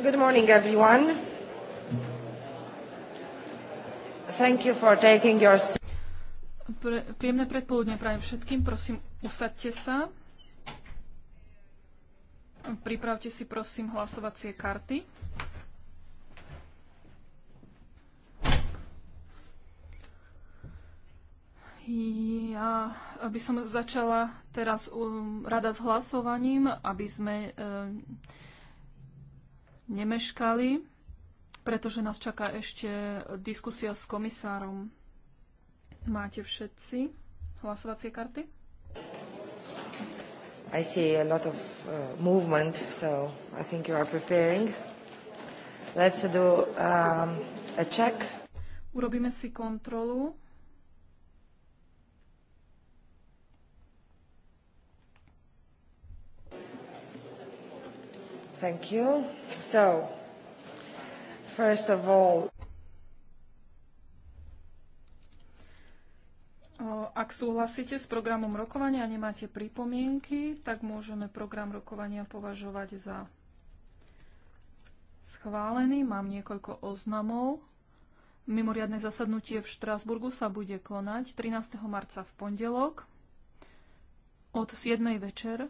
Good morning, everyone. Thank you for taking your... Pre, príjemné predpoludne prajem všetkým. Prosím, usaďte sa. Pripravte si, prosím, hlasovacie karty. Ja by som začala teraz um, rada s hlasovaním, aby sme um, nemeškali, pretože nás čaká ešte diskusia s komisárom. Máte všetci hlasovacie karty? I see a lot of uh, movement, so I think you are preparing. Let's do um, a check. Urobíme si kontrolu. Thank you. So, first of all... Ak súhlasíte s programom rokovania a nemáte pripomienky, tak môžeme program rokovania považovať za schválený. Mám niekoľko oznamov. Mimoriadne zasadnutie v Štrásburgu sa bude konať 13. marca v pondelok od 7. večer.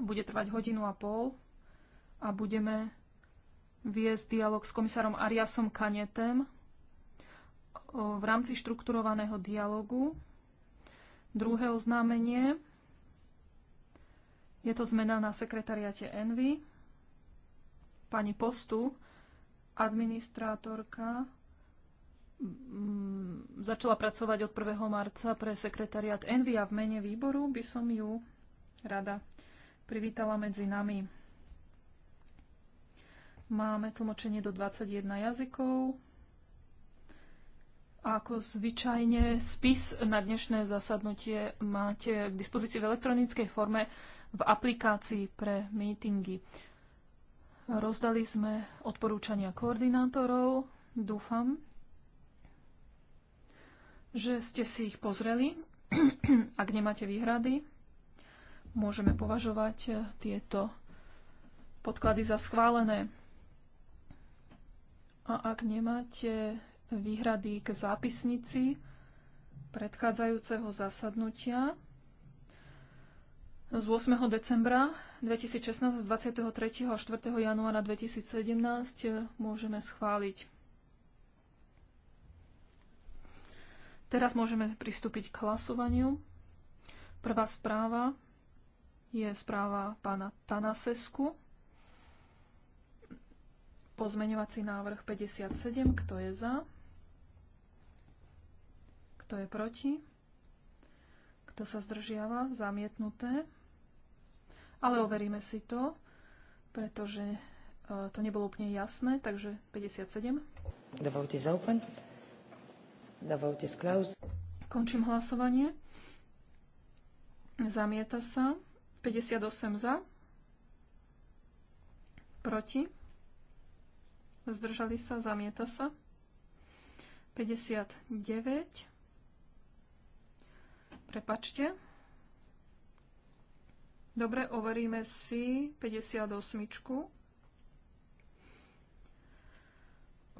Bude trvať hodinu a pol a budeme viesť dialog s komisárom Ariasom Kanetem v rámci štrukturovaného dialogu. Druhé oznámenie je to zmena na sekretariate Envy. Pani Postu, administrátorka, mm, začala pracovať od 1. marca pre sekretariat Envy a v mene výboru by som ju rada privítala medzi nami. Máme tlmočenie do 21 jazykov. A ako zvyčajne, spis na dnešné zasadnutie máte k dispozícii v elektronickej forme v aplikácii pre meetingy. Rozdali sme odporúčania koordinátorov, dúfam, že ste si ich pozreli. Ak nemáte výhrady, môžeme považovať tieto podklady za schválené. A ak nemáte výhrady k zápisnici predchádzajúceho zasadnutia z 8. decembra 2016 z 23. a 4. januára 2017 môžeme schváliť. Teraz môžeme pristúpiť k hlasovaniu. Prvá správa je správa pána Tanasesku. Pozmeňovací návrh 57. Kto je za? Kto je proti? Kto sa zdržiava? Zamietnuté. Ale overíme si to, pretože e, to nebolo úplne jasné, takže 57. The vote is open. The vote is closed. Končím hlasovanie. Zamieta sa. 58 za. Proti zdržali sa, zamieta sa. 59, prepačte. Dobre, overíme si 58.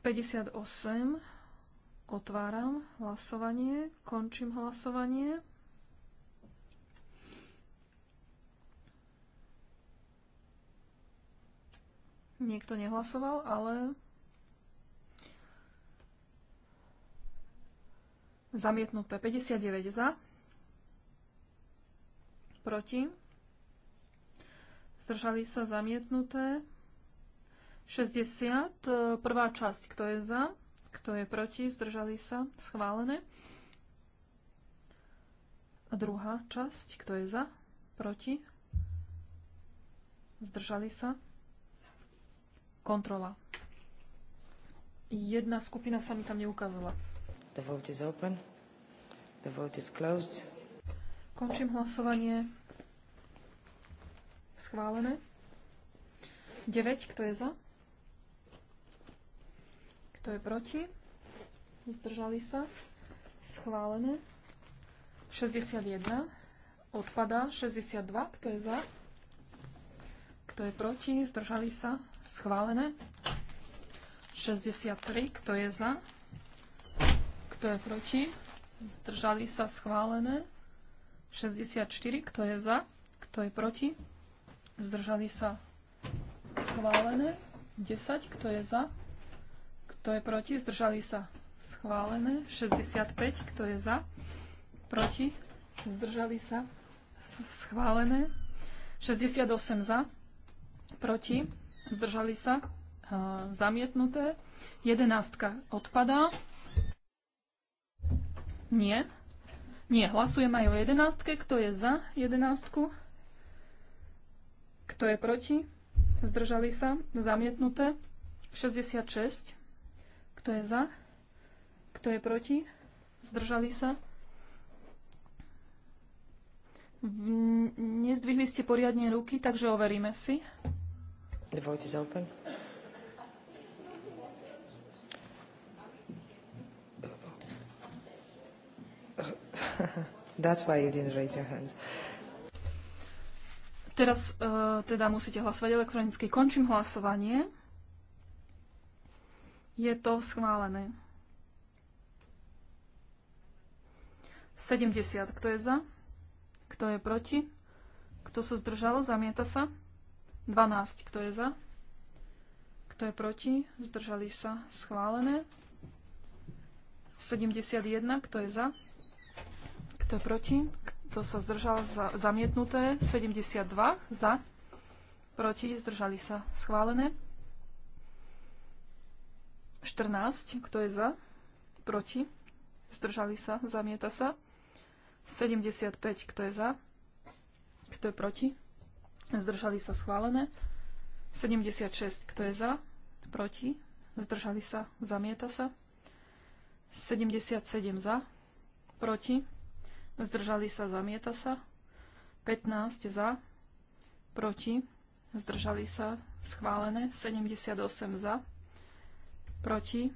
58. Otváram hlasovanie, končím hlasovanie. Niekto nehlasoval, ale Zamietnuté 59 za. Proti. Zdržali sa zamietnuté. 60. Prvá časť. Kto je za? Kto je proti? Zdržali sa. Schválené. A druhá časť. Kto je za? Proti? Zdržali sa kontrola. Jedna skupina sa mi tam neukázala. The vote is open. The vote is closed. Končím hlasovanie. Schválené. 9. Kto je za? Kto je proti? Zdržali sa. Schválené. 61. Odpada. 62. Kto je za? Kto je proti? Zdržali sa. Schválené. 63. Kto je za? Kto je proti? Zdržali sa schválené. 64. Kto je za? Kto je proti? Zdržali sa schválené. 10. Kto je za? Kto je proti? Zdržali sa schválené. 65. Kto je za? Proti? Zdržali sa schválené. 68 za. Proti? zdržali sa, zamietnuté. Jedenástka odpadá. Nie. Nie, Hlasujem aj o jedenástke. Kto je za jedenástku? Kto je proti? Zdržali sa, zamietnuté. 66. Kto je za? Kto je proti? Zdržali sa? Nezdvihli ste poriadne ruky, takže overíme si. The vote is open. That's why you didn't raise your hands. Teraz uh, teda musíte hlasovať elektronicky. Končím hlasovanie. Je to schválené. 70. Kto je za? Kto je proti? Kto sa zdržal? Zamieta sa. 12. Kto je za? Kto je proti? Zdržali sa. Schválené. 71. Kto je za? Kto je proti? Kto sa zdržal? Za, zamietnuté. 72. Za. Proti. Zdržali sa. Schválené. 14. Kto je za? Proti. Zdržali sa. Zamieta sa. 75. Kto je za? Kto je proti? zdržali sa schválené. 76, kto je za, proti, zdržali sa, zamieta sa. 77 za, proti, zdržali sa, zamieta sa. 15 za, proti, zdržali sa, schválené. 78 za, proti,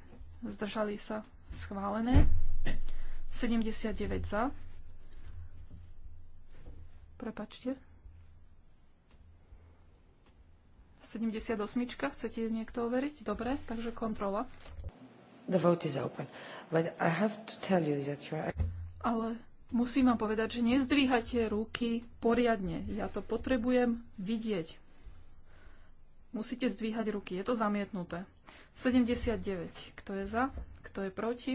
zdržali sa, schválené. 79 za, prepačte, 78. Chcete niekto overiť? Dobre, takže kontrola. The vote is open. But I have to tell you that you're... Ale musím vám povedať, že nezdvíhate ruky poriadne. Ja to potrebujem vidieť. Musíte zdvíhať ruky. Je to zamietnuté. 79. Kto je za? Kto je proti?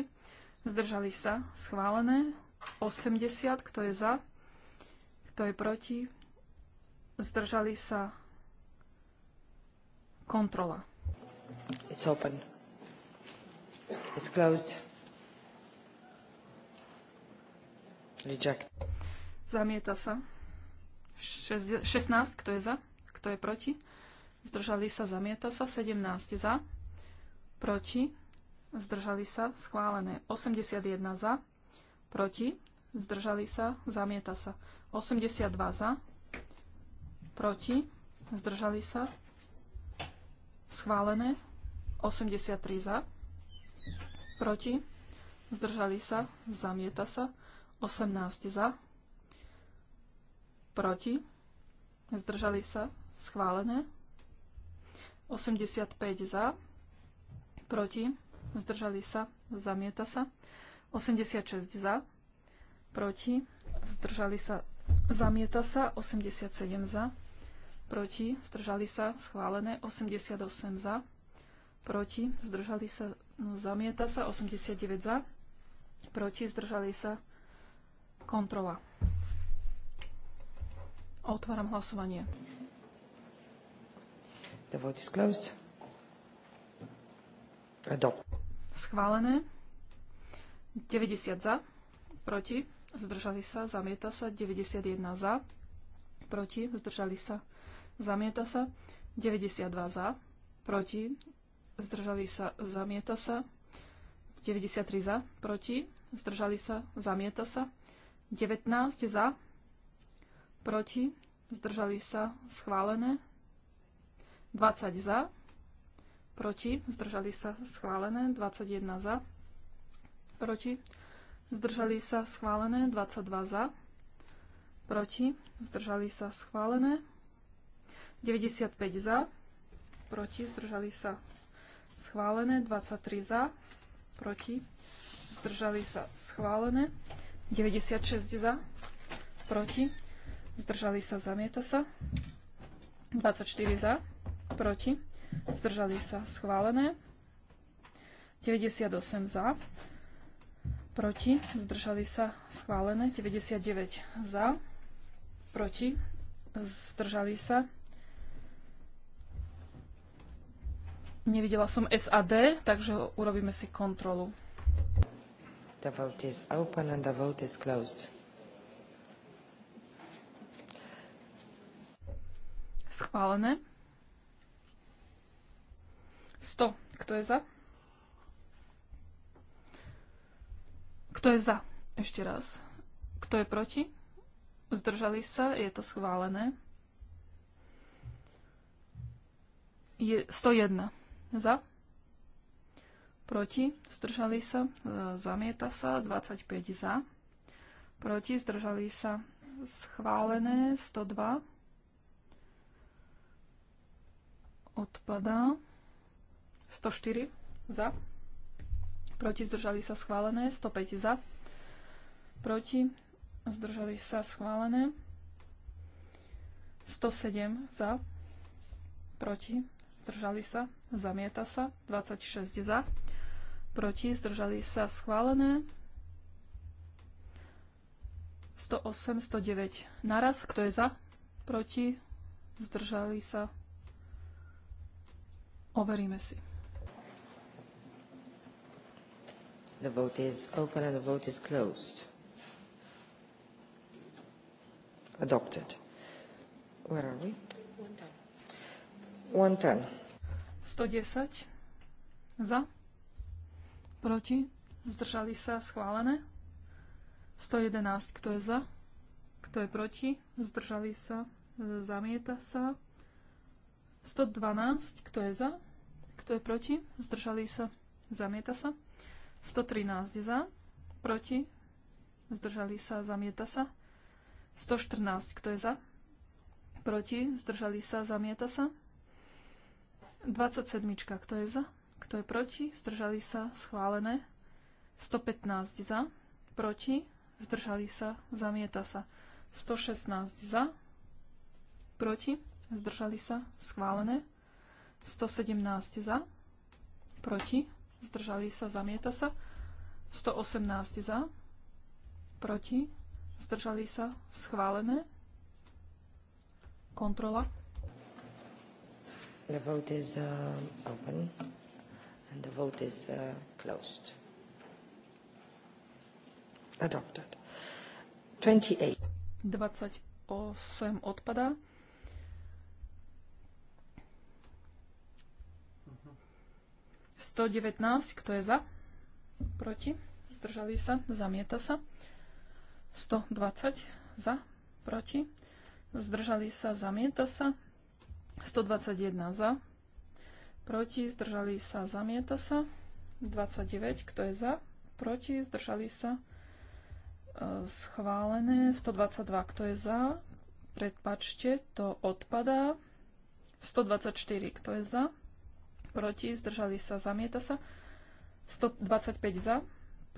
Zdržali sa. Schválené. 80. Kto je za? Kto je proti? Zdržali sa kontrola. It's open. It's closed. Reject. Zamieta sa. 16, kto je za? Kto je proti? Zdržali sa, zamieta sa. 17 za, proti. Zdržali sa, schválené. 81 za, proti. Zdržali sa, zamieta sa. 82 za, proti. Zdržali sa, Schválené. 83 za. Proti. Zdržali sa. Zamieta sa. 18 za. Proti. Zdržali sa. Schválené. 85 za. Proti. Zdržali sa. Zamieta sa. 86 za. Proti. Zdržali sa. Zamieta sa. 87 za proti, zdržali sa, schválené, 88 za, proti, zdržali sa, no, zamieta sa, 89 za, proti, zdržali sa, kontrola. Otváram hlasovanie. The vote is closed. Adopt. Schválené. 90 za, proti, zdržali sa, zamieta sa, 91 za, proti, zdržali sa, zamieta sa. 92 za, proti, zdržali sa, zamieta sa. 93 za, proti, zdržali sa, zamieta sa. 19 za, proti, zdržali sa, schválené. 20 za, proti, zdržali sa, schválené. 21 za, proti, zdržali sa, schválené. 22 za, proti, zdržali sa, schválené. 95 za, proti, zdržali sa schválené, 23 za, proti, zdržali sa schválené, 96 za, proti, zdržali sa, zamieta sa, 24 za, proti, zdržali sa schválené, 98 za, proti, zdržali sa schválené, 99 za, proti, zdržali sa schválené, Nevidela som SAD, takže urobíme si kontrolu. The vote is open and the vote is closed. Schválené. 100. Kto je za? Kto je za? Ešte raz. Kto je proti? Zdržali sa? Je to schválené. Je 101 za, proti, zdržali sa, e, zamieta sa, 25 za, proti, zdržali sa, schválené, 102, odpadá, 104 za, proti, zdržali sa, schválené, 105 za, proti, zdržali sa, schválené, 107 za, proti, zdržali sa, zamieta sa, 26 za, proti, zdržali sa, schválené, 108, 109 naraz, kto je za, proti, zdržali sa, overíme si. The vote is open and the vote is closed. Adopted. Where are we? 110. 110. Za. Proti. Zdržali sa. Schválené. 111. Kto je za? Kto je proti? Zdržali sa. Zamieta sa. 112. Kto je za? Kto je proti? Zdržali sa. Zamieta sa. 113 za. Proti. Zdržali sa. Zamieta sa. 114. Kto je za? Proti. Zdržali sa. Zamieta sa. 27. Kto je za? Kto je proti? Zdržali sa? Schválené. 115 za. Proti? Zdržali sa? Zamieta sa. 116 za. Proti? Zdržali sa? Schválené. 117 za. Proti? Zdržali sa? Zamieta sa. 118 za. Proti? Zdržali sa? Schválené. Kontrola. The vote is uh, open and the vote is uh, closed. Adopted. 28. 28 odpadá. Sto kto je za? Proti? Zdržali sa? Zamieta sa. 120 za? Proti? Zdržali sa? Zamieta sa. 121 za, proti, zdržali sa, zamieta sa. 29, kto je za, proti, zdržali sa, e, schválené. 122, kto je za, predpačte, to odpadá. 124, kto je za, proti, zdržali sa, zamieta sa. 125 za,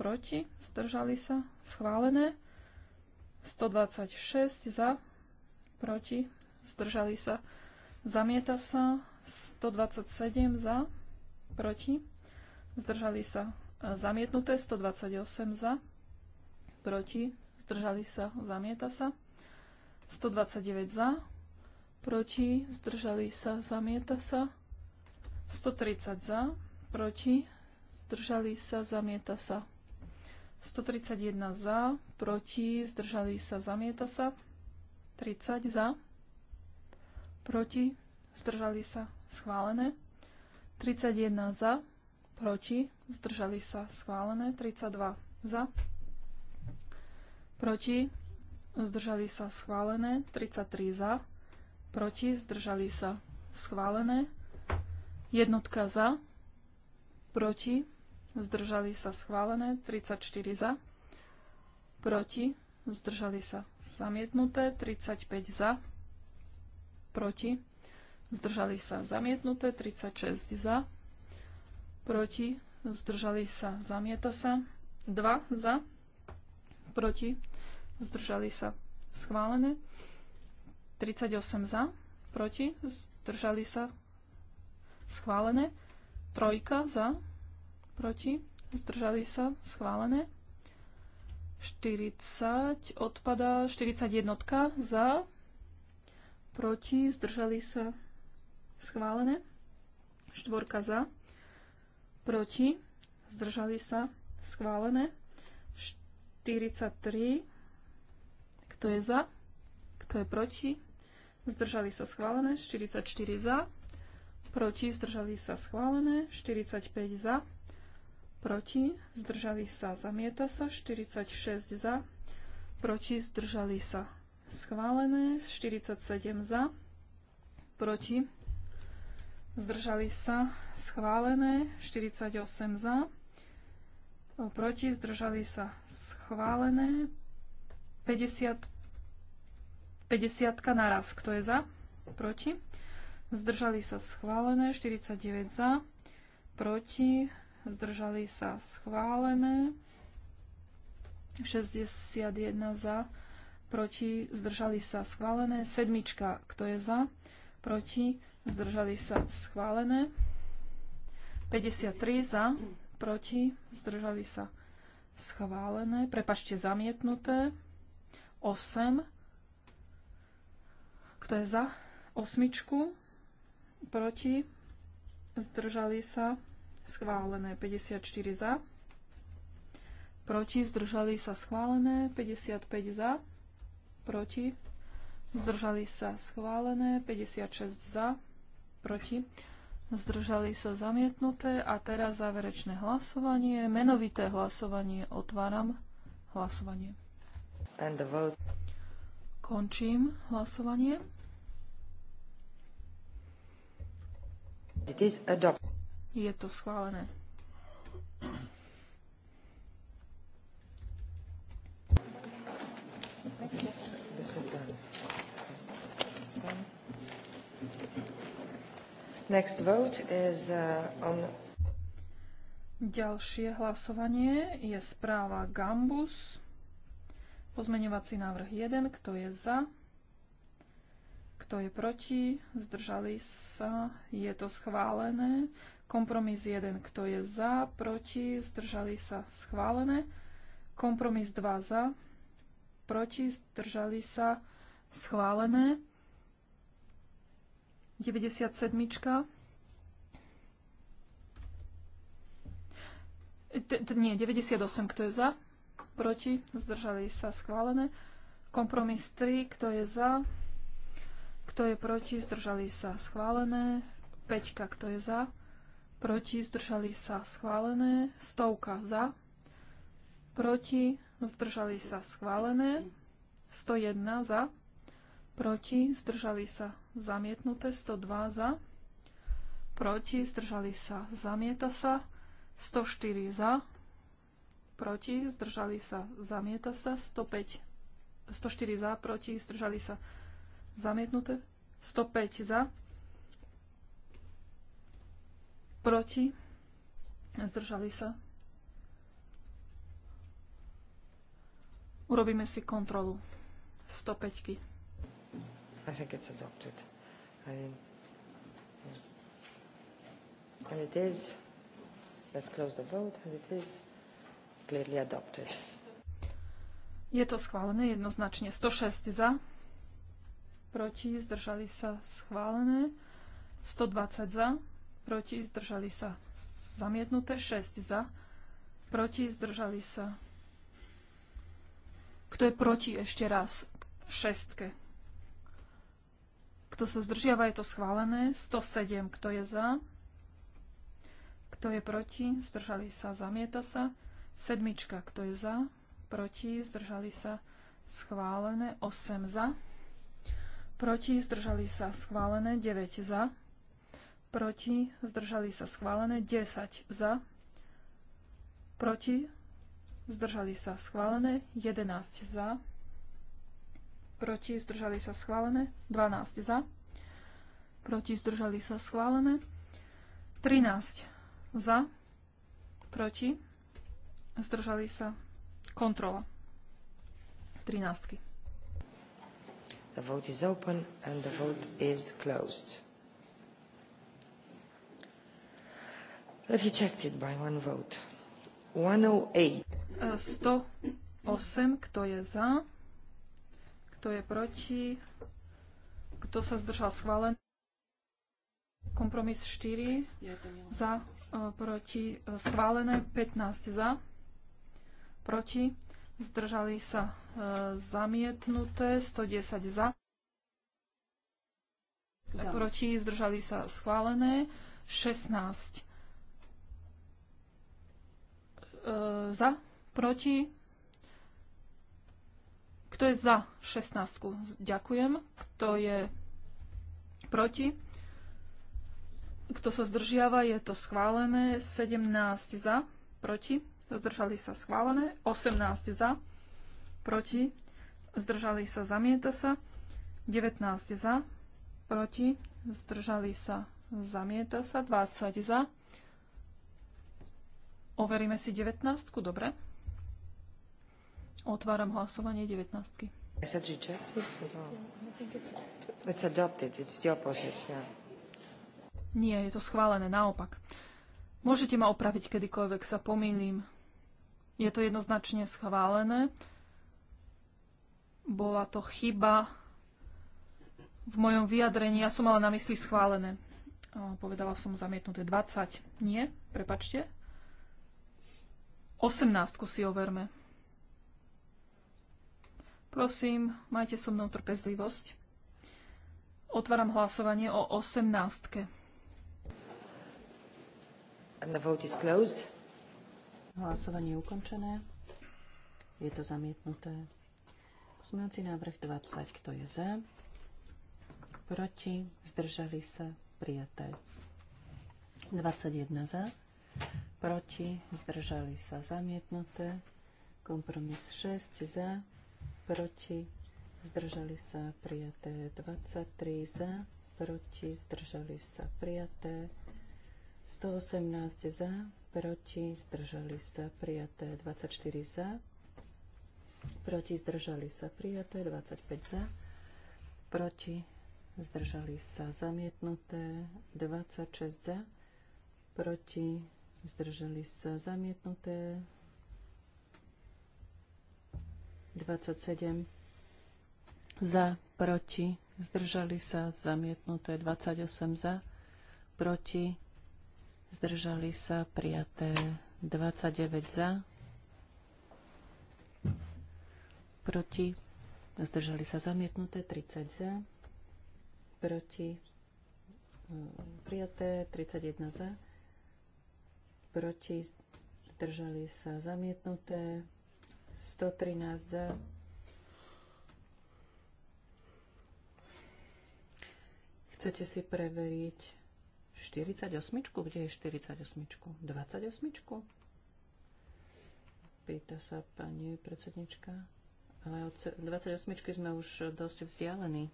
proti, zdržali sa, schválené. 126 za, proti, zdržali sa, Zamieta sa 127 za, proti. Zdržali sa e, zamietnuté 128 za, proti. Zdržali sa, zamieta sa. 129 za, proti. Zdržali sa, zamieta sa. 130 za, proti. Zdržali sa, zamieta sa. 131 za, proti, zdržali sa, zamieta sa. 30 za, proti, zdržali sa, schválené. 31 za, proti, zdržali sa, schválené. 32 za, proti, zdržali sa, schválené. 33 za, proti, zdržali sa, schválené. Jednotka za, proti, zdržali sa, schválené. 34 za, proti, zdržali sa, zamietnuté. 35 za, proti, proti, zdržali sa zamietnuté, 36 za, proti, zdržali sa, zamieta sa, 2 za, proti, zdržali sa, schválené, 38 za, proti, zdržali sa, schválené, trojka za, proti, zdržali sa, schválené, 40 odpada, 41 za, proti, zdržali sa schválené. Štvorka za, proti, zdržali sa schválené. 43, kto je za, kto je proti, zdržali sa schválené. 44 za, proti, zdržali sa schválené. 45 za, proti, zdržali sa, zamieta sa, 46 za, proti, zdržali sa, Schválené. 47 za. Proti. Zdržali sa. Schválené. 48 za. Proti. Zdržali sa. Schválené. 50, 50 naraz. Kto je za? Proti. Zdržali sa schválené. 49 za. Proti. Zdržali sa schválené. 61 za proti, zdržali sa schválené. Sedmička, kto je za, proti, zdržali sa schválené. 53 za, proti, zdržali sa schválené. Prepačte, zamietnuté. 8, kto je za, osmičku, proti, zdržali sa schválené. 54 za, proti, zdržali sa schválené. 55 za, proti, zdržali sa schválené, 56 za, proti, zdržali sa zamietnuté a teraz záverečné hlasovanie, menovité hlasovanie, otváram hlasovanie. Končím hlasovanie. Je to schválené. Next vote is uh, on Ďalšie hlasovanie je správa Gambus. Pozmeňovací návrh 1. Kto je za? Kto je proti? Zdržali sa? Je to schválené. Kompromis 1. Kto je za? Proti? Zdržali sa? Schválené. Kompromis 2. Za? proti, zdržali sa, schválené. 97. T- t- nie, 98, kto je za, proti, zdržali sa, schválené. Kompromis 3, kto je za, kto je proti, zdržali sa, schválené. 5, kto je za, proti, zdržali sa, schválené. Stovka za, proti, zdržali sa schválené, 101 za, proti, zdržali sa zamietnuté, 102 za, proti, zdržali sa, zamieta sa, 104 za, proti, zdržali sa, zamieta sa, 105, 104 za, proti, zdržali sa, zamietnuté, 105 za, proti, zdržali sa, Urobíme si kontrolu. 105. I think it's adopted. I Yeah. And it is... Let's close the vote. And it is clearly adopted. Je to schválené jednoznačne. 106 za, proti, zdržali sa schválené. 120 za, proti, zdržali sa zamietnuté. 6 za, proti, zdržali sa kto je proti ešte raz? Šestke. Kto sa zdržiava, je to schválené. 107. Kto je za? Kto je proti? Zdržali sa, zamieta sa. Sedmička. Kto je za? Proti? Zdržali sa, schválené. 8 za. Proti? Zdržali sa, schválené. 9 za. Proti? Zdržali sa, schválené. 10 za. Proti? zdržali sa schválené, 11 za, proti, zdržali sa schválené, 12 za, proti, zdržali sa schválené, 13 za, proti, zdržali sa kontrola 13. The vote is open and the vote is closed. Rejected by one vote. 108. 108, kto je za, kto je proti, kto sa zdržal schválen. Kompromis 4 za, e, proti, e, schválené 15 za, proti, zdržali sa e, zamietnuté 110 za, proti, zdržali sa schválené 16 za, Proti? Kto je za 16? Ďakujem. Kto je proti? Kto sa zdržiava, je to schválené. 17 za, proti. Zdržali sa schválené. 18 za, proti. Zdržali sa, zamieta sa. 19 za, proti. Zdržali sa, zamieta sa. 20 za. Overíme si 19, dobre. Otváram hlasovanie 19. Is that rejected? It's adopted. It's the opposite, yeah. Nie, je to schválené, naopak. Môžete ma opraviť kedykoľvek, sa pomýlim. Je to jednoznačne schválené. Bola to chyba v mojom vyjadrení. Ja som mala na mysli schválené. Povedala som zamietnuté 20. Nie, prepačte. 18 si overme. Prosím, majte so mnou trpezlivosť. Otváram hlasovanie o 18. And the vote is closed. Hlasovanie je ukončené. Je to zamietnuté. Pozmeňujúci návrh 20. Kto je za? Proti? Zdržali sa? Prijaté. 21 za. Proti? Zdržali sa? Zamietnuté. Kompromis 6 za proti, zdržali sa prijaté 23 za, proti, zdržali sa prijaté 118 za, proti, zdržali sa prijaté 24 za, proti, zdržali sa prijaté 25 za, proti, zdržali sa zamietnuté 26 za, proti, zdržali sa zamietnuté 27 za, proti, zdržali sa, zamietnuté 28 za, proti, zdržali sa, prijaté 29 za, proti, zdržali sa, zamietnuté 30 za, proti, mm, prijaté 31 za, proti, zdržali sa, zamietnuté 113 Chcete si preveriť 48? Kde je 48? 28? Pýta sa pani predsednička. Ale od 28 sme už dosť vzdialení.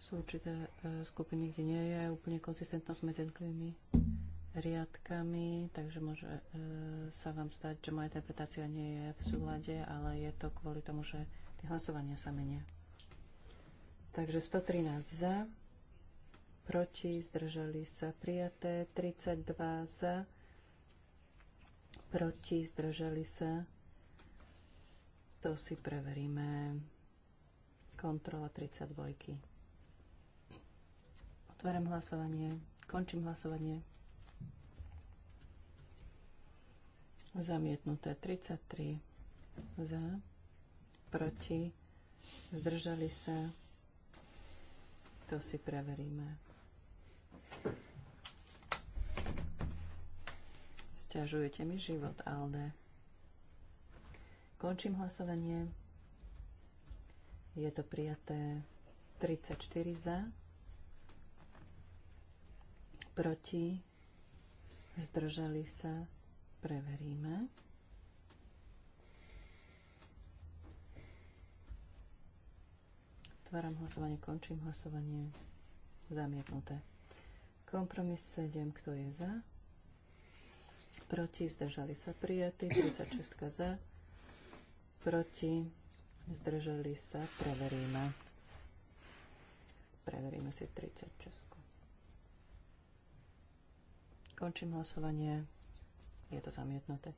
Sú určité e, skupiny, kde nie je úplne konzistentnosť medzi jednotlivými riadkami, takže môže e, sa vám stať, že moja interpretácia nie je v súlade, ale je to kvôli tomu, že tie hlasovania sa menia. Takže 113 za, proti, zdržali sa prijaté, 32 za, proti, zdržali sa. To si preveríme. Kontrola 32. Otváram hlasovanie, končím hlasovanie. Zamietnuté 33 za, proti, zdržali sa. To si preveríme. Sťažujete mi život, Alde. Končím hlasovanie. Je to prijaté 34 za, proti, zdržali sa. Preveríme. Otváram hlasovanie, končím hlasovanie. Zamietnuté. Kompromis 7, kto je za? Proti, zdržali sa prijatí. 36 za. Proti, zdržali sa. Preveríme. Preveríme si 36. Končím hlasovanie je to zamietnuté.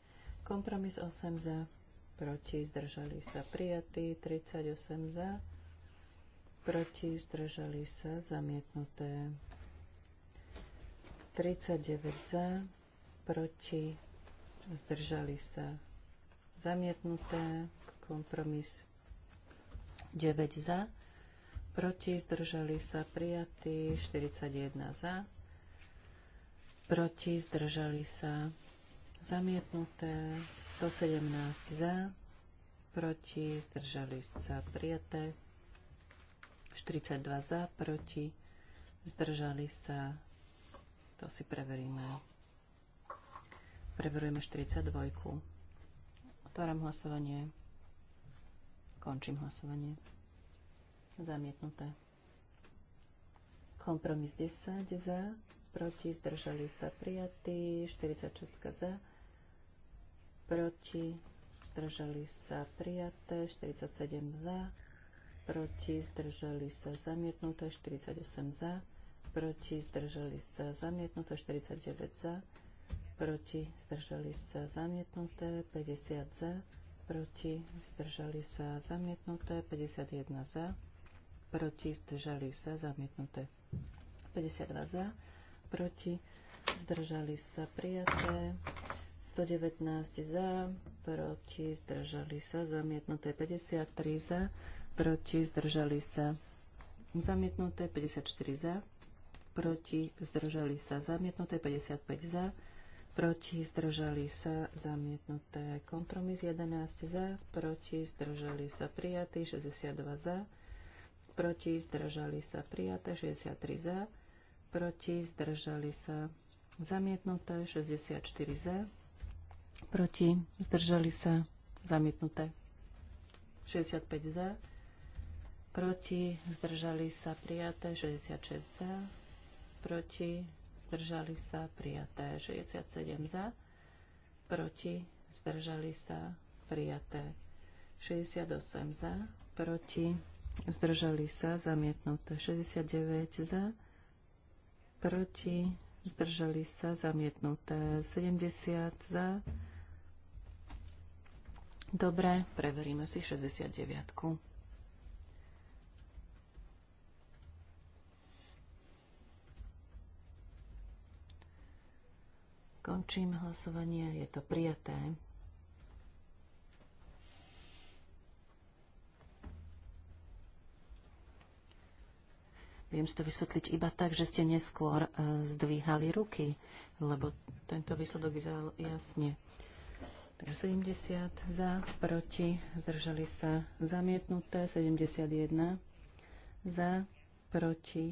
Kompromis 8 za, proti, zdržali sa prijatí, 38 za, proti, zdržali sa zamietnuté. 39 za, proti, zdržali sa zamietnuté, kompromis 9 za, proti, zdržali sa prijatí, 41 za, proti, zdržali sa Zamietnuté 117 za, proti, zdržali sa prijaté. 42 za, proti, zdržali sa. To si preveríme. Preverujeme 42. Otváram hlasovanie. Končím hlasovanie. Zamietnuté. Kompromis 10 za, proti, zdržali sa prijatí, 46 za, proti, zdržali sa prijaté, 47 za, proti, zdržali sa zamietnuté, 48 za, proti, zdržali sa zamietnuté, 49 za, proti, zdržali sa zamietnuté, 50 za, proti, zdržali sa zamietnuté, 51 za, proti, zdržali sa zamietnuté, 52 za, proti, zdržali sa prijaté, 119 za, proti, zdržali sa, zamietnuté 53 za, proti, zdržali sa, zamietnuté 54 za, proti, zdržali sa, zamietnuté 55 za, proti, zdržali sa, zamietnuté kompromis 11 za, proti, zdržali sa, prijatý 62 za, proti, zdržali sa, prijaté 63 za, proti, zdržali sa, zamietnuté 64 za, proti, zdržali sa, zamietnuté. 65 za, proti, zdržali sa, prijaté, 66 za, proti, zdržali sa, prijaté, 67 za, proti, zdržali sa, prijaté, 68 za, proti, zdržali sa, zamietnuté, 69 za, proti, zdržali sa, zamietnuté, 70 za, Dobre, preveríme si 69. Končím hlasovanie, je to prijaté. Viem si to vysvetliť iba tak, že ste neskôr e, zdvíhali ruky, lebo tento výsledok vyzeral jasne. Takže 70 za, proti, zdržali sa zamietnuté, 71 za, proti,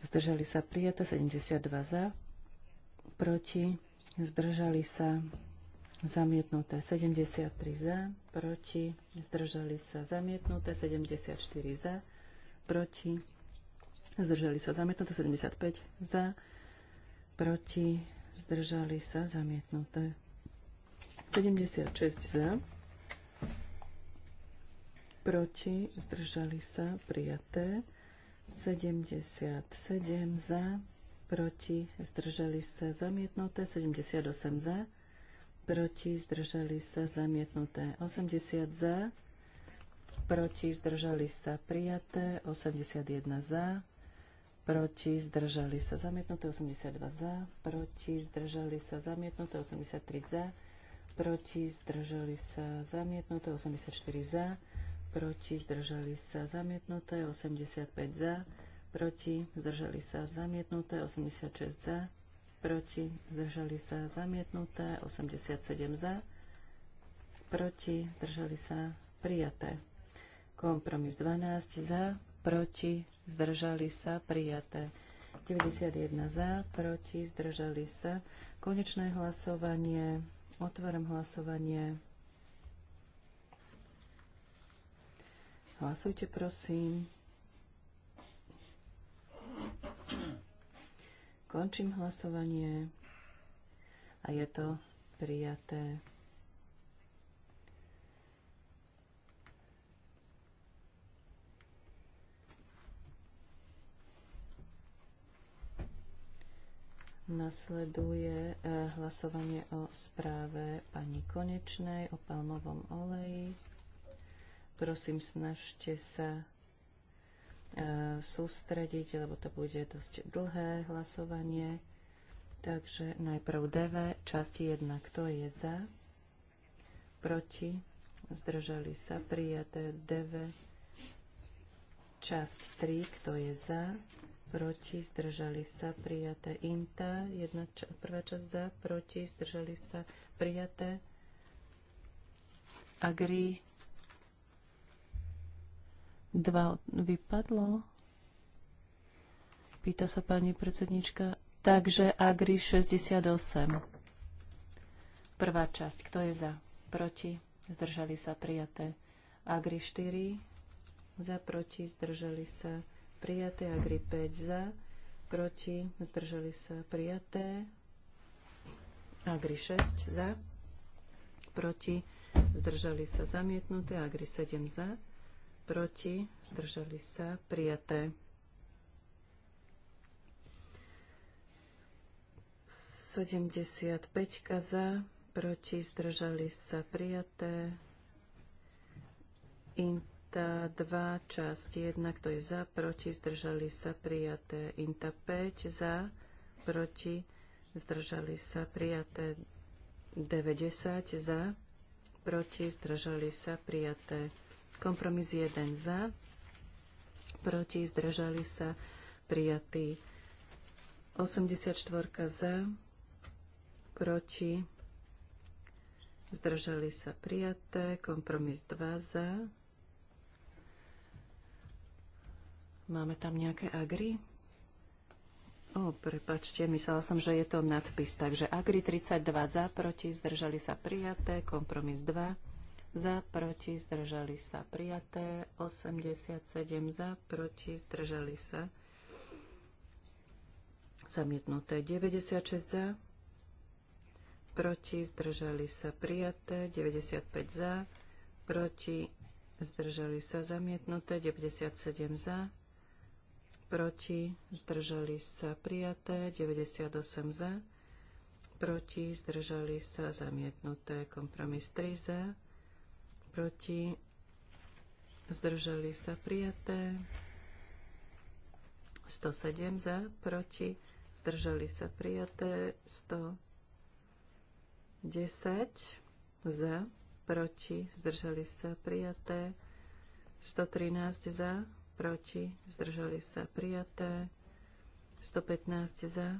zdržali sa prijaté, 72 za, proti, zdržali sa zamietnuté, 73 za, proti, zdržali sa zamietnuté, 74 za, proti, zdržali sa zamietnuté, 75 za, proti, zdržali sa zamietnuté. 76 za, proti, zdržali sa, prijaté. 77 za, proti, zdržali sa, zamietnuté. 78 za, proti, zdržali sa, zamietnuté. 80 za, proti, zdržali sa, prijaté. 81 za, proti, zdržali sa, zamietnuté. 82 za, proti, zdržali sa, zamietnuté. 83 za, proti, zdržali sa zamietnuté, 84 za, proti, zdržali sa zamietnuté, 85 za, proti, zdržali sa zamietnuté, 86 za, proti, zdržali sa zamietnuté, 87 za, proti, zdržali sa prijaté. Kompromis 12 za, proti, zdržali sa prijaté. 91 za, proti, zdržali sa. Konečné hlasovanie Otváram hlasovanie. Hlasujte, prosím. Končím hlasovanie a je to prijaté. Nasleduje e, hlasovanie o správe pani Konečnej o palmovom oleji. Prosím, snažte sa e, sústrediť, lebo to bude dosť dlhé hlasovanie. Takže najprv DV, časť 1. Kto je za? Proti? Zdržali sa prijaté DV. Časť 3. Kto je za? proti, zdržali sa, prijaté. Inta, jedna ča- prvá časť za, proti, zdržali sa, prijaté. Agri, dva vypadlo. Pýta sa pani predsednička. Takže Agri 68. Prvá časť, kto je za? Proti, zdržali sa, prijaté. Agri 4, za, proti, zdržali sa, prijaté prijaté, Agri 5 za, proti, zdržali sa prijaté, Agri 6 za, proti, zdržali sa zamietnuté, Agri 7 za, proti, zdržali sa prijaté. Sedemdesiat za, proti, zdržali sa prijaté. Int Inta 2, časť 1, kto je za, proti, zdržali sa, prijaté. Inta 5, za, proti, zdržali sa, prijaté. 90, za, proti, zdržali sa, prijaté. Kompromis 1, za, proti, zdržali sa, prijatý. 84 za, proti, zdržali sa prijaté, kompromis 2 za, Máme tam nejaké agri? O, prepačte, myslela som, že je to nadpis. Takže Agri 32 za, proti, zdržali sa prijaté, kompromis 2 za, proti, zdržali sa prijaté, 87 za, proti, zdržali sa zamietnuté, 96 za, proti, zdržali sa prijaté, 95 za, proti, zdržali sa zamietnuté, 97 za, proti, zdržali sa prijaté, 98 za, proti, zdržali sa zamietnuté, kompromis 3 za, proti, zdržali sa prijaté, 107 za, proti, zdržali sa prijaté, 110 za, proti, zdržali sa prijaté, 113 za, proti, zdržali sa prijaté. 115 za,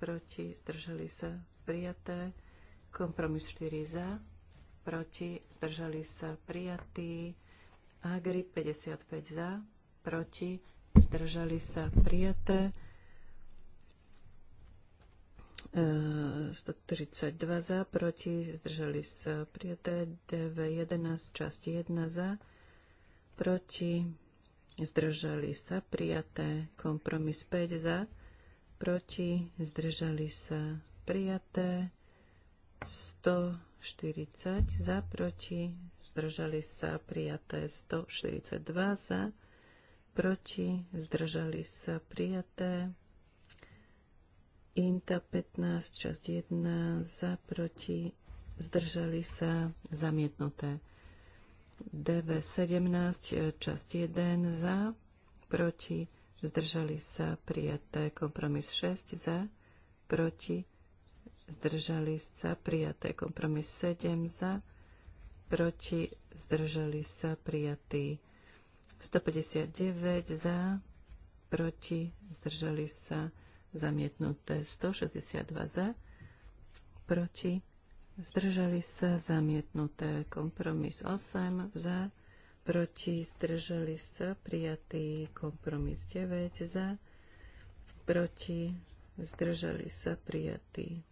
proti, zdržali sa prijaté. Kompromis 4 za, proti, zdržali sa prijatí. Agri 55 za, proti, zdržali sa prijaté. 132 e, za, proti, zdržali sa prijaté, DV 11, časť 1 za, proti, zdržali sa, prijaté. Kompromis 5 za, proti, zdržali sa, prijaté. 140 za, proti, zdržali sa, prijaté. 142 za, proti, zdržali sa, prijaté. Inta 15, časť 1, za, proti, zdržali sa, zamietnuté. DV17, e, časť 1 za, proti, zdržali sa prijaté. Kompromis 6 za, proti, zdržali sa prijaté. Kompromis 7 za, proti, zdržali sa prijatí. 159 za, proti, zdržali sa zamietnuté. 162 za, proti, zdržali sa, zamietnuté. Kompromis 8 za, proti, zdržali sa, prijatý. Kompromis 9 za, proti, zdržali sa, prijatý.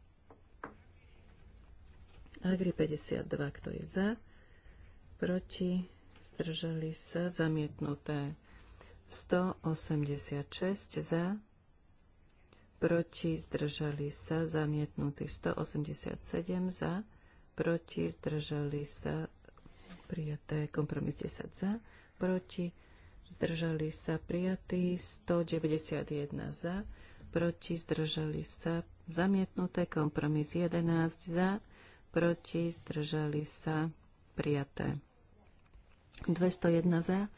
Agri 52, kto je za, proti, zdržali sa, zamietnuté. 186 za, proti, zdržali sa, zamietnutý 187 za, proti, zdržali sa, prijaté, kompromis 10 za, proti, zdržali sa, prijatý 191 za, proti, zdržali sa, zamietnuté, kompromis 11 za, proti, zdržali sa, prijaté. 201 za,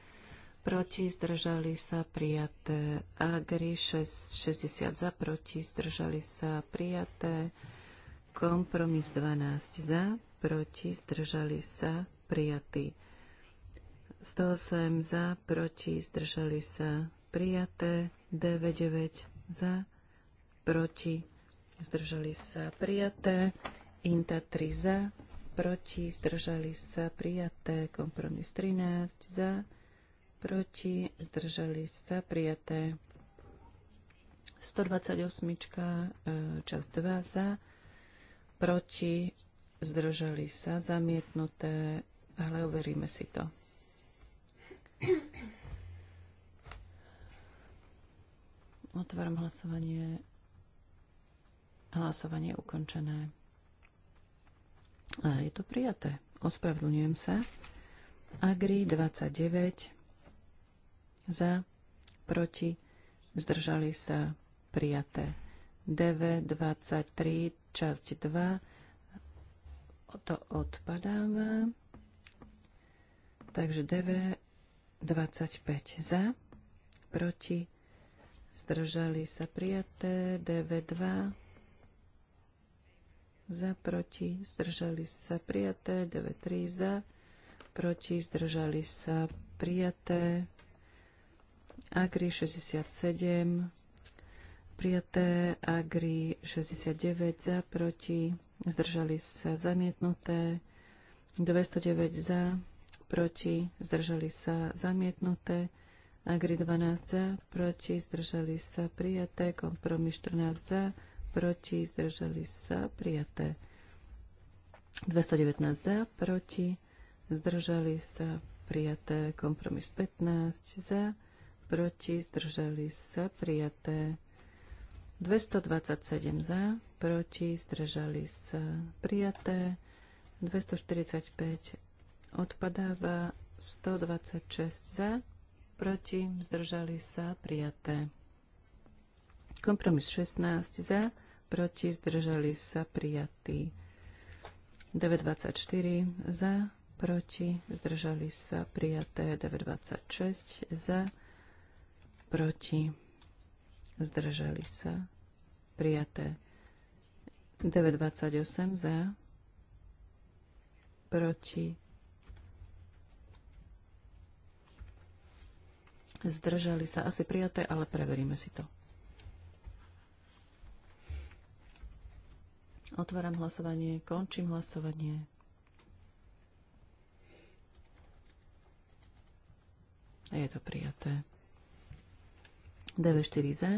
proti, zdržali sa prijaté. Agri 60 za, proti, zdržali sa prijaté. Kompromis 12 za, proti, zdržali sa prijatý. 108 za, proti, zdržali sa prijaté. 99 za, proti, zdržali sa prijaté. Inta 3 za, proti, zdržali sa prijaté. Kompromis 13 za, proti, zdržali sa, prijaté. 128. čas 2 za, proti, zdržali sa, zamietnuté, ale overíme si to. Otváram hlasovanie. Hlasovanie je ukončené. A je to prijaté. Ospravedlňujem sa. Agri 29 za, proti, zdržali sa prijaté. DV 23, časť 2, to odpadáva. Takže DV 25 za, proti, zdržali sa prijaté, DV2 za, proti, zdržali sa prijaté, DV3 za, proti, zdržali sa prijaté, Agri 67, prijaté, Agri 69 za, proti, zdržali sa zamietnuté, 209 za, proti, zdržali sa zamietnuté, Agri 12 za, proti, zdržali sa prijaté, kompromis 14 za, proti, zdržali sa prijaté. 219 za, proti, zdržali sa prijaté, kompromis 15 za, proti, zdržali sa, prijaté. 227 za, proti, zdržali sa, prijaté. 245 odpadáva, 126 za, proti, zdržali sa, prijaté. Kompromis 16 za, proti, zdržali sa, prijatý. 924 za, proti, zdržali sa, prijaté. 926 za, proti, zdržali sa, prijaté. 928 za, proti, zdržali sa, asi prijaté, ale preveríme si to. Otváram hlasovanie, končím hlasovanie. A je to prijaté. DV4 za,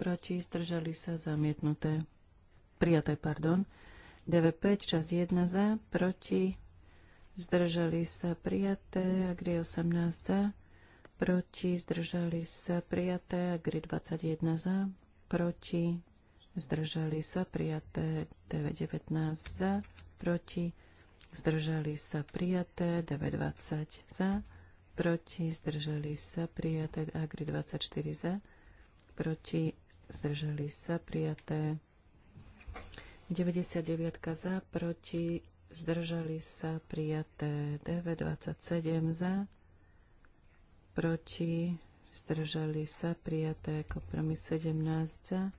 proti, zdržali sa, zamietnuté, prijaté, pardon. DV5, čas 1 za, proti, zdržali sa, prijaté, Agri 18 za, proti, zdržali sa, prijaté, Agri 21 za, proti, zdržali sa, prijaté, DV19 za, proti, zdržali sa, prijaté, DV20 za, proti, zdržali sa, prijaté. Agri 24 za, proti, zdržali sa, prijaté. 99 za, proti, zdržali sa, prijaté. DV 27 za, proti, zdržali sa, prijaté. Kompromis 17 za,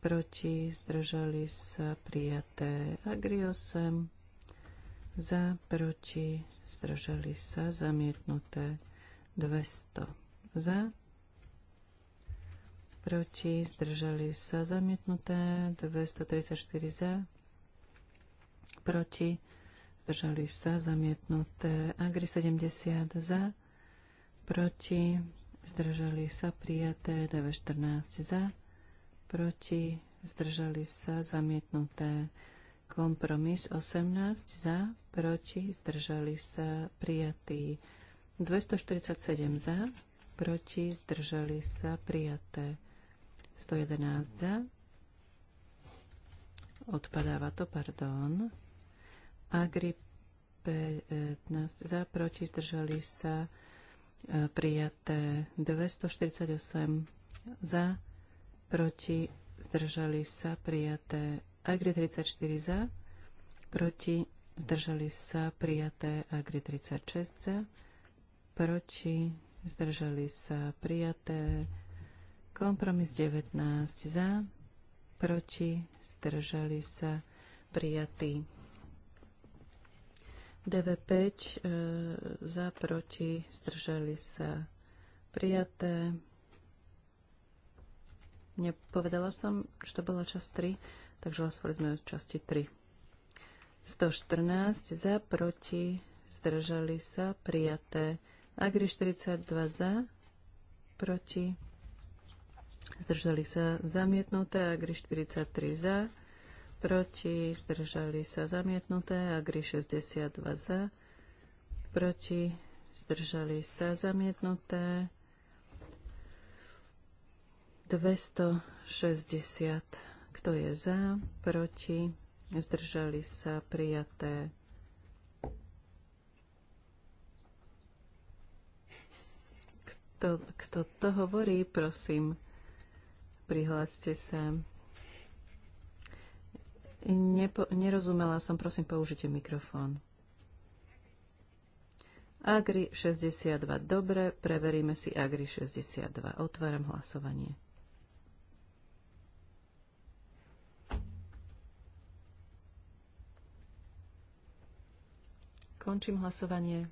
proti, zdržali sa, prijaté. Agri 8 za, proti, zdržali sa, zamietnuté 200 za, proti, zdržali sa, zamietnuté 234 za, proti, zdržali sa, zamietnuté Agri 70 za, proti, zdržali sa, prijaté 914 za, proti, zdržali sa, zamietnuté Kompromis 18 za, proti, zdržali sa prijatí. 247 za, proti, zdržali sa prijaté. 111 za, odpadáva to, pardon. Agri 15 e, za, proti, zdržali sa prijaté 248 za, proti, zdržali sa prijaté Agri 34 za, proti, zdržali sa prijaté Agri 36 za, proti, zdržali sa prijaté kompromis 19 za, proti, zdržali sa prijatí. DV5 e, za, proti, zdržali sa prijaté. Nepovedala som, že to bola časť 3. Takže hlasovali sme o časti 3. 114 za, proti, zdržali sa, prijaté. Agri 42 za, proti, zdržali sa, zamietnuté. Agri 43 za, proti, zdržali sa, zamietnuté. Agri 62 za, proti, zdržali sa, zamietnuté. 260 kto je za? Proti? Zdržali sa? Prijaté? Kto, kto to hovorí, prosím, prihláste sa. Nepo, nerozumela som, prosím, použite mikrofón. Agri 62. Dobre, preveríme si Agri 62. Otváram hlasovanie. Končím hlasovanie.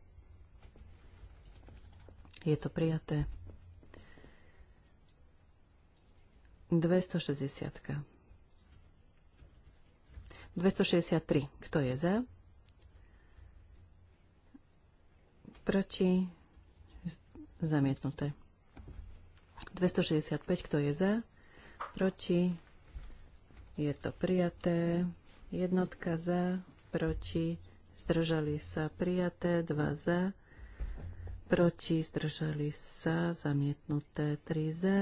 Je to prijaté. 260. 263. Kto je za? Proti? Zamietnuté. 265. Kto je za? Proti? Je to prijaté. Jednotka za, proti zdržali sa prijaté, 2 za, proti, zdržali sa zamietnuté, 3 za,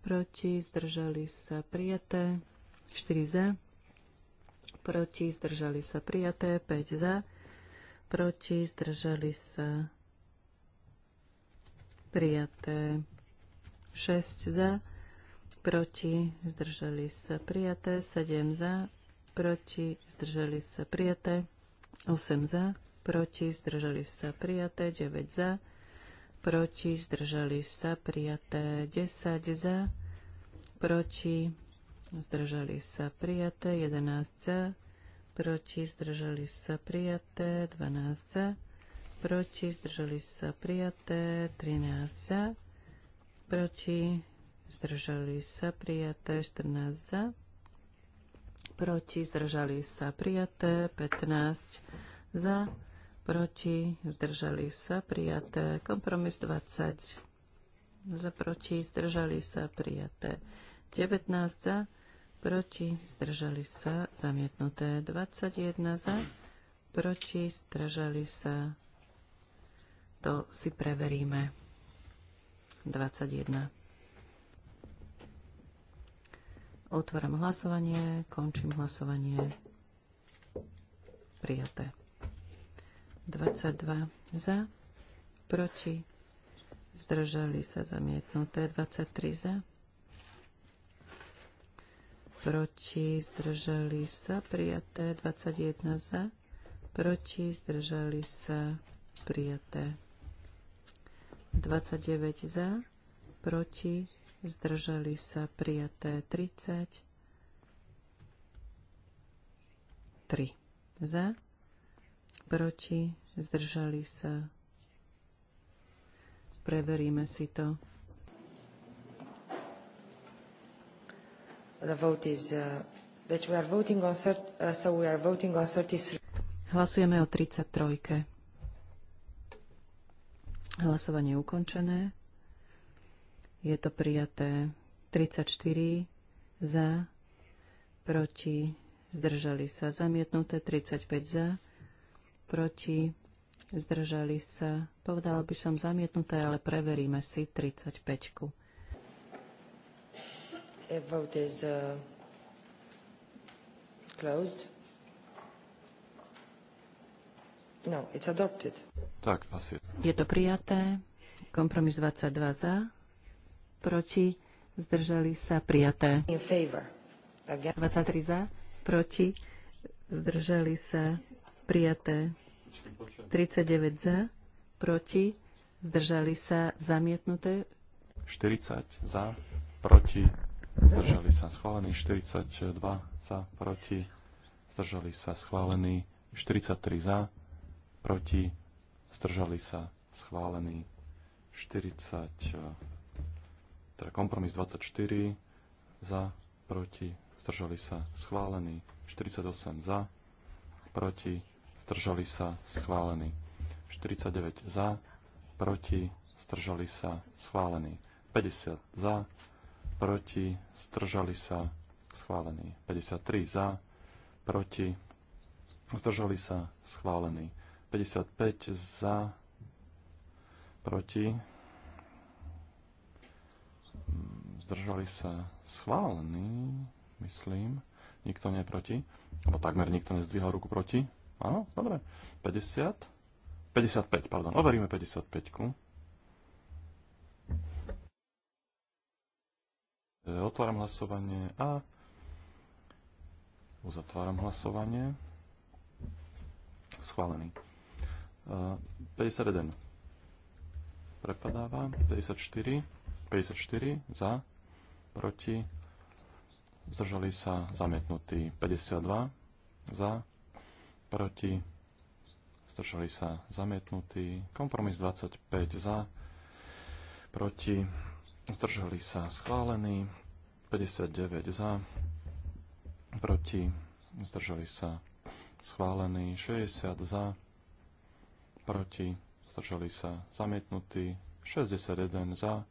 proti, zdržali sa prijaté, 4 za, proti, zdržali sa prijaté, 5 za, proti, zdržali sa prijaté, 6 za, proti, zdržali sa prijaté, 7 za, proti, zdržali sa prijaté, 8 za, proti, zdržali sa prijaté, 9 za, proti, zdržali sa prijaté, 10 za, proti, zdržali sa prijaté, 11 za, proti, zdržali sa prijaté, 12 za, proti, zdržali sa prijaté, 13 za, proti, zdržali sa prijaté, 14 za, proti, zdržali sa prijaté, 15 za, proti, zdržali sa prijaté, kompromis 20 za, proti, zdržali sa prijaté, 19 za, proti, zdržali sa zamietnuté, 21 za, proti, zdržali sa, to si preveríme, 21. Otváram hlasovanie, končím hlasovanie. Prijaté. 22 za, proti, zdržali sa zamietnuté. 23 za, proti, zdržali sa prijaté. 21 za, proti, zdržali sa prijaté. 29 za, proti, zdržali sa prijaté 30, 3 za, proti, zdržali sa. Preveríme si to. The vote is uh, that we are voting on uh, so we are voting on 33. Hlasujeme o 33. Hlasovanie je ukončené. Je to prijaté 34 za, proti, zdržali sa zamietnuté, 35 za, proti, zdržali sa, povedala by som zamietnuté, ale preveríme si 35. -ku. A vote is uh, closed. No, it's adopted. Tak, asi. Je to prijaté. Kompromis 22 za, proti, zdržali sa prijaté. 23 za, proti, zdržali sa prijaté. 39 za, proti, zdržali sa zamietnuté. 40 za, proti, zdržali sa schválení. 42 za, proti, zdržali sa schválení. 43 za, proti, zdržali sa schválení. 40 teda kompromis 24 za, proti, zdržali sa, schválený. 48 za, proti, zdržali sa, schválený. 49 za, proti, zdržali sa, schválený. 50 za, proti, zdržali sa, schválený. 53 za, proti, zdržali sa, schválený. 55 za, proti, zdržali sa schválení, myslím. Nikto nie je proti. Lebo takmer nikto nezdvíhal ruku proti. Áno, dobre. 50. 55, pardon. Overíme 55. -ku. E, otváram hlasovanie a uzatváram hlasovanie. Schválený. 51. E, Prepadáva. 54. 54 za, proti, zdržali sa zamietnutí 52 za, proti, zdržali sa zamietnutí, kompromis 25 za, proti, zdržali sa schválení, 59 za, proti, zdržali sa schválení, 60 za, proti, zdržali sa zamietnutí, 61 za,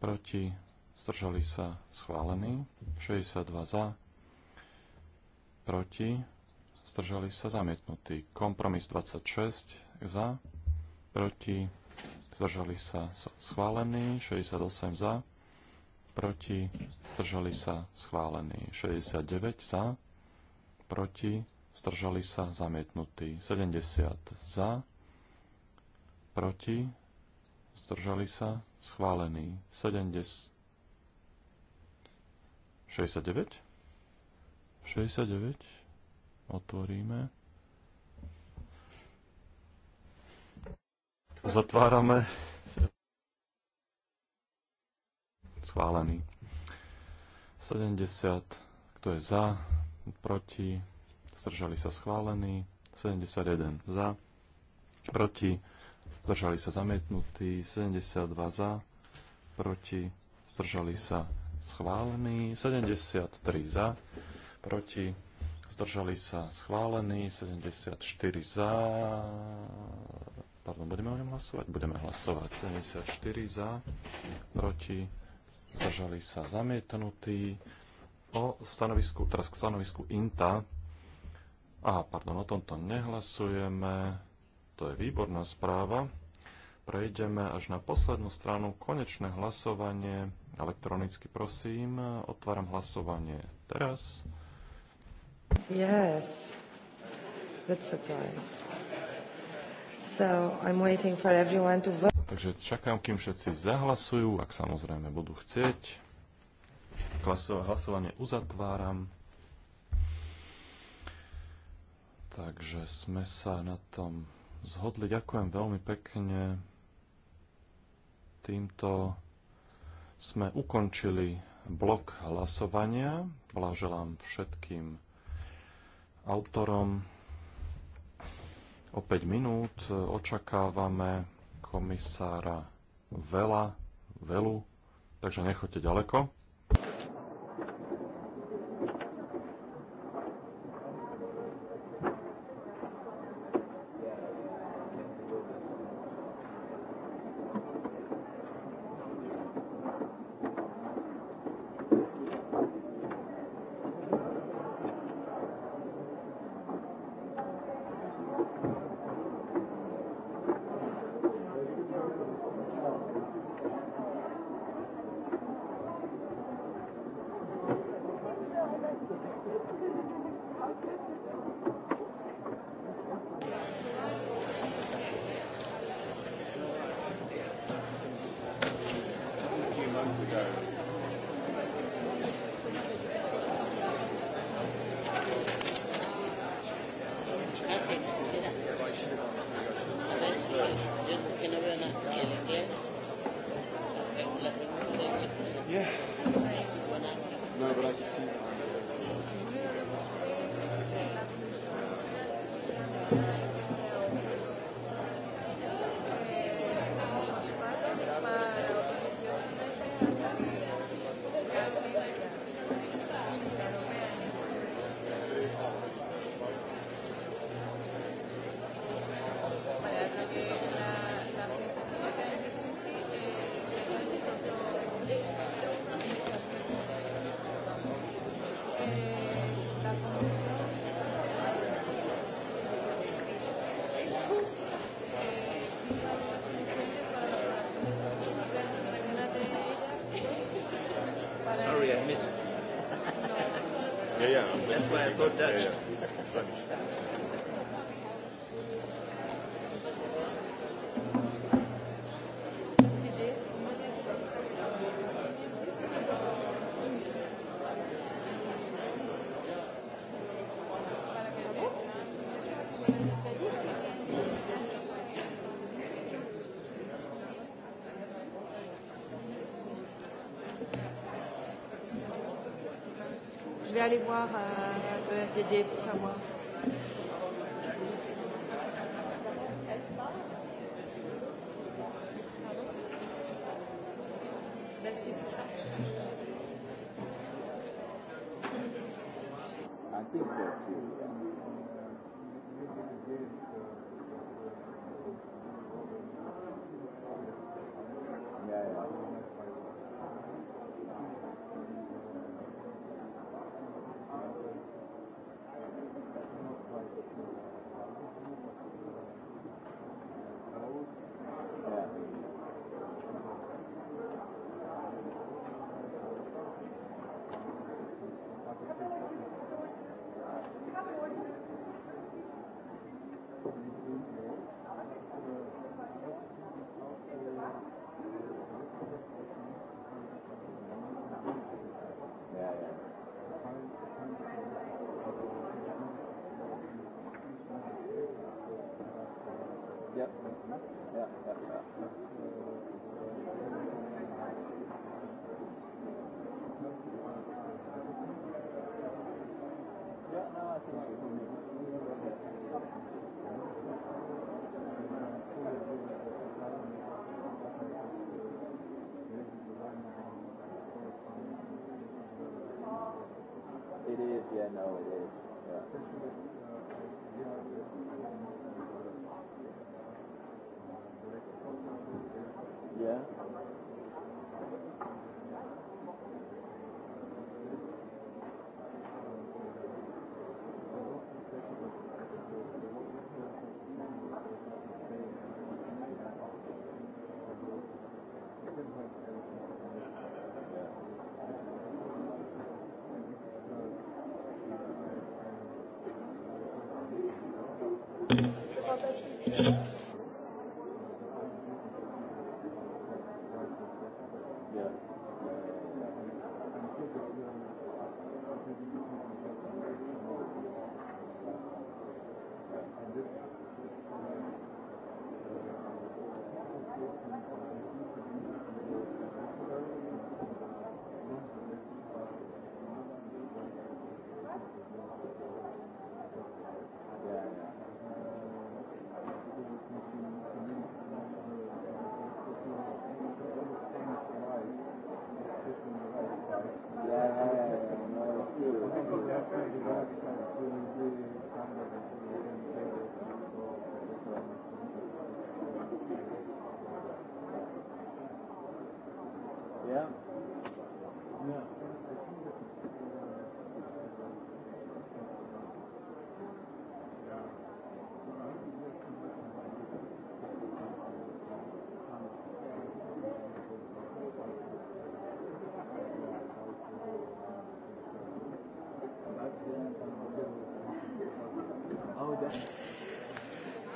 proti, zdržali sa schválení, 62 za, proti, zdržali sa zamietnutí. Kompromis 26 za, proti, zdržali sa schválení, 68 za, proti, zdržali sa schválení, 69 za, proti, zdržali sa zamietnutí, 70 za, proti, zdržali sa, schválený 70, 69, 69, otvoríme, zatvárame, schválený 70, kto je za, proti, zdržali sa schválený, 71 za, proti, zdržali sa zamietnutí, 72 za, proti, zdržali sa schválení, 73 za, proti, zdržali sa schválení, 74 za, pardon, budeme o ňom hlasovať? Budeme hlasovať, 74 za, proti, zdržali sa zamietnutí, o stanovisku, teraz k stanovisku INTA, a pardon, o tomto nehlasujeme, to je výborná správa. Prejdeme až na poslednú stranu. Konečné hlasovanie. Elektronicky prosím. Otváram hlasovanie teraz. Yes. Good surprise. So I'm waiting for everyone to vote. Takže čakám, kým všetci zahlasujú, ak samozrejme budú chcieť. Hlasovanie uzatváram. Takže sme sa na tom zhodli. Ďakujem veľmi pekne. Týmto sme ukončili blok hlasovania. Blaželám všetkým autorom. O 5 minút očakávame komisára Vela, Velu, takže nechoďte ďaleko. allez voir euh, le FDD pour savoir. Ja. Ja, ja, ja. no, I think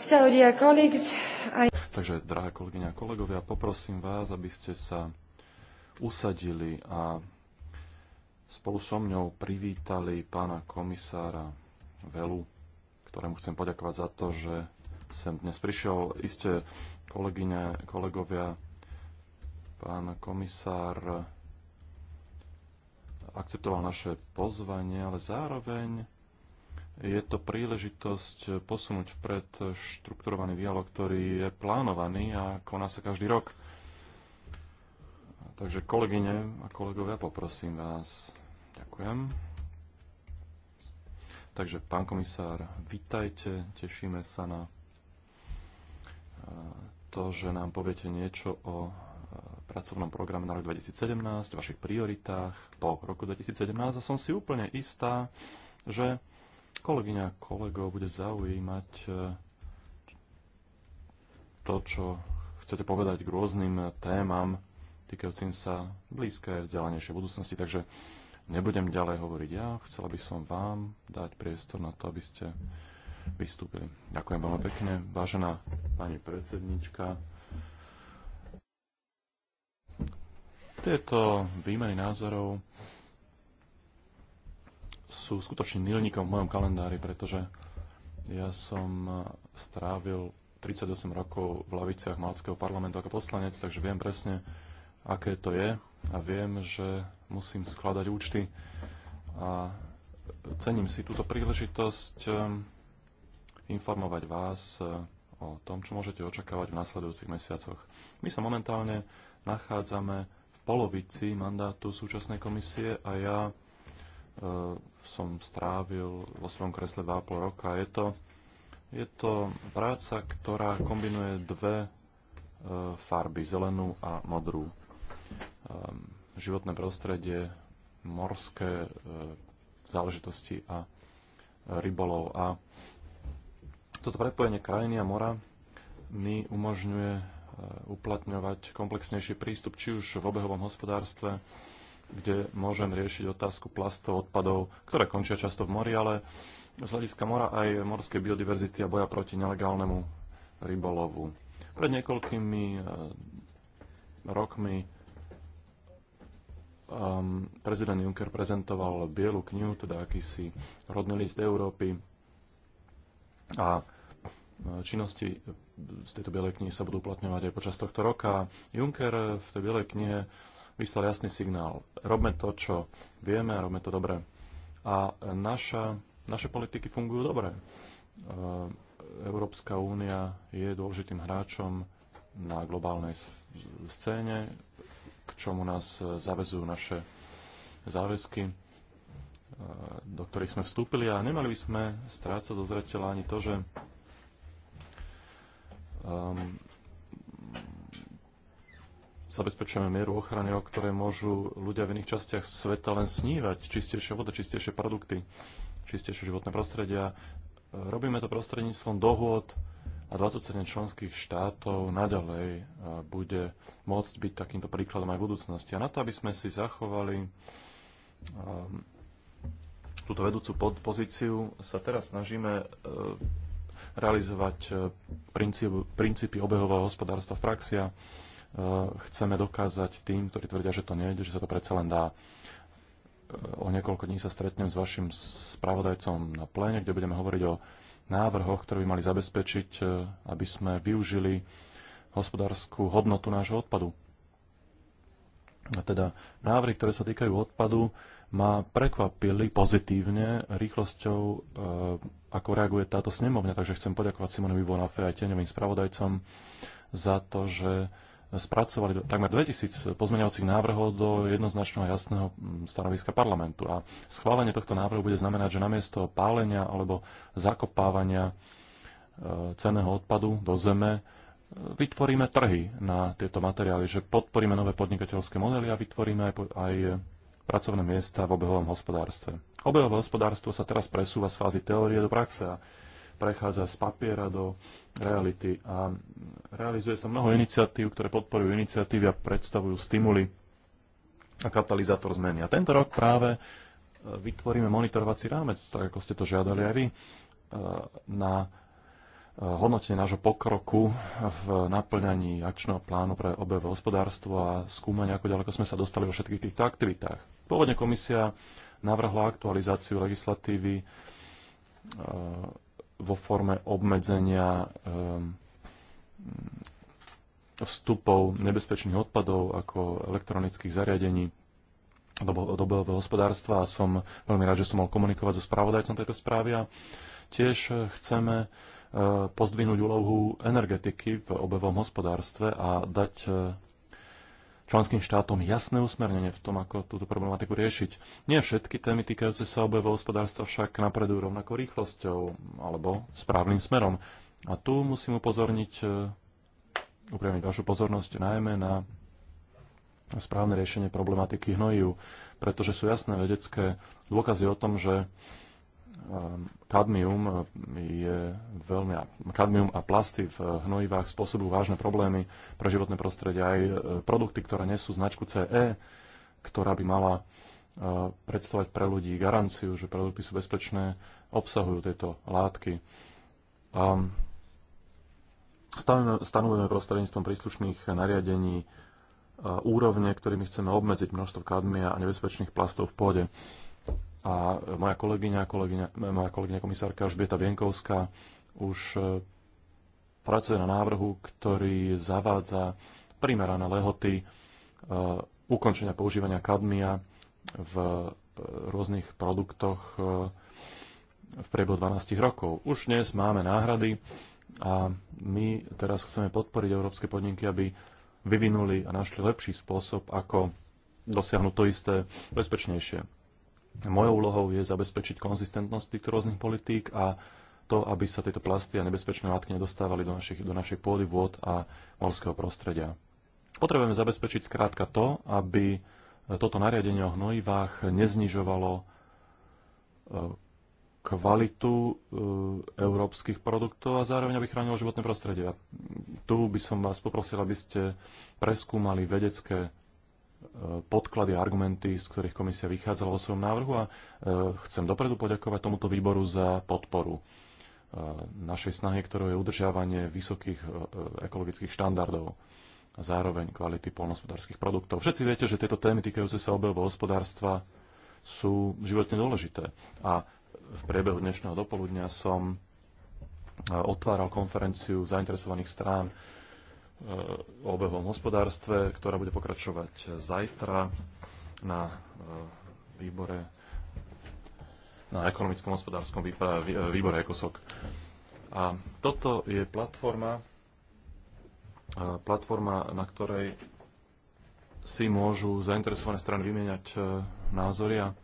Takže, drahé kolegyne a kolegovia, poprosím vás, aby ste sa usadili a spolu so mňou privítali pána komisára Velu, ktorému chcem poďakovať za to, že sem dnes prišiel. Isté, kolegyne, kolegovia, pán komisár akceptoval naše pozvanie, ale zároveň je to príležitosť posunúť vpred štrukturovaný dialog, ktorý je plánovaný a koná sa každý rok. Takže kolegyne a kolegovia, poprosím vás. Ďakujem. Takže, pán komisár, vitajte. Tešíme sa na e, to, že nám poviete niečo o e, pracovnom programe na rok 2017, vašich prioritách po roku 2017 a som si úplne istá, že kolegyňa a kolegov bude zaujímať e, to, čo chcete povedať k rôznym témam týkajúcim sa a vzdialenejšie budúcnosti. Takže nebudem ďalej hovoriť ja. Chcela by som vám dať priestor na to, aby ste vystúpili. Ďakujem veľmi pekne. Vážená pani predsednička, tieto výmeny názorov sú skutočným milníkom v mojom kalendári, pretože ja som strávil 38 rokov v laviciach Malckého parlamentu ako poslanec, takže viem presne, aké to je a viem, že musím skladať účty a cením si túto príležitosť ehm, informovať vás e, o tom, čo môžete očakávať v nasledujúcich mesiacoch. My sa momentálne nachádzame v polovici mandátu súčasnej komisie a ja E, som strávil vo svojom kresle 2,5 roka. Je to, je to práca, ktorá kombinuje dve e, farby, zelenú a modrú. E, životné prostredie, morské záležitosti a rybolov. A toto prepojenie krajiny a mora mi umožňuje uplatňovať komplexnejší prístup, či už v obehovom hospodárstve, kde môžem riešiť otázku plastov, odpadov, ktoré končia často v mori, ale z hľadiska mora aj morskej biodiverzity a boja proti nelegálnemu rybolovu. Pred niekoľkými eh, rokmi um, prezident Juncker prezentoval bielu knihu, teda akýsi rodný list Európy a eh, činnosti z tejto bielej knihy sa budú uplatňovať aj počas tohto roka. Juncker v tej bielej knihe vyslal jasný signál. Robme to, čo vieme a robme to dobre. A naša, naše politiky fungujú dobre. E, Európska únia je dôležitým hráčom na globálnej scéne, k čomu nás zavezujú naše záväzky, e, do ktorých sme vstúpili a nemali by sme strácať do ani to, že zabezpečujeme mieru ochrany, o ktoré môžu ľudia v iných častiach sveta len snívať. Čistejšia voda, čistejšie produkty, čistejšie životné prostredia. Robíme to prostredníctvom dohôd a 27 členských štátov naďalej e, bude môcť byť takýmto príkladom aj v budúcnosti. A na to, aby sme si zachovali e, túto vedúcu pozíciu, sa teraz snažíme e, realizovať princípy obehového hospodárstva v praxi a chceme dokázať tým, ktorí tvrdia, že to nejde, že sa to predsa len dá. O niekoľko dní sa stretnem s vašim spravodajcom na pléne, kde budeme hovoriť o návrhoch, ktoré by mali zabezpečiť, e, aby sme využili hospodárskú hodnotu nášho odpadu. A teda návrhy, ktoré sa týkajú odpadu, ma prekvapili pozitívne rýchlosťou, e, ako reaguje táto snemovňa. Takže chcem poďakovať Simonovi Bonafé aj tieňovým spravodajcom za to, že spracovali takmer 2000 pozmeňovacích návrhov do jednoznačného jasného mm, stanoviska parlamentu. A schválenie tohto návrhu bude znamenať, že namiesto pálenia alebo zakopávania e, ceného odpadu do zeme e, vytvoríme trhy na tieto materiály, že podporíme nové podnikateľské modely a vytvoríme aj, aj pracovné miesta v obehovom hospodárstve. Obehové hospodárstvo sa teraz presúva z fázy teórie do praxe a prechádza z papiera do reality a realizuje sa mnoho iniciatív, ktoré podporujú iniciatívy a predstavujú stimuly a katalizátor zmeny. A tento rok práve e, vytvoríme monitorovací rámec, tak ako ste to žiadali aj vy, e, na e, hodnotenie nášho pokroku v naplňaní akčného plánu pre obehové hospodárstvo a skúmanie, ako ďaleko sme sa dostali vo všetkých týchto aktivitách. Pôvodne komisia navrhla aktualizáciu legislatívy vo forme obmedzenia ehm, vstupov nebezpečných odpadov ako elektronických zariadení do dobehového hospodárstva a som veľmi rád, že som mohol komunikovať so spravodajcom tejto správy a tiež chceme eh, pozdvihnúť úlohu energetiky v obevom hospodárstve a dať eh, členským štátom jasné usmernenie v tom, ako túto problematiku riešiť. Nie všetky témy týkajúce sa obojového hospodárstva však napredujú rovnakou rýchlosťou alebo správnym smerom. A tu musím upozorniť, e, upriamiť vašu pozornosť najmä na správne riešenie problematiky hnojiv, pretože sú jasné vedecké dôkazy o tom, že Ehm, kadmium, ehm, je veľmi, kadmium a plasty v ehm, hnojivách spôsobujú vážne problémy pre životné prostredie. Aj produkty, ktoré nesú značku CE, ktorá by mala predstavovať pre ľudí garanciu, že produkty sú bezpečné, obsahujú tieto látky. Stanovujeme prostredníctvom príslušných nariadení úrovne, ktorými chceme obmedziť množstvo kadmia a nebezpečných plastov v pôde a moja kolegyňa, kolegyňa, moja kolegyňa komisárka Žbieta Bienkovská už e, pracuje na návrhu, ktorý zavádza primerané lehoty e, ukončenia používania kadmia v e, rôznych produktoch v priebehu 12 rokov. Už dnes máme náhrady a my teraz chceme podporiť európske podniky, aby vyvinuli a našli lepší spôsob, ako dosiahnuť to isté bezpečnejšie. Mojou úlohou je zabezpečiť konzistentnosť týchto rôznych politík a to, aby sa tieto plasty a nebezpečné látky nedostávali do, našich, do našej pôdy, vôd a morského prostredia. Potrebujeme zabezpečiť skrátka to, aby toto nariadenie o hnojivách neznižovalo e, kvalitu e, európskych produktov a zároveň aby chránilo životné prostredie. Tu by som vás poprosil, aby ste preskúmali vedecké podklady a argumenty, z ktorých komisia vychádzala vo svojom návrhu a e, chcem dopredu poďakovať tomuto výboru za podporu e, našej snahy, ktorou je udržiavanie vysokých e, ekologických štandardov a zároveň kvality polnospodárských produktov. Všetci viete, že tieto témy týkajúce sa obehového hospodárstva sú životne dôležité. A v priebehu dnešného dopoludnia som otváral konferenciu zainteresovaných strán Eh, o obehovom hospodárstve, ktorá bude pokračovať zajtra na eh, výbore na ekonomickom hospodárskom eh, výbore EKOSOK. A toto je platforma, platforma, na ktorej si môžu zainteresované strany vymieňať názory a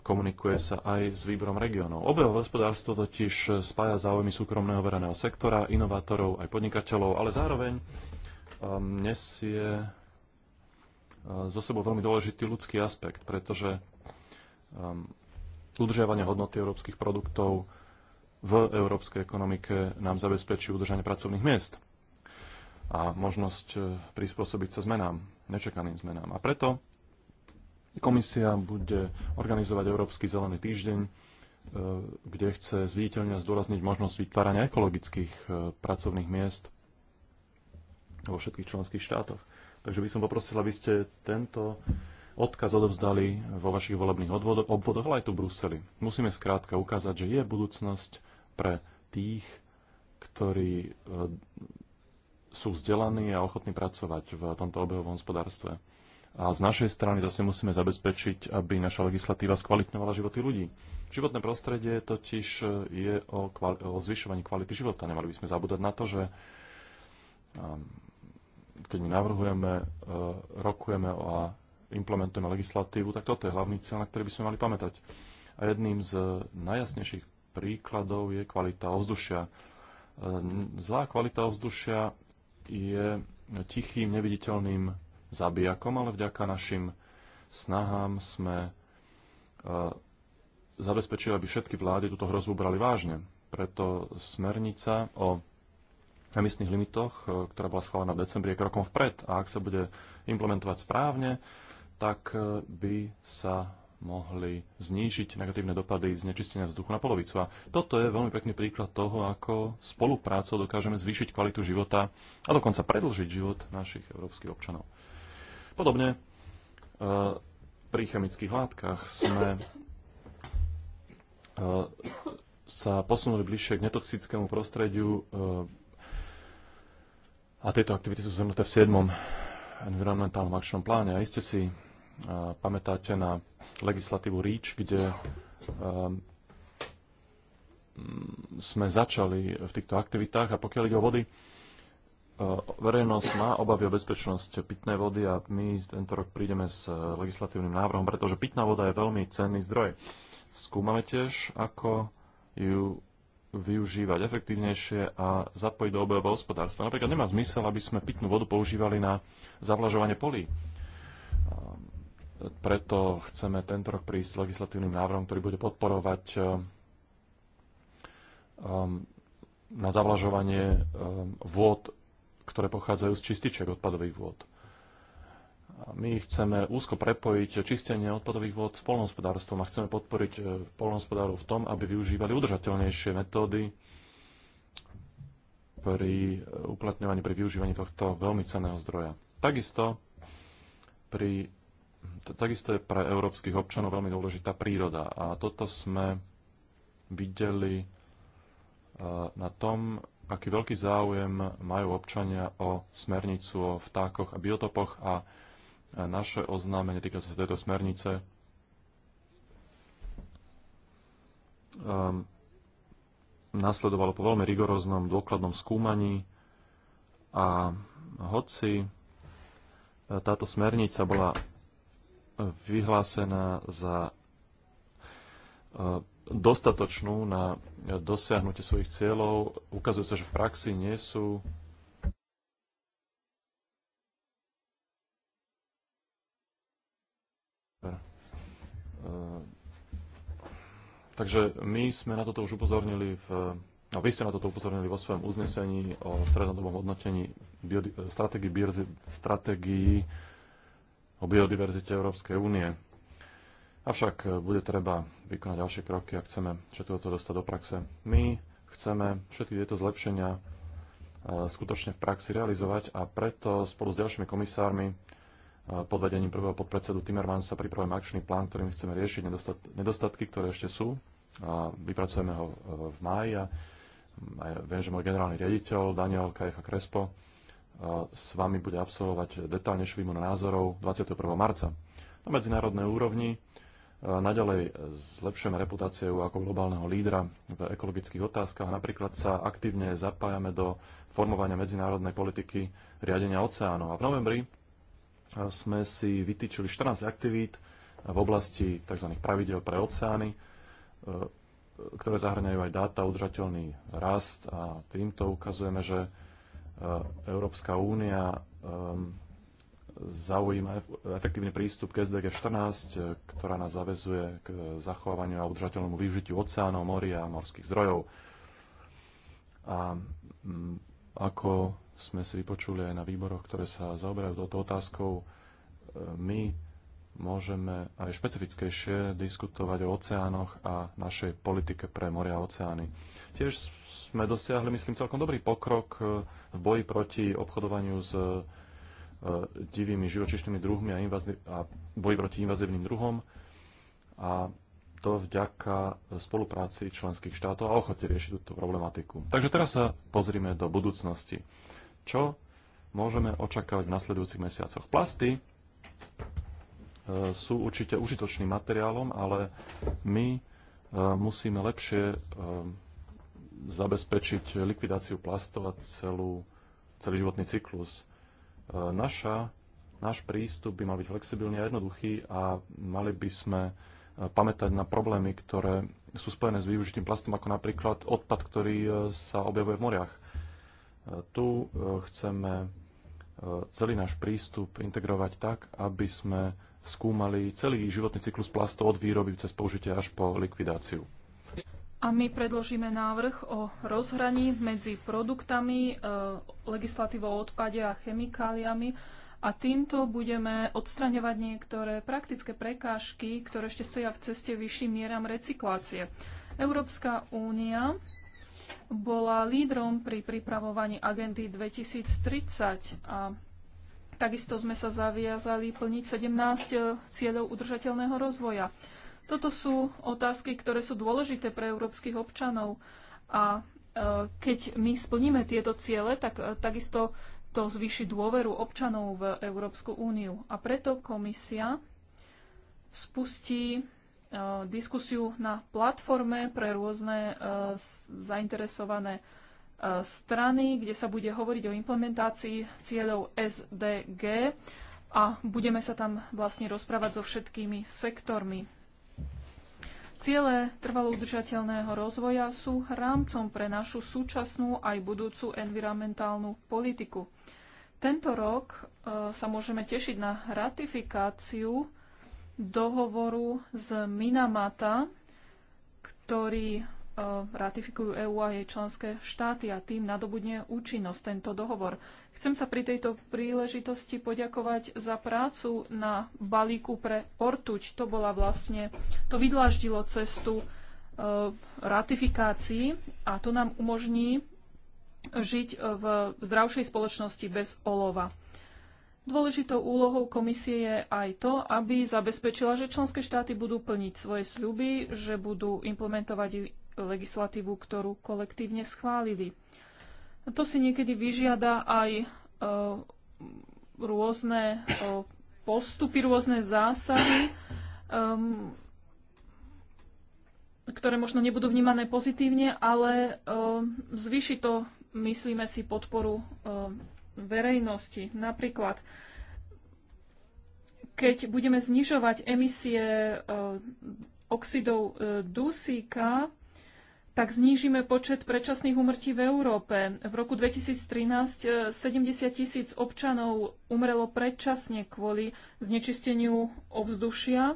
komunikuje sa aj s výborom regiónov. Obeho hospodárstvo totiž spája záujmy súkromného verejného sektora, inovátorov aj podnikateľov, ale zároveň um, nesie uh, zo sebou veľmi dôležitý ľudský aspekt, pretože um, udržiavanie hodnoty európskych produktov v európskej ekonomike nám zabezpečí udržanie pracovných miest a možnosť uh, prispôsobiť sa zmenám, nečakaným zmenám. A preto Komisia bude organizovať Európsky zelený týždeň, e, kde chce zviditeľne zdôrazniť možnosť vytvárania ekologických e, pracovných miest vo všetkých členských štátoch. Takže by som poprosil, aby ste tento odkaz odovzdali vo vašich volebných obvodoch, ale aj tu v Bruseli. Musíme skrátka ukázať, že je budúcnosť pre tých, ktorí e, sú vzdelaní a ochotní pracovať v tomto obehovom hospodárstve. A z našej strany zase musíme zabezpečiť, aby naša legislatíva skvalitňovala životy ľudí. Životné prostredie totiž e, je o, kvali- o zvyšovaní kvality života. Nemali by sme zabúdať na to, že ehm, keď my navrhujeme, e, rokujeme a implementujeme legislatívu, tak toto je hlavný cieľ, na ktorý by sme mali pamätať. A jedným z najjasnejších príkladov je kvalita ovzdušia. E, zlá kvalita ovzdušia je tichým, neviditeľným zabijakom, ale vďaka našim snahám sme e, zabezpečili, aby všetky vlády túto hrozbu brali vážne. Preto smernica o emisných limitoch, e, ktorá bola schválená v decembri, je krokom vpred a ak sa bude implementovať správne, tak e, by sa mohli znížiť negatívne dopady znečistenia vzduchu na polovicu. A toto je veľmi pekný príklad toho, ako spoluprácou dokážeme zvýšiť kvalitu života a dokonca predlžiť život našich európskych občanov. Podobne e, pri chemických látkach sme e, sa posunuli bližšie k netoxickému prostrediu e, a tieto aktivity sú zhrnuté v 7. environmentálnom akčnom pláne. A iste si pamätáte na legislatívu REACH, kde sme začali v týchto aktivitách a pokiaľ ide o vody, verejnosť má obavy o bezpečnosť pitnej vody a my tento rok prídeme s e, legislatívnym návrhom, pretože pitná voda je veľmi cenný zdroj. Skúmame tiež, ako ju využívať efektívnejšie a zapojiť do obehového hospodárstva. Napríklad nemá zmysel, aby sme pitnú vodu používali na zavlažovanie polí. Ehm, preto chceme tento rok prísť s legislatívnym návrhom, ktorý bude podporovať e, ehm, na zavlažovanie ehm, vôd ktoré pochádzajú z čističek odpadových vôd. My chceme úzko prepojiť čistenie odpadových vôd s polnohospodárstvom a chceme podporiť e, polnohospodárov v tom, aby využívali udržateľnejšie metódy pri e, uplatňovaní, pri využívaní tohto veľmi ceného zdroja. Takisto, pri, takisto je pre európskych občanov veľmi dôležitá príroda a toto sme videli e, na tom, aký veľký záujem majú občania o smernicu o vtákoch a biotopoch a naše oznámenie týkajúce sa tejto smernice um, nasledovalo po veľmi rigoróznom dôkladnom skúmaní a hoci e, táto smernica bola vyhlásená za e, dostatočnú na dosiahnutie svojich cieľov. Ukazuje sa, že v praxi nie sú Takže my sme na toto už upozornili v a no, vy ste na toto upozornili vo svojom uznesení o strednodobom hodnotení strategii o biodiverzite Európskej únie. Avšak e, bude treba vykonať ďalšie kroky, ak chceme všetko toto dostať do praxe. My chceme všetky tieto zlepšenia e, skutočne v praxi realizovať a preto spolu s ďalšími komisármi e, pod vedením prvého podpredsedu Timmermansa pripravujeme akčný plán, ktorým chceme riešiť nedostatky, ktoré ešte sú. A vypracujeme ho v máji a mm, viem, že môj generálny riaditeľ Daniel Kajcha Krespo s vami bude absolvovať detálnejšiu výmenu názorov 21. marca. Na medzinárodnej úrovni Naďalej zlepšujeme reputáciu ako globálneho lídra v ekologických otázkach. Napríklad sa aktívne zapájame do formovania medzinárodnej politiky riadenia oceánov. A v novembri sme si vytýčili 14 aktivít v oblasti tzv. pravidel pre oceány, ktoré zahrňajú aj dáta, udržateľný rast a týmto ukazujeme, že Európska únia ehm, zaujíma efektívny prístup k SDG 14, e, ktorá nás zavezuje k zachovávaniu a udržateľnému využitiu oceánov, moria a morských zdrojov. A mm, ako sme si vypočuli aj na výboroch, ktoré sa zaoberajú touto otázkou, e, my môžeme aj špecifickejšie diskutovať o oceánoch a našej politike pre moria a oceány. Tiež sme dosiahli, myslím, celkom dobrý pokrok e, v boji proti obchodovaniu s E, divými živočišnými druhmi a, invazi- a boji proti invazívnym druhom a to vďaka spolupráci členských štátov a ochote riešiť túto problematiku. Takže teraz sa pozrime do budúcnosti. Čo môžeme očakávať v nasledujúcich mesiacoch? Plasty e, sú určite užitočným materiálom, ale my e, musíme lepšie zabezpečiť likvidáciu plastov a celú, celý životný cyklus E, naša, náš prístup by mal byť flexibilný a jednoduchý a mali by sme e, pamätať na problémy, ktoré sú spojené s využitím plastom, ako napríklad odpad, ktorý e, sa objavuje v moriach. Tu chceme celý náš prístup integrovať tak, aby sme skúmali celý životný cyklus plastov od výroby cez použitie až po likvidáciu. A my predložíme návrh o rozhraní medzi produktami, e, legislatívou o odpade a chemikáliami a týmto budeme odstraňovať niektoré praktické prekážky, ktoré ešte stoja v ceste vyšším mieram recyklácie. Európska únia bola lídrom pri pripravovaní agendy 2030 a takisto sme sa zaviazali plniť 17 e, cieľov udržateľného rozvoja. Toto sú otázky, ktoré sú dôležité pre európskych občanov a e, keď my splníme tieto ciele, tak e, takisto to zvýši dôveru občanov v Európsku úniu. A preto komisia spustí e, diskusiu na platforme pre rôzne zainteresované strany, kde sa bude hovoriť o implementácii cieľov SDG a budeme sa tam vlastne rozprávať so všetkými sektormi Ciele trvalo udržateľného rozvoja sú rámcom pre našu súčasnú aj budúcu environmentálnu politiku. Tento rok e, sa môžeme tešiť na ratifikáciu dohovoru z Minamata, ktorý E, ratifikujú EÚ a jej členské štáty a tým nadobudne účinnosť tento dohovor. Chcem sa pri tejto príležitosti poďakovať za prácu na balíku pre ortuť. To bola vlastne, to vydláždilo cestu e, ratifikácií a to nám umožní žiť v zdravšej spoločnosti bez olova. Dôležitou úlohou komisie je aj to, aby zabezpečila, že členské štáty budú plniť svoje sľuby, že budú implementovať legislatívu, ktorú kolektívne schválili. To si niekedy vyžiada aj e, rôzne e, postupy, rôzne zásahy, ktoré možno nebudú vnímané pozitívne, ale e, zvýši to, myslíme si, podporu verejnosti. Napríklad, keď budeme znižovať emisie oxidov dusíka, tak znížime počet predčasných umrtí v Európe. V roku 2013 70 e, tisíc občanov umrelo predčasne kvôli znečisteniu ovzdušia.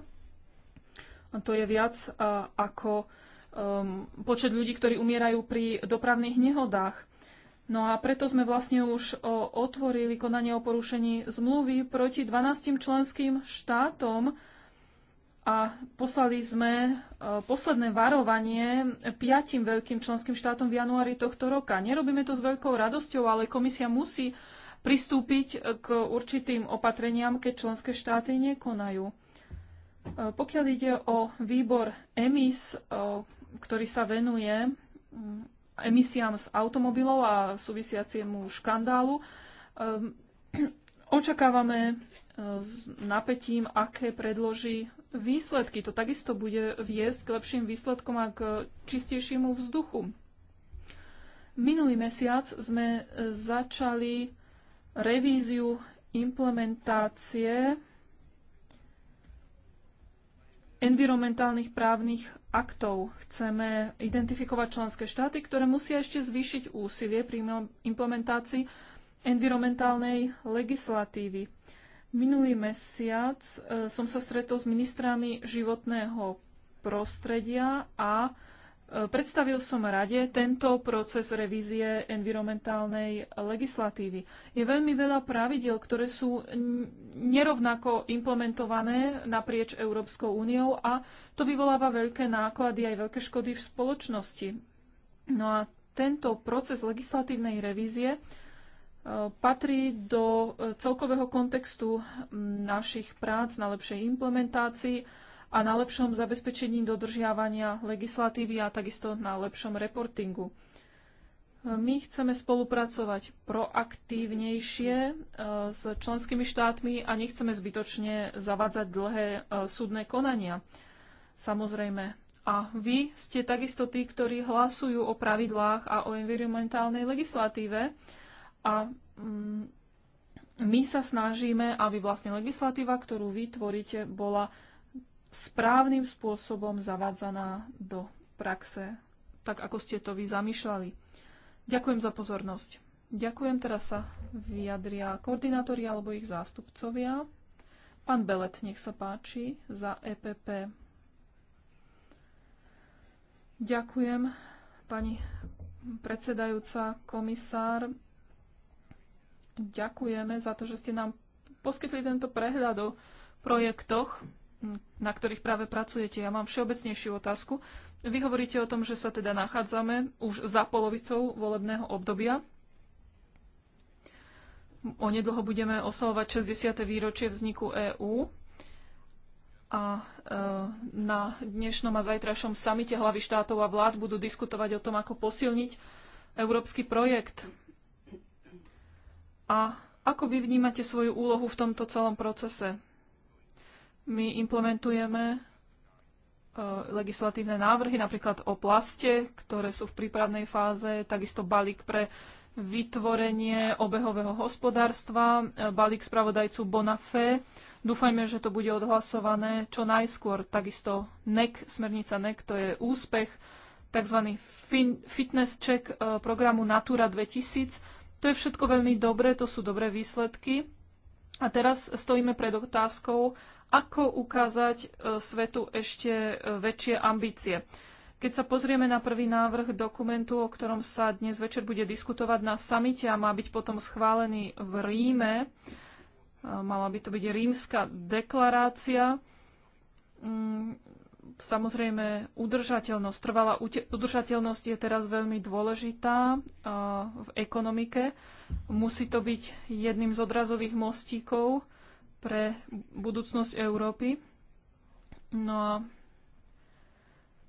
A to je viac e, ako um, počet ľudí, ktorí umierajú pri dopravných nehodách. No a preto sme vlastne už e, otvorili konanie o porušení zmluvy proti 12 členským štátom, a poslali sme e, posledné varovanie piatim veľkým členským štátom v januári tohto roka. Nerobíme to s veľkou radosťou, ale komisia musí pristúpiť k určitým opatreniam, keď členské štáty nekonajú. E, pokiaľ ide o výbor EMIS, e, ktorý sa venuje emisiám z automobilov a súvisiaciemu škandálu, očakávame s napätím, aké predloží výsledky. To takisto bude viesť k lepším výsledkom a k čistejšiemu vzduchu. Minulý mesiac sme e, začali revíziu implementácie environmentálnych právnych aktov. Chceme identifikovať členské štáty, ktoré musia ešte zvýšiť úsilie pri implementácii environmentálnej legislatívy. Minulý mesiac e, som sa stretol s ministrami životného prostredia a e, Predstavil som rade tento proces revízie environmentálnej legislatívy. Je veľmi veľa pravidel, ktoré sú nerovnako implementované naprieč Európskou úniou a to vyvoláva veľké náklady aj veľké škody v spoločnosti. No a tento proces legislatívnej revízie patrí do e, celkového kontextu našich prác na lepšej implementácii a na lepšom zabezpečení dodržiavania legislatívy a takisto na lepšom reportingu. E, my chceme spolupracovať proaktívnejšie e, s členskými štátmi a nechceme zbytočne zavádzať dlhé súdne konania. Samozrejme. A vy ste takisto tí, ktorí hlasujú o pravidlách a o environmentálnej legislatíve a mm, my sa snažíme, aby vlastne legislatíva, ktorú vy tvoríte, bola správnym spôsobom zavádzaná do praxe, tak ako ste to vy zamýšľali. Ďakujem za pozornosť. Ďakujem, teraz sa vyjadria koordinátori alebo ich zástupcovia. Pán Belet, nech sa páči, za EPP. Ďakujem, pani predsedajúca, komisár ďakujeme za to, že ste nám poskytli tento prehľad o projektoch, na ktorých práve pracujete. Ja mám všeobecnejšiu otázku. Vy hovoríte o tom, že sa teda nachádzame už za polovicou volebného obdobia. Onedlho budeme oslavovať 60. výročie vzniku EÚ. A e, na dnešnom a zajtrajšom samite hlavy štátov a vlád budú diskutovať o tom, ako posilniť európsky projekt a ako vy vnímate svoju úlohu v tomto celom procese? My implementujeme e, legislatívne návrhy, napríklad o plaste, ktoré sú v prípravnej fáze, takisto balík pre vytvorenie obehového hospodárstva, e, balík spravodajcu Bonafé. Dúfajme, že to bude odhlasované čo najskôr. Takisto NEC, smernica NEC, to je úspech, tzv. fitness check e, programu Natura 2000, to je všetko veľmi dobré, to sú dobré výsledky. A teraz stojíme pred otázkou, ako ukázať e, svetu ešte e, väčšie ambície. Keď sa pozrieme na prvý návrh dokumentu, o ktorom sa dnes večer bude diskutovať na samite a má byť potom schválený v Ríme, e, mala by to byť rímska deklarácia, mm, Samozrejme, udržateľnosť, trvalá udržateľnosť je teraz veľmi dôležitá v ekonomike. Musí to byť jedným z odrazových mostíkov pre budúcnosť Európy. No a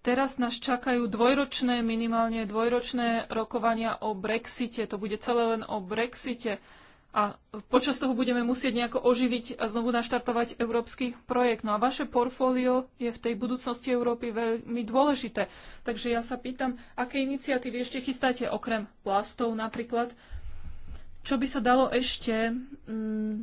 teraz nás čakajú dvojročné, minimálne dvojročné rokovania o Brexite. To bude celé len o Brexite. A počas toho budeme musieť nejako oživiť a znovu naštartovať európsky projekt. No a vaše portfólio je v tej budúcnosti Európy veľmi dôležité. Takže ja sa pýtam, aké iniciatívy ešte chystáte, okrem plastov napríklad? Čo by sa dalo ešte mm,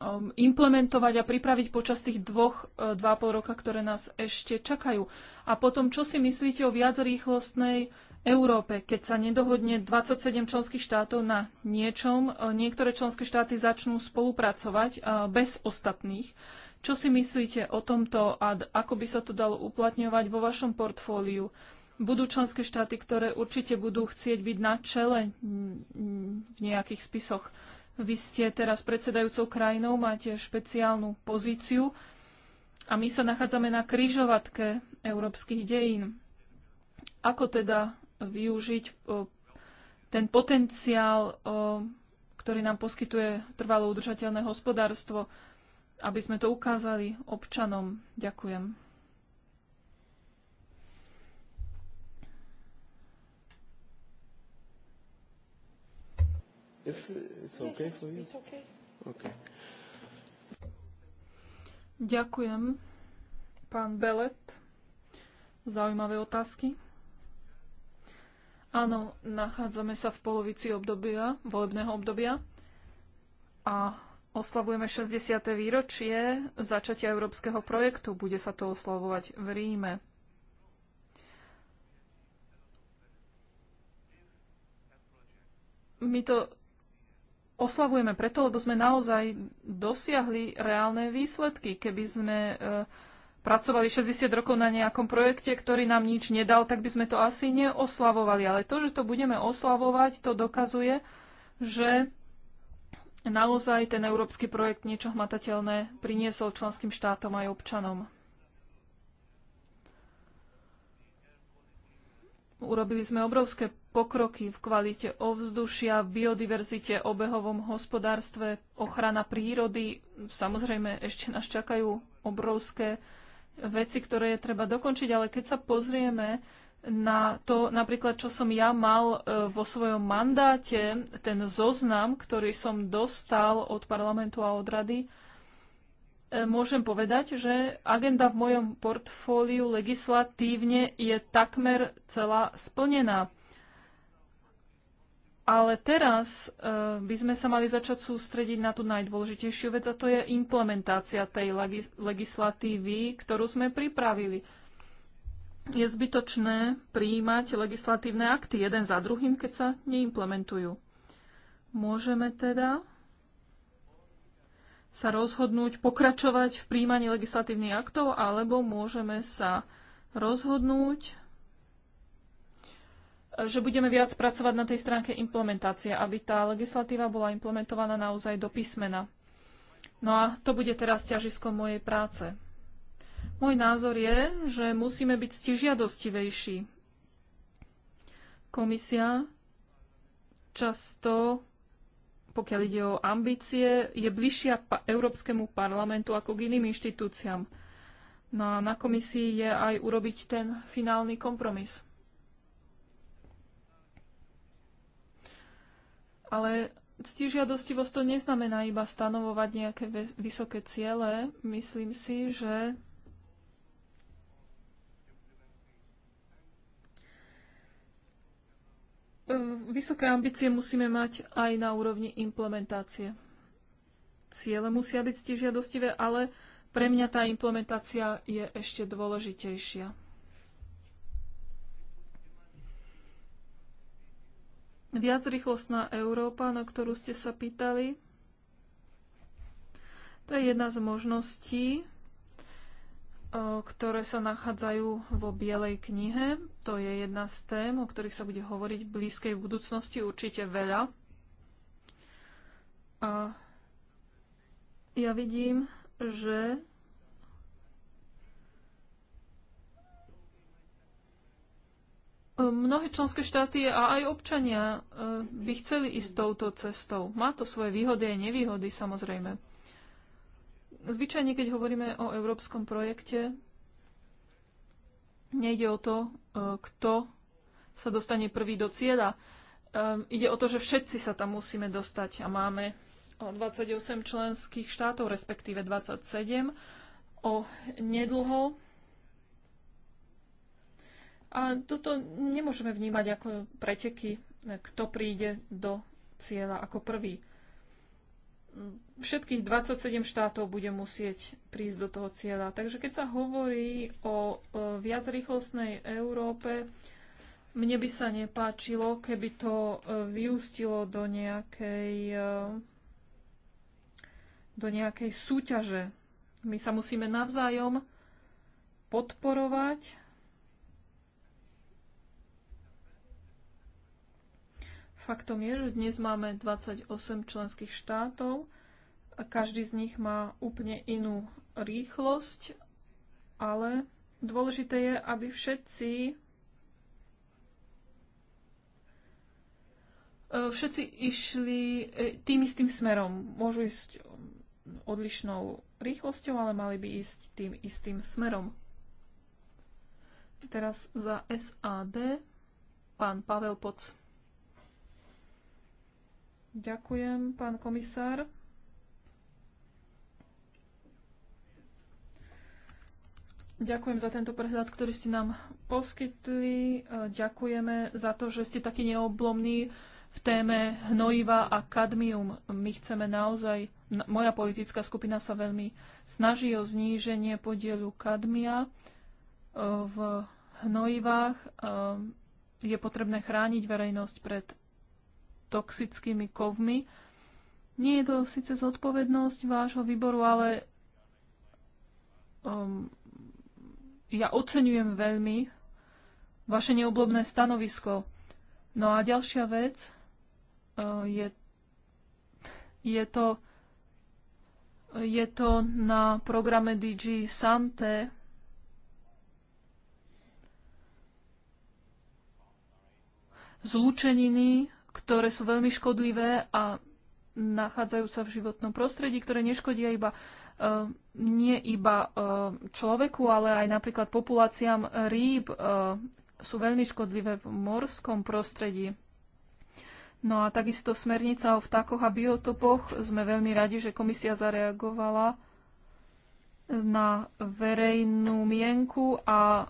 um, implementovať a pripraviť počas tých dvoch, e, dva pol roka, ktoré nás ešte čakajú? A potom, čo si myslíte o viacrýchlostnej rýchlostnej Európe, keď sa nedohodne 27 členských štátov na niečom, e, niektoré členské štáty začnú spolupracovať e, bez ostatných. Čo si myslíte o tomto a ako by sa to dalo uplatňovať vo vašom portfóliu? Budú členské štáty, ktoré určite budú chcieť byť na čele v nejakých spisoch. Vy ste teraz predsedajúcou krajinou, máte špeciálnu pozíciu a my sa nachádzame na kryžovatke európskych dejín. Ako teda využiť e, ten potenciál, e, ktorý nám poskytuje trvalo udržateľné hospodárstvo, aby sme to ukázali občanom. Ďakujem. Ďakujem, pán Belet. Zaujímavé otázky. Áno, nachádzame sa v polovici obdobia, volebného obdobia a oslavujeme 60. výročie začatia európskeho projektu. Bude sa to oslavovať v Ríme. My to oslavujeme preto, lebo sme naozaj dosiahli reálne výsledky. Keby sme e, pracovali 60 rokov na nejakom projekte, ktorý nám nič nedal, tak by sme to asi neoslavovali. Ale to, že to budeme oslavovať, to dokazuje, že naozaj ten európsky projekt niečo hmatateľné priniesol členským štátom aj občanom. Urobili sme obrovské pokroky v kvalite ovzdušia, v biodiverzite, obehovom hospodárstve, ochrana prírody. Samozrejme, ešte nás čakajú obrovské veci, ktoré je treba dokončiť, ale keď sa pozrieme na to, napríklad, čo som ja mal e, vo svojom mandáte, ten zoznam, ktorý som dostal od parlamentu a od rady, e, môžem povedať, že agenda v mojom portfóliu legislatívne je takmer celá splnená. Ale teraz uh, by sme sa mali začať sústrediť na tú najdôležitejšiu vec a to je implementácia tej legis legislatívy, ktorú sme pripravili. Je zbytočné prijímať legislatívne akty jeden za druhým, keď sa neimplementujú. Môžeme teda sa rozhodnúť pokračovať v príjmaní legislatívnych aktov, alebo môžeme sa rozhodnúť že budeme viac pracovať na tej stránke implementácie, aby tá legislatíva bola implementovaná naozaj do písmena. No a to bude teraz ťažisko mojej práce. Môj názor je, že musíme byť stižiadostivejší. Komisia často, pokiaľ ide o ambície, je bližšia pa Európskemu parlamentu ako k iným inštitúciám. No a na komisii je aj urobiť ten finálny kompromis. Ale ctižiadostivosť to neznamená iba stanovovať nejaké vysoké ciele. Myslím si, že vysoké ambície musíme mať aj na úrovni implementácie. Ciele musia byť ctižiadostivé, ale pre mňa tá implementácia je ešte dôležitejšia. Viac rýchlostná Európa, na ktorú ste sa pýtali, to je jedna z možností, ktoré sa nachádzajú vo Bielej knihe. To je jedna z tém, o ktorých sa bude hovoriť v blízkej budúcnosti určite veľa. A ja vidím, že mnohé členské štáty a aj občania e, by chceli ísť touto cestou. Má to svoje výhody a nevýhody samozrejme. Zvyčajne, keď hovoríme o európskom projekte, nejde o to, e, kto sa dostane prvý do cieľa. E, ide o to, že všetci sa tam musíme dostať a máme 28 členských štátov, respektíve 27 o nedlho a toto nemôžeme vnímať ako preteky, kto príde do cieľa ako prvý. Všetkých 27 štátov bude musieť prísť do toho cieľa. Takže keď sa hovorí o e, viacrýchlostnej Európe, mne by sa nepáčilo, keby to e, vyústilo do nejakej, e, do nejakej súťaže. My sa musíme navzájom podporovať Faktom je, že dnes máme 28 členských štátov a každý z nich má úplne inú rýchlosť, ale dôležité je, aby všetci e, všetci išli e, tým istým smerom. Môžu ísť odlišnou rýchlosťou, ale mali by ísť tým istým smerom. Teraz za SAD pán Pavel Poc. Ďakujem, pán komisár. Ďakujem za tento prehľad, ktorý ste nám poskytli. Ďakujeme za to, že ste taký neoblomní v téme hnojiva a kadmium. My chceme naozaj, moja politická skupina sa veľmi snaží o zníženie podielu kadmia e, v hnojivách. E, je potrebné chrániť verejnosť pred toxickými kovmi. Nie je to síce zodpovednosť vášho výboru, ale um, ja oceňujem veľmi vaše neoblobné stanovisko. No a ďalšia vec uh, je, je to je to na programe DG Sante. Zlučeniny ktoré sú veľmi škodlivé a nachádzajú sa v životnom prostredí, ktoré neškodia iba e, nie iba e, človeku, ale aj napríklad populáciám rýb e, sú veľmi škodlivé v morskom prostredí. No a takisto smernica o vtákoch a biotopoch. Sme veľmi radi, že komisia zareagovala na verejnú mienku a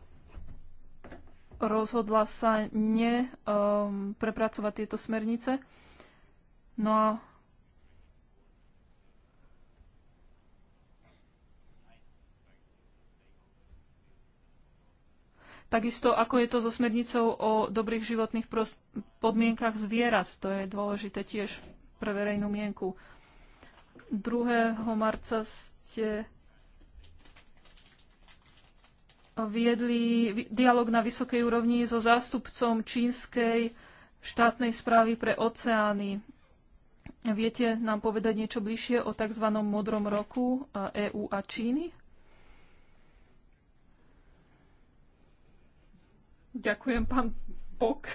rozhodla sa neprepracovať um, tieto smernice. No a Takisto ako je to so smernicou o dobrých životných podmienkach zvierat, to je dôležité tiež pre verejnú mienku. 2. marca ste viedli dialog na vysokej úrovni so zástupcom čínskej štátnej správy pre oceány. Viete nám povedať niečo bližšie o tzv. modrom roku EÚ a Číny? Ďakujem, pán Pok.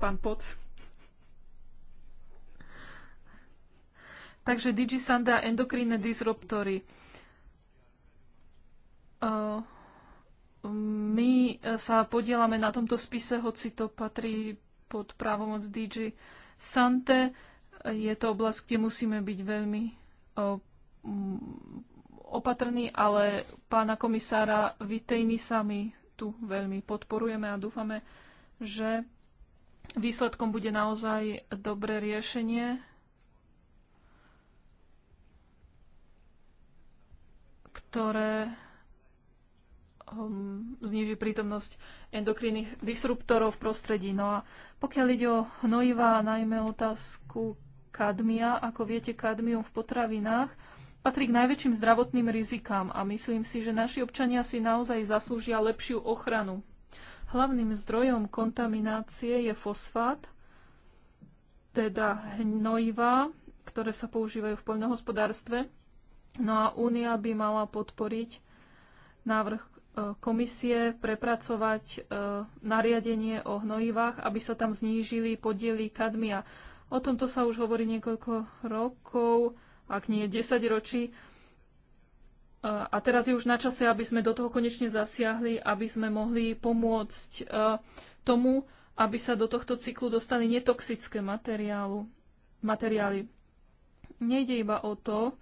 Pán Poc. Takže Digisanda endokrinné disruptory. Uh, my e, sa podielame na tomto spise, hoci to patrí pod právomoc DG Sante. Je to oblasť, kde musíme byť veľmi mm, opatrní, ale pána komisára Vitejny sa my tu veľmi podporujeme a dúfame, že výsledkom bude naozaj dobré riešenie, ktoré um, zniží prítomnosť endokrinných disruptorov v prostredí. No a pokiaľ ide o hnojivá, najmä otázku kadmia, ako viete, kadmium v potravinách patrí k najväčším zdravotným rizikám a myslím si, že naši občania si naozaj zaslúžia lepšiu ochranu. Hlavným zdrojom kontaminácie je fosfát, teda hnojivá, ktoré sa používajú v poľnohospodárstve. No a Únia by mala podporiť návrh komisie prepracovať e, nariadenie o hnojivách, aby sa tam znížili podiely kadmia. O tomto sa už hovorí niekoľko rokov, ak nie 10 ročí. E, a teraz je už na čase, aby sme do toho konečne zasiahli, aby sme mohli pomôcť e, tomu, aby sa do tohto cyklu dostali netoxické materiálu, materiály. Nejde iba o to,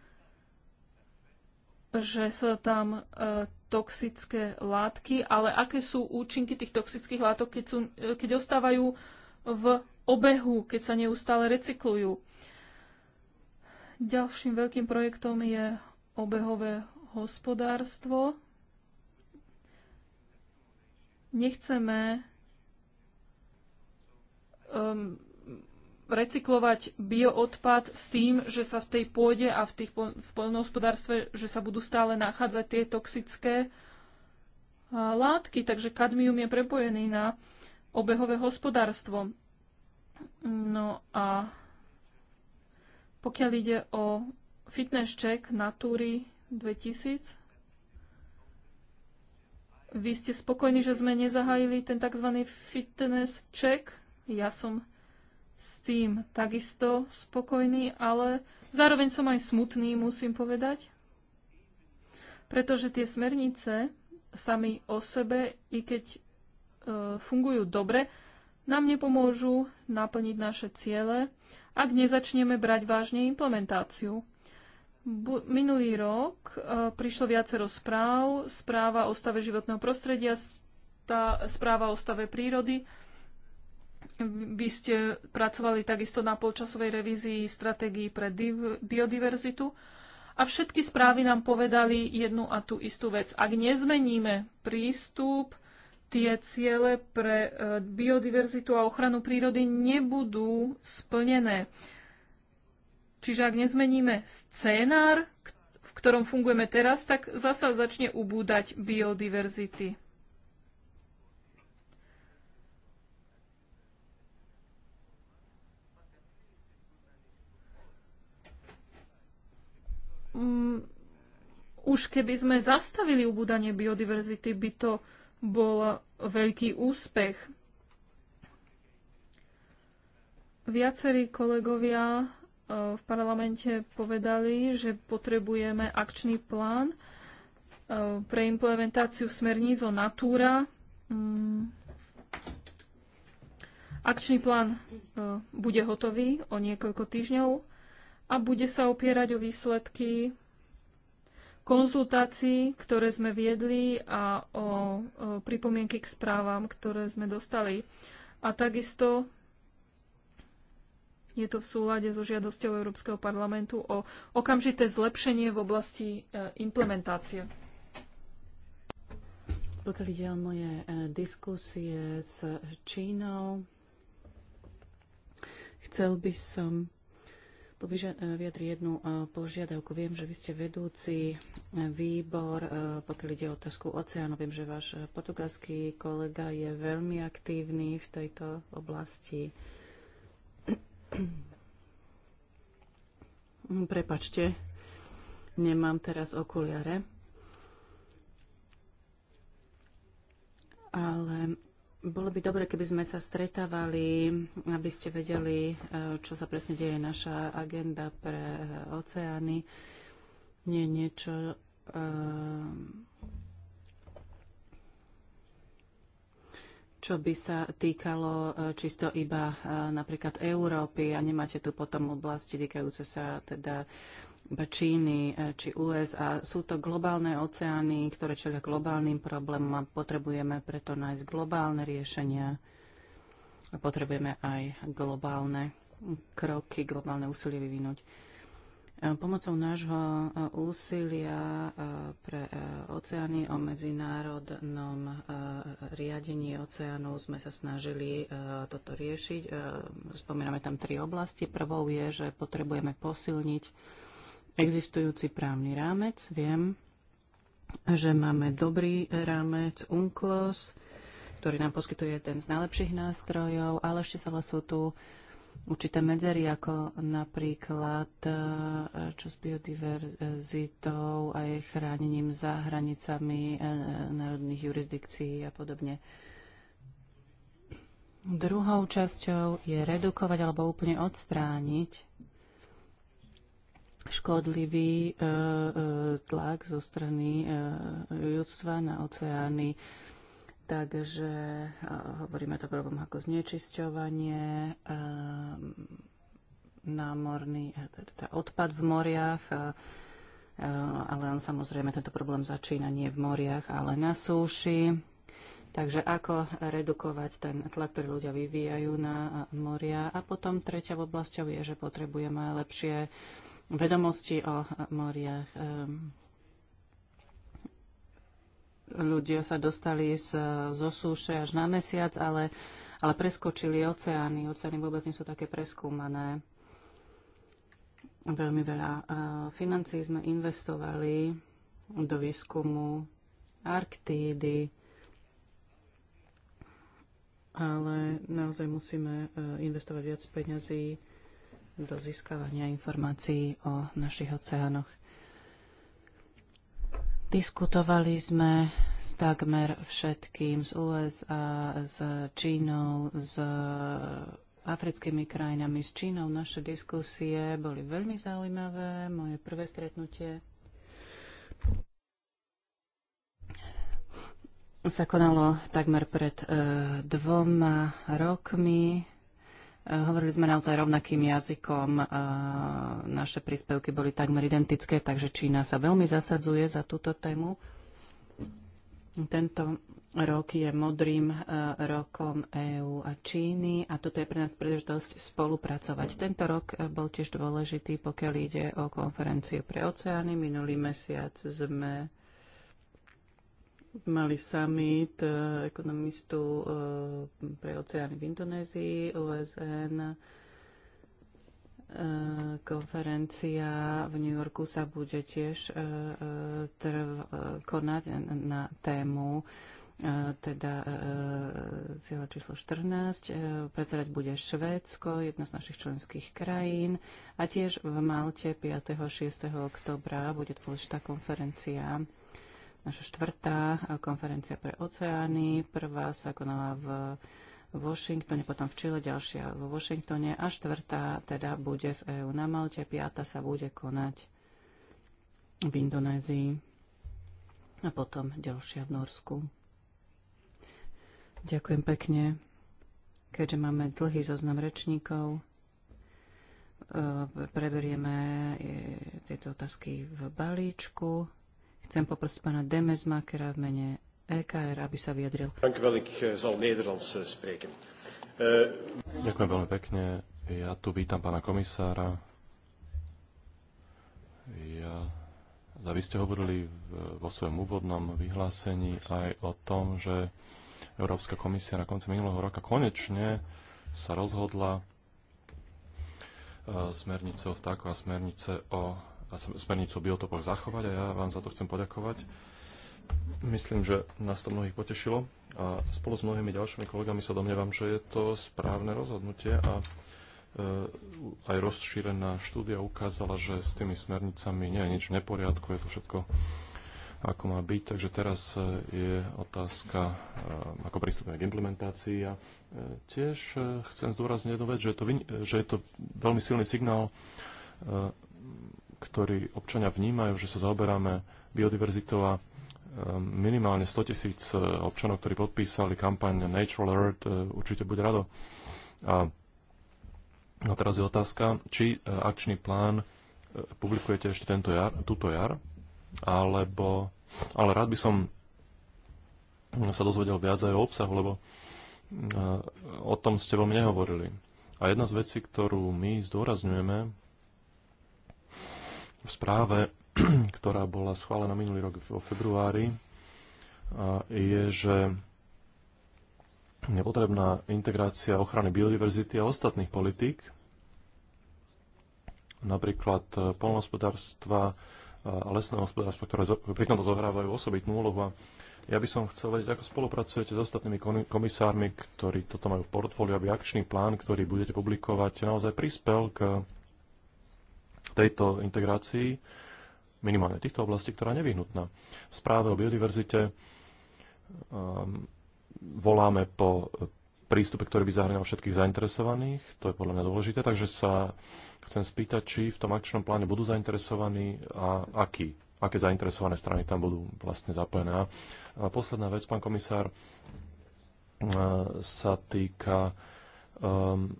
že sú tam e, toxické látky, ale aké sú účinky tých toxických látok, keď, sú, e, keď ostávajú v obehu, keď sa neustále recyklujú. Ďalším veľkým projektom je obehové hospodárstvo. Nechceme um, recyklovať bioodpad s tým, že sa v tej pôde a v, tých, v poľnohospodárstve, že sa budú stále nachádzať tie toxické látky. Takže kadmium je prepojený na obehové hospodárstvo. No a pokiaľ ide o fitness check Natúry 2000, vy ste spokojní, že sme nezahájili ten tzv. fitness check? Ja som s tým takisto spokojný, ale zároveň som aj smutný, musím povedať, pretože tie smernice sami o sebe, i keď e, fungujú dobre, nám nepomôžu naplniť naše ciele, ak nezačneme brať vážne implementáciu. Bu- minulý rok e, prišlo viacero správ, správa o stave životného prostredia, tá správa o stave prírody, vy ste pracovali takisto na polčasovej revízii stratégií pre biodiverzitu a všetky správy nám povedali jednu a tú istú vec. Ak nezmeníme prístup, tie ciele pre e, biodiverzitu a ochranu prírody nebudú splnené. Čiže ak nezmeníme scénár, v ktorom fungujeme teraz, tak zasa začne ubúdať biodiverzity. um, už keby sme zastavili ubúdanie biodiverzity, by to bol veľký úspech. Viacerí kolegovia e, v parlamente povedali, že potrebujeme akčný plán e, pre implementáciu smerníc o Natúra. Mm. Akčný plán e, bude hotový o niekoľko týždňov a bude sa opierať o výsledky konzultácií, ktoré sme viedli a o, o pripomienky k správam, ktoré sme dostali. A takisto je to v súlade so žiadosťou Európskeho parlamentu o okamžité zlepšenie v oblasti e, implementácie. Pokiaľ ide o moje e, diskusie s Čínou, chcel by som tu e, vyjadri jednu e, požiadavku. Viem, že vy ste vedúci e, výbor, pokiaľ ide o otázku oceánu. Viem, že váš portugalský kolega je veľmi aktívny v tejto oblasti. Prepačte, nemám teraz okuliare. Ale bolo by dobre, keby sme sa stretávali, aby ste vedeli, e, čo sa presne deje naša agenda pre e, oceány. Nie niečo, e, čo by sa týkalo čisto iba napríklad Európy a nemáte tu potom oblasti týkajúce sa teda Číny e, či USA. Sú to globálne oceány, ktoré čelia globálnym problémom a potrebujeme preto nájsť globálne riešenia. A potrebujeme aj globálne kroky, globálne úsilie vyvinúť. E, pomocou nášho e, úsilia pre oceány o medzinárodnom riadení oceánov sme sa snažili toto riešiť. Spomíname tam tri oblasti. Prvou je, že potrebujeme posilniť existujúci právny rámec. Viem, že máme dobrý rámec UNCLOS, ktorý nám poskytuje ten z najlepších nástrojov, ale ešte sa sú tu určité medzery, ako napríklad eh, čo s biodiverzitou a jej chránením za hranicami eh, národných jurisdikcií a podobne. Druhou časťou je redukovať alebo úplne odstrániť škodlivý e, e, tlak zo strany e, ľudstva na oceány. Takže hovoríme to problém ako znečisťovanie, námorný teda odpad v moriach, ale on samozrejme tento problém začína nie v moriach, ale na súši. Takže ako redukovať ten tlak, ktorý ľudia vyvíjajú na moria. A potom v oblasťou je, že potrebujeme lepšie vedomosti o moriach. Ehm, ľudia sa dostali z, zo súše až na mesiac, ale, ale preskočili oceány. Oceány vôbec nie sú také preskúmané. Veľmi veľa eh, financí sme investovali do výskumu Arktídy, ale naozaj musíme eh, investovať viac peňazí do získavania informácií o našich oceánoch. Diskutovali sme s takmer všetkým, z USA, s Čínou, s africkými krajinami, s Čínou. Naše diskusie boli veľmi zaujímavé. Moje prvé stretnutie sa konalo takmer pred e, dvoma rokmi Hovorili sme naozaj rovnakým jazykom, naše príspevky boli takmer identické, takže Čína sa veľmi zasadzuje za túto tému. Tento rok je modrým e, rokom EÚ a Číny a toto je pre nás príležitosť spolupracovať. Tento rok e, bol tiež dôležitý, pokiaľ ide o konferenciu pre oceány. Minulý mesiac sme mali summit e, ekonomistu e, pre oceány v Indonézii, OSN. E, konferencia v New Yorku sa bude tiež konať na tému teda cieľa číslo 14. Predsedať bude Švédsko, jedno z našich členských krajín. A tiež v Malte 5. a 6. oktobra bude dôležitá konferencia naša štvrtá eh, konferencia pre oceány. Prvá sa konala v Washingtone, potom v Čile, ďalšia v Washingtone a štvrtá teda bude v EÚ na Malte, piata sa bude konať v Indonézii a potom ďalšia v Norsku. Ďakujem pekne. Keďže máme dlhý zoznam rečníkov, eh, preberieme eh, tieto otázky v balíčku. Chcem poprosiť pána Demesmakera v mene EKR, aby sa vyjadril. Eh, eh, eh, Ďakujem veľmi pekne. Ja tu vítam pána komisára. Ja vy ste hovorili vo svojom úvodnom vyhlásení aj o tom, že Európska komisia na konci minulého roka konečne sa rozhodla smernice o vtáku a smernice o a smernicu o biotopoch zachovať a ja vám za to chcem poďakovať. Myslím, že nás to mnohých potešilo a spolu s mnohými ďalšími kolegami sa domnievam, že je to správne rozhodnutie a e, aj rozšírená štúdia ukázala, že s tými smernicami nie je nič v neporiadku, je to všetko ako má byť. Takže teraz e, je otázka, e, ako pristúpime k implementácii. A tiež chcem zdôrazniť jednu vec, že je to, že je to veľmi silný signál ktorý občania vnímajú, že sa zaoberáme biodiverzitou a ehm, minimálne 100 tisíc e, občanov, ktorí podpísali kampaň Natural Alert, e, určite bude rado. A, a no teraz je otázka, či e, akčný plán publikujete ešte tento jar, túto jar, alebo, ale rád by som hm, sa dozvedel viac aj o obsahu, lebo o tom ste veľmi nehovorili. A jedna z vecí, ktorú my zdôrazňujeme v správe, ktorá bola schválená minulý rok vo februári, je, že nepotrebná integrácia ochrany biodiverzity a ostatných politík, napríklad e, polnohospodárstva a e, lesného hospodárstva, ktoré pri tomto zohrávajú osobitnú úlohu. A ja by som chcel vedieť, ako spolupracujete s ostatnými komisármi, ktorí toto majú v portfóliu, aby akčný plán, ktorý budete publikovať, naozaj prispel k tejto integrácii, minimálne týchto oblastí, ktorá je nevyhnutná. V správe o biodiverzite um, voláme po prístupe, ktorý by zahrňal všetkých zainteresovaných. To je podľa mňa dôležité, takže sa chcem spýtať, či v tom akčnom pláne budú zainteresovaní a aký, aké zainteresované strany tam budú vlastne zapojené. A posledná vec, pán komisár, e, sa týka um,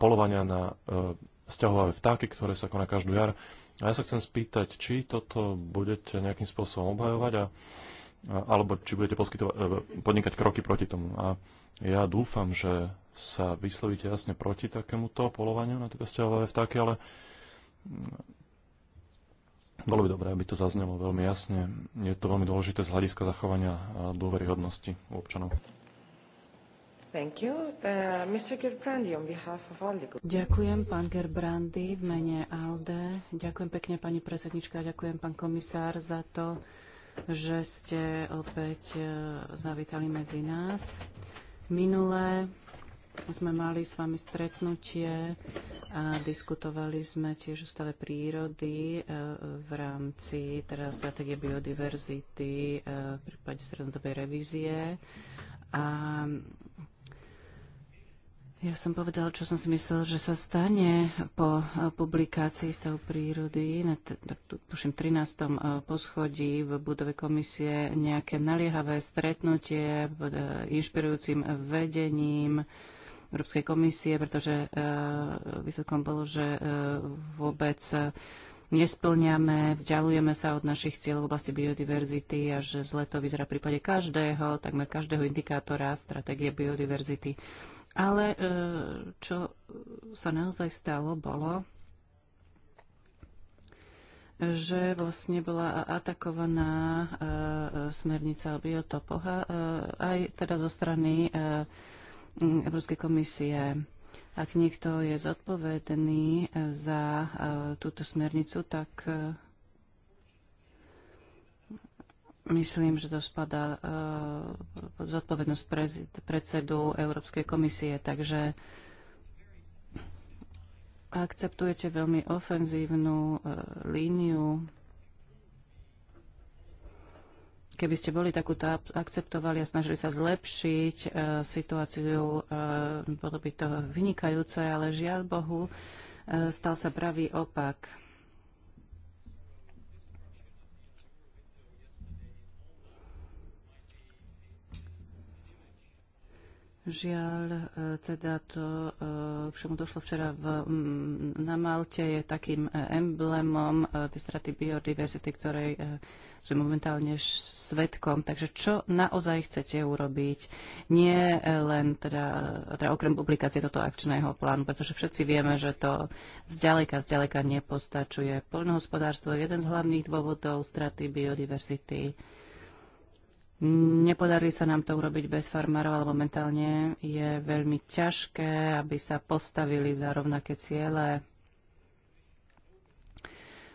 polovania na um, vzťahové vtáky, ktoré sa koná každú jar. A ja sa chcem spýtať, či toto budete nejakým spôsobom obhajovať a, a, alebo či budete e, podnikať kroky proti tomu. A ja dúfam, že sa vyslovíte jasne proti takémuto polovaniu na tieto vzťahové vtáky, ale mm, bolo by dobré, aby to zaznelo veľmi jasne. Je to veľmi dôležité z hľadiska zachovania dôveryhodnosti u občanov. Uh, ďakujem, pán Gerbrandy, v mene ALDE. Ďakujem pekne, pani predsednička, ďakujem, pán komisár, za to, že ste opäť e, zavítali medzi nás. Minulé sme mali s vami stretnutie a diskutovali sme tiež o stave prírody e, v rámci teda stratégie biodiverzity e, v prípade strednodobej revízie. A ja som povedal, čo som si myslel, že sa stane po eh, publikácii stavu prírody na tuším 13. Eh, poschodí v budove komisie nejaké naliehavé stretnutie pod eh, inšpirujúcim vedením Európskej komisie, pretože výsledkom bolo, že vôbec nesplňame, vzdialujeme sa od našich cieľov v oblasti biodiverzity a že zle to vyzerá v prípade každého, takmer každého indikátora stratégie biodiverzity. Ale e, čo sa naozaj stalo, bolo, že vlastne bola atakovaná e, smernica o biotopoch e, aj teda zo strany Európskej komisie. Ak niekto je zodpovedný za túto smernicu, tak Myslím, že to spadá pod e, uh, zodpovednosť predsedu Európskej komisie, takže akceptujete veľmi ofenzívnu uh, líniu. Keby ste boli takúto akceptovali a snažili sa zlepšiť uh, situáciu, bolo by to vynikajúce, ale žiaľ Bohu, stal sa pravý opak. Žiaľ, e, teda to, e, k čomu došlo včera v, na Malte, je takým e, emblemom tej straty biodiverzity, ktorej sme momentálne svetkom. Takže čo naozaj chcete urobiť? Nie len teda, teda okrem publikácie toto akčného plánu, pretože všetci vieme, že to zďaleka, zďaleka nepostačuje. Poľnohospodárstvo je jeden z hlavných dôvodov straty biodiverzity Nepodarí sa nám to urobiť bez farmárov, ale momentálne je veľmi ťažké, aby sa postavili za rovnaké ciele.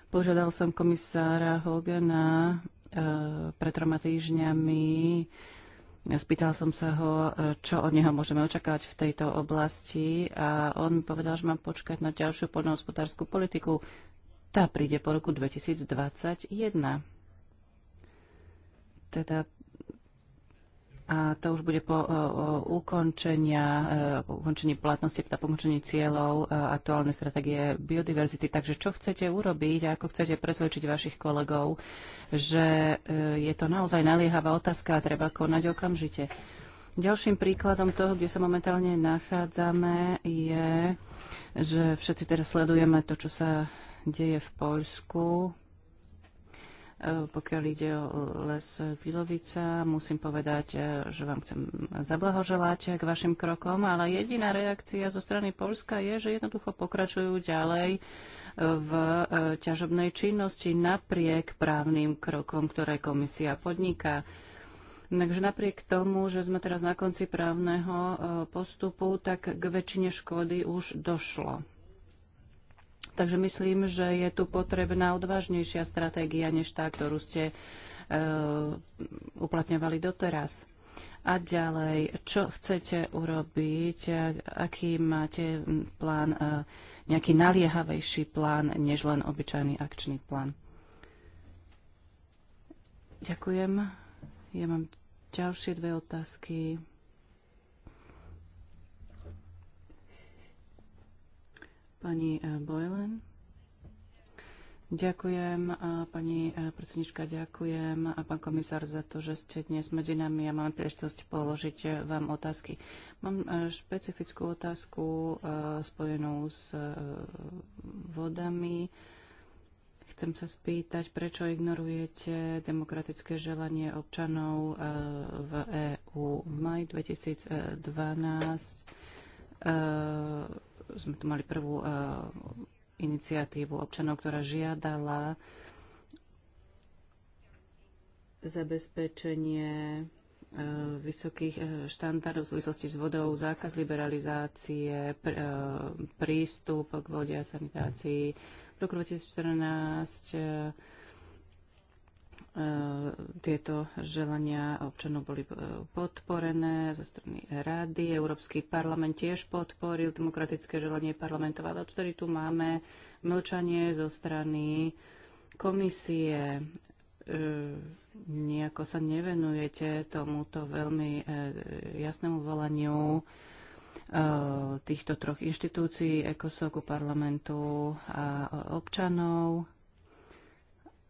Požiadal som komisára Hogana e, pred troma týždňami. Spýtal som sa ho, e, čo od neho môžeme očakávať v tejto oblasti a on mi povedal, že mám počkať na ďalšiu poľnohospodárskú politiku. Tá príde po roku 2021. Teda a to už bude po ukončenia, e, po ukončení platnosti, po ukončení cieľov e, aktuálnej stratégie biodiverzity. Takže čo chcete urobiť a ako chcete presvedčiť vašich kolegov, že e, je to naozaj naliehavá otázka a treba konať okamžite. Ďalším príkladom toho, kde sa momentálne nachádzame, je, že všetci teraz sledujeme to, čo sa deje v Poľsku Eh, pokiaľ ide o les Pilovica, musím povedať, eh, že vám chcem zablahoželať eh, k vašim krokom, ale jediná reakcia zo strany Polska je, že jednoducho pokračujú ďalej v ťažobnej činnosti napriek právnym krokom, ktoré komisia podniká. Takže napriek tomu, že sme teraz na konci právneho postupu, tak k väčšine škody už došlo. Takže myslím, že je tu potrebná odvážnejšia stratégia než tá, ktorú ste e, uplatňovali doteraz. A ďalej, čo chcete urobiť, e, aký máte plán, e, nejaký naliehavejší plán, než len obyčajný akčný plán? Ďakujem. Ja mám ďalšie dve otázky. Pani eh, Boylan. Ďakujem, eh, pani eh, predsednička, ďakujem a pán komisár za to, že ste dnes medzi nami a mám príležitosť položiť vám otázky. Mám špecifickú otázku spojenú s vodami. Chcem sa spýtať, prečo ignorujete demokratické želanie občanov v EÚ. V maj 2012 sme tu mali prvú e, iniciatívu občanov, ktorá žiadala zabezpečenie e, vysokých e, štandardov v súvislosti s vodou, zákaz liberalizácie, pr prístup k vode a sanitácii. V roku 2014 E, tieto želania občanov boli e, podporené zo strany Rady. Európsky parlament tiež podporil demokratické želanie parlamentov, ale odtedy tu máme mlčanie zo strany komisie. E, nejako sa nevenujete tomuto veľmi jasnému volaniu týchto troch inštitúcií, Ekosoku parlamentu a občanov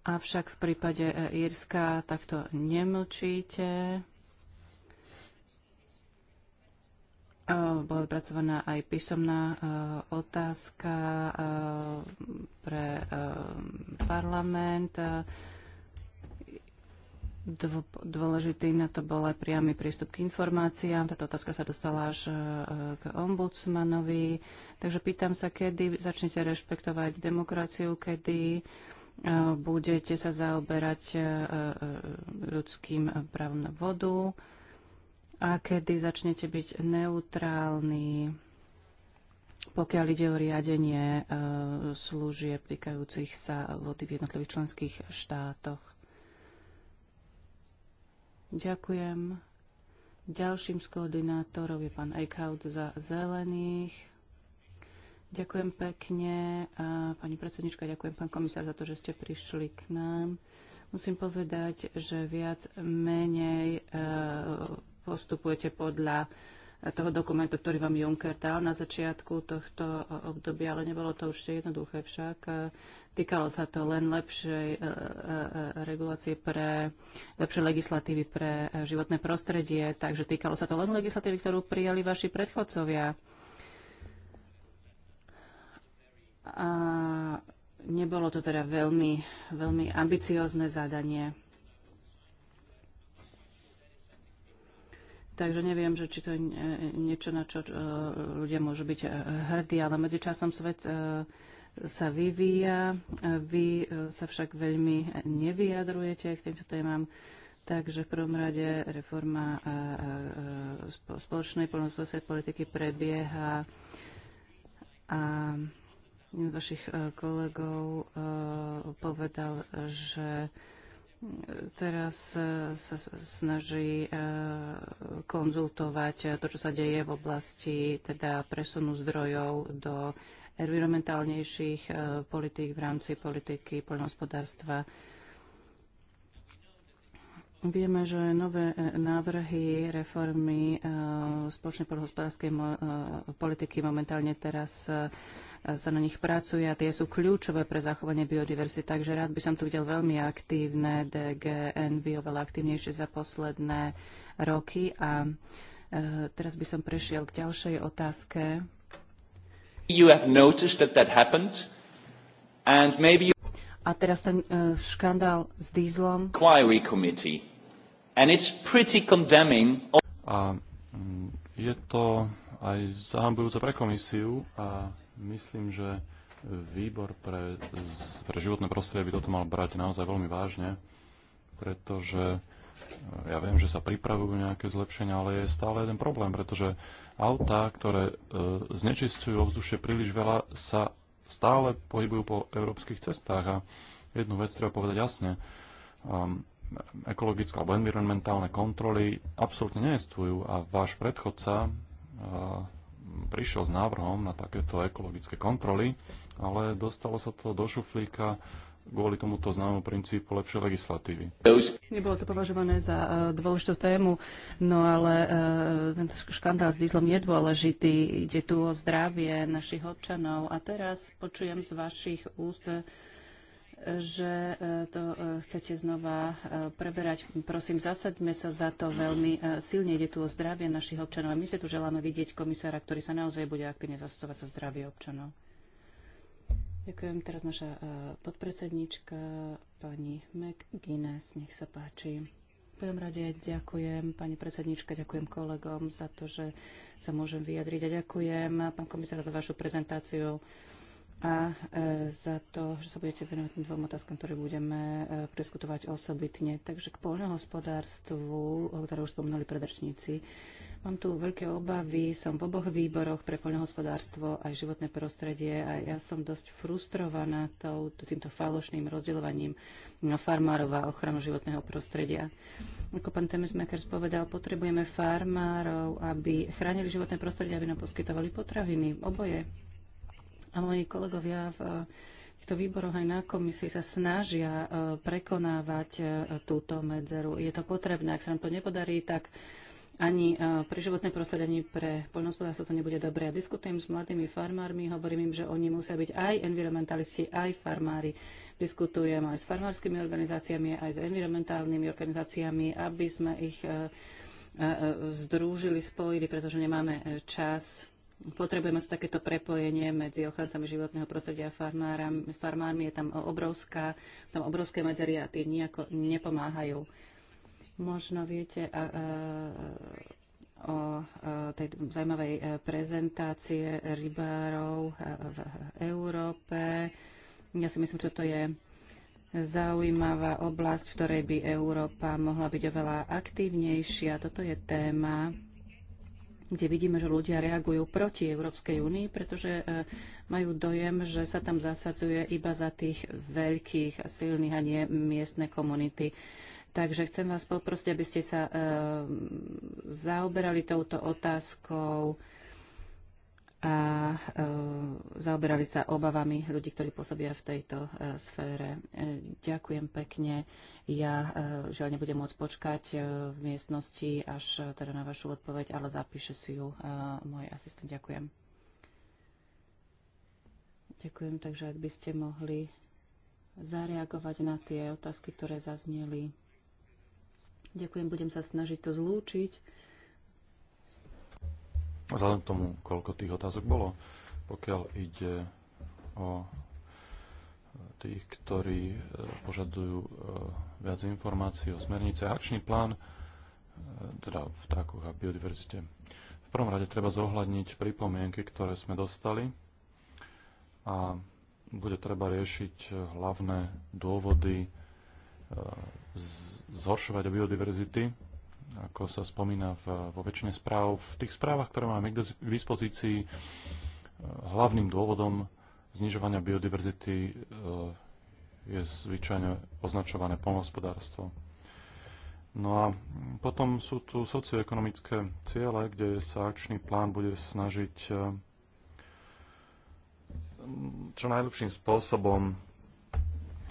Avšak v prípade e, Írska takto nemlčíte. E, bola vypracovaná aj písomná e, otázka pre parlament. Dôležitý na to bol aj priamy prístup k informáciám. Táto otázka sa dostala až k ombudsmanovi. Takže pýtam sa, kedy začnete rešpektovať demokraciu, kedy uh, budete sa zaoberať e, e, ľudským právom na vodu a kedy začnete byť neutrálni, pokiaľ ide o riadenie e, služieb týkajúcich sa vody v jednotlivých členských štátoch. Ďakujem. Ďalším z koordinátorov je pán Eichhout za zelených. Ďakujem pekne, pani predsednička, ďakujem pán komisár za to, že ste prišli k nám. Musím povedať, že viac menej e, postupujete podľa toho dokumentu, ktorý vám Juncker dal na začiatku tohto e, obdobia, ale nebolo to už jednoduché však. E, týkalo sa to len lepšej regulácie pre lepšej legislatívy pre životné prostredie, takže týkalo sa to len legislatívy, ktorú prijali vaši predchodcovia. A nebolo to teda veľmi, veľmi ambiciozne zadanie. Takže neviem, že či to je niečo, na čo e, ľudia môžu byť e, hrdí, ale medzičasom svet e, sa vyvíja. Vy sa však veľmi nevyjadrujete k týmto témam. Takže v prvom rade reforma spoločnej poľnohospodárskej politiky prebieha a z vašich e, kolegov e, povedal, že teraz e, sa snaží konzultovať to, čo sa deje v oblasti teda presunu zdrojov do environmentálnejších politík v rámci politiky poľnohospodárstva. Vieme, že nové návrhy reformy spoločnej poľnohospodárskej politiky momentálne teraz sa na nich pracuje a tie sú kľúčové pre zachovanie biodiverzity. Takže rád by som tu videl veľmi aktívne DGNV, oveľa aktívnejšie za posledné roky. A e, teraz by som prešiel k ďalšej otázke. You have noticed that that happens. and maybe you... A teraz ten uh, škandál s dízlom. And it's pretty condemning... A mm, je to aj zahambujúce pre komisiu a Myslím, že výbor pre, pre životné prostredie by toto mal brať naozaj veľmi vážne, pretože e, ja viem, že sa pripravujú nejaké zlepšenia, ale je stále jeden problém, pretože autá, ktoré e, znečistujú ovzdušie príliš veľa, sa stále pohybujú po európskych cestách. A jednu vec treba povedať jasne. Um, ekologické alebo environmentálne kontroly absolútne neestujú a váš predchodca uh, prišiel s návrhom na takéto ekologické kontroly, ale dostalo sa to do šuflíka kvôli tomuto známu princípu lepšej legislatívy. Nebolo to považované za e, dôležitú tému, no ale e, tento škandál s dýzlom je dôležitý. Ide tu o zdravie našich občanov. A teraz počujem z vašich úst, že e, to e, chcete znova e, preberať. Prosím, zasaďme sa za to veľmi silne. Ide tu o zdravie našich občanov a my si tu želáme vidieť komisára, ktorý sa naozaj bude aktívne zastupovať za zdravie občanov. Ďakujem. Teraz naša podpredsednička, pani McGuinness, nech sa páči. V prvom rade ďakujem pani predsednička, ďakujem kolegom za to, že sa môžem vyjadriť a ďakujem pán komisár za vašu prezentáciu a e, za to, že sa budete venovať tým dvom otázkam, ktoré budeme e, preskutovať osobitne. Takže k poľnohospodárstvu, ktoré už spomínali predačníci, mám tu veľké obavy, som v oboch výboroch pre poľnohospodárstvo aj životné prostredie a ja som dosť frustrovaná tou, týmto falošným rozdeľovaním na no, farmárov a ochranu životného prostredia. Ako pán Temesmakers povedal, potrebujeme farmárov, aby chránili životné prostredie, aby nám poskytovali potraviny, oboje a moji kolegovia v týchto výboroch aj na komisii sa snažia e, prekonávať e, túto medzeru. Je to potrebné. Ak sa nám to nepodarí, tak ani e, pre životné prostredie, pre poľnohospodárstvo to nebude dobré. Ja diskutujem s mladými farmármi, hovorím im, že oni musia byť aj environmentalisti, aj farmári. Diskutujem aj s farmárskymi organizáciami, aj s environmentálnymi organizáciami, aby sme ich združili, spojili, pretože nemáme čas Potrebujeme tu takéto prepojenie medzi ochrancami životného prostredia a farmárami. farmármi. Je tam obrovská, tam obrovské medzery a tie nejako nepomáhajú. Možno viete a, a, o a, tej zaujímavej e, prezentácie rybárov e, v Európe. Ja si myslím, že to je zaujímavá oblasť, v ktorej by Európa mohla byť oveľa aktívnejšia. Toto je téma, kde vidíme, že ľudia reagujú proti Európskej únii, pretože e, majú dojem, že sa tam zasadzuje iba za tých veľkých a silných a nie miestne komunity. Takže chcem vás poprosiť, aby ste sa e, zaoberali touto otázkou, a e, zaoberali sa obavami ľudí, ktorí pôsobia v tejto e, sfére. E, ďakujem pekne. Ja žiaľ nebudem môcť počkať v miestnosti až teda na vašu odpoveď, ale zapíše si ju môj asistent. Ďakujem. Ďakujem, takže ak by ste mohli zareagovať na tie otázky, ktoré zazneli. Ďakujem, budem sa snažiť to zlúčiť vzhľadom k tomu, koľko tých otázok bolo, pokiaľ ide o tých, ktorí e, požadujú e, viac informácií o smernice a akčný plán, e, teda v vtákoch a biodiverzite. V prvom rade treba zohľadniť pripomienky, ktoré sme dostali a bude treba riešiť hlavné dôvody zhoršovať biodiverzity ako sa spomína v, vo väčšine správ. V tých správach, ktoré máme k dispozícii, eh, hlavným dôvodom znižovania biodiverzity eh, je zvyčajne označované polnohospodárstvo. No a potom sú tu socioekonomické ciele, kde sa akčný plán bude snažiť eh, čo najlepším spôsobom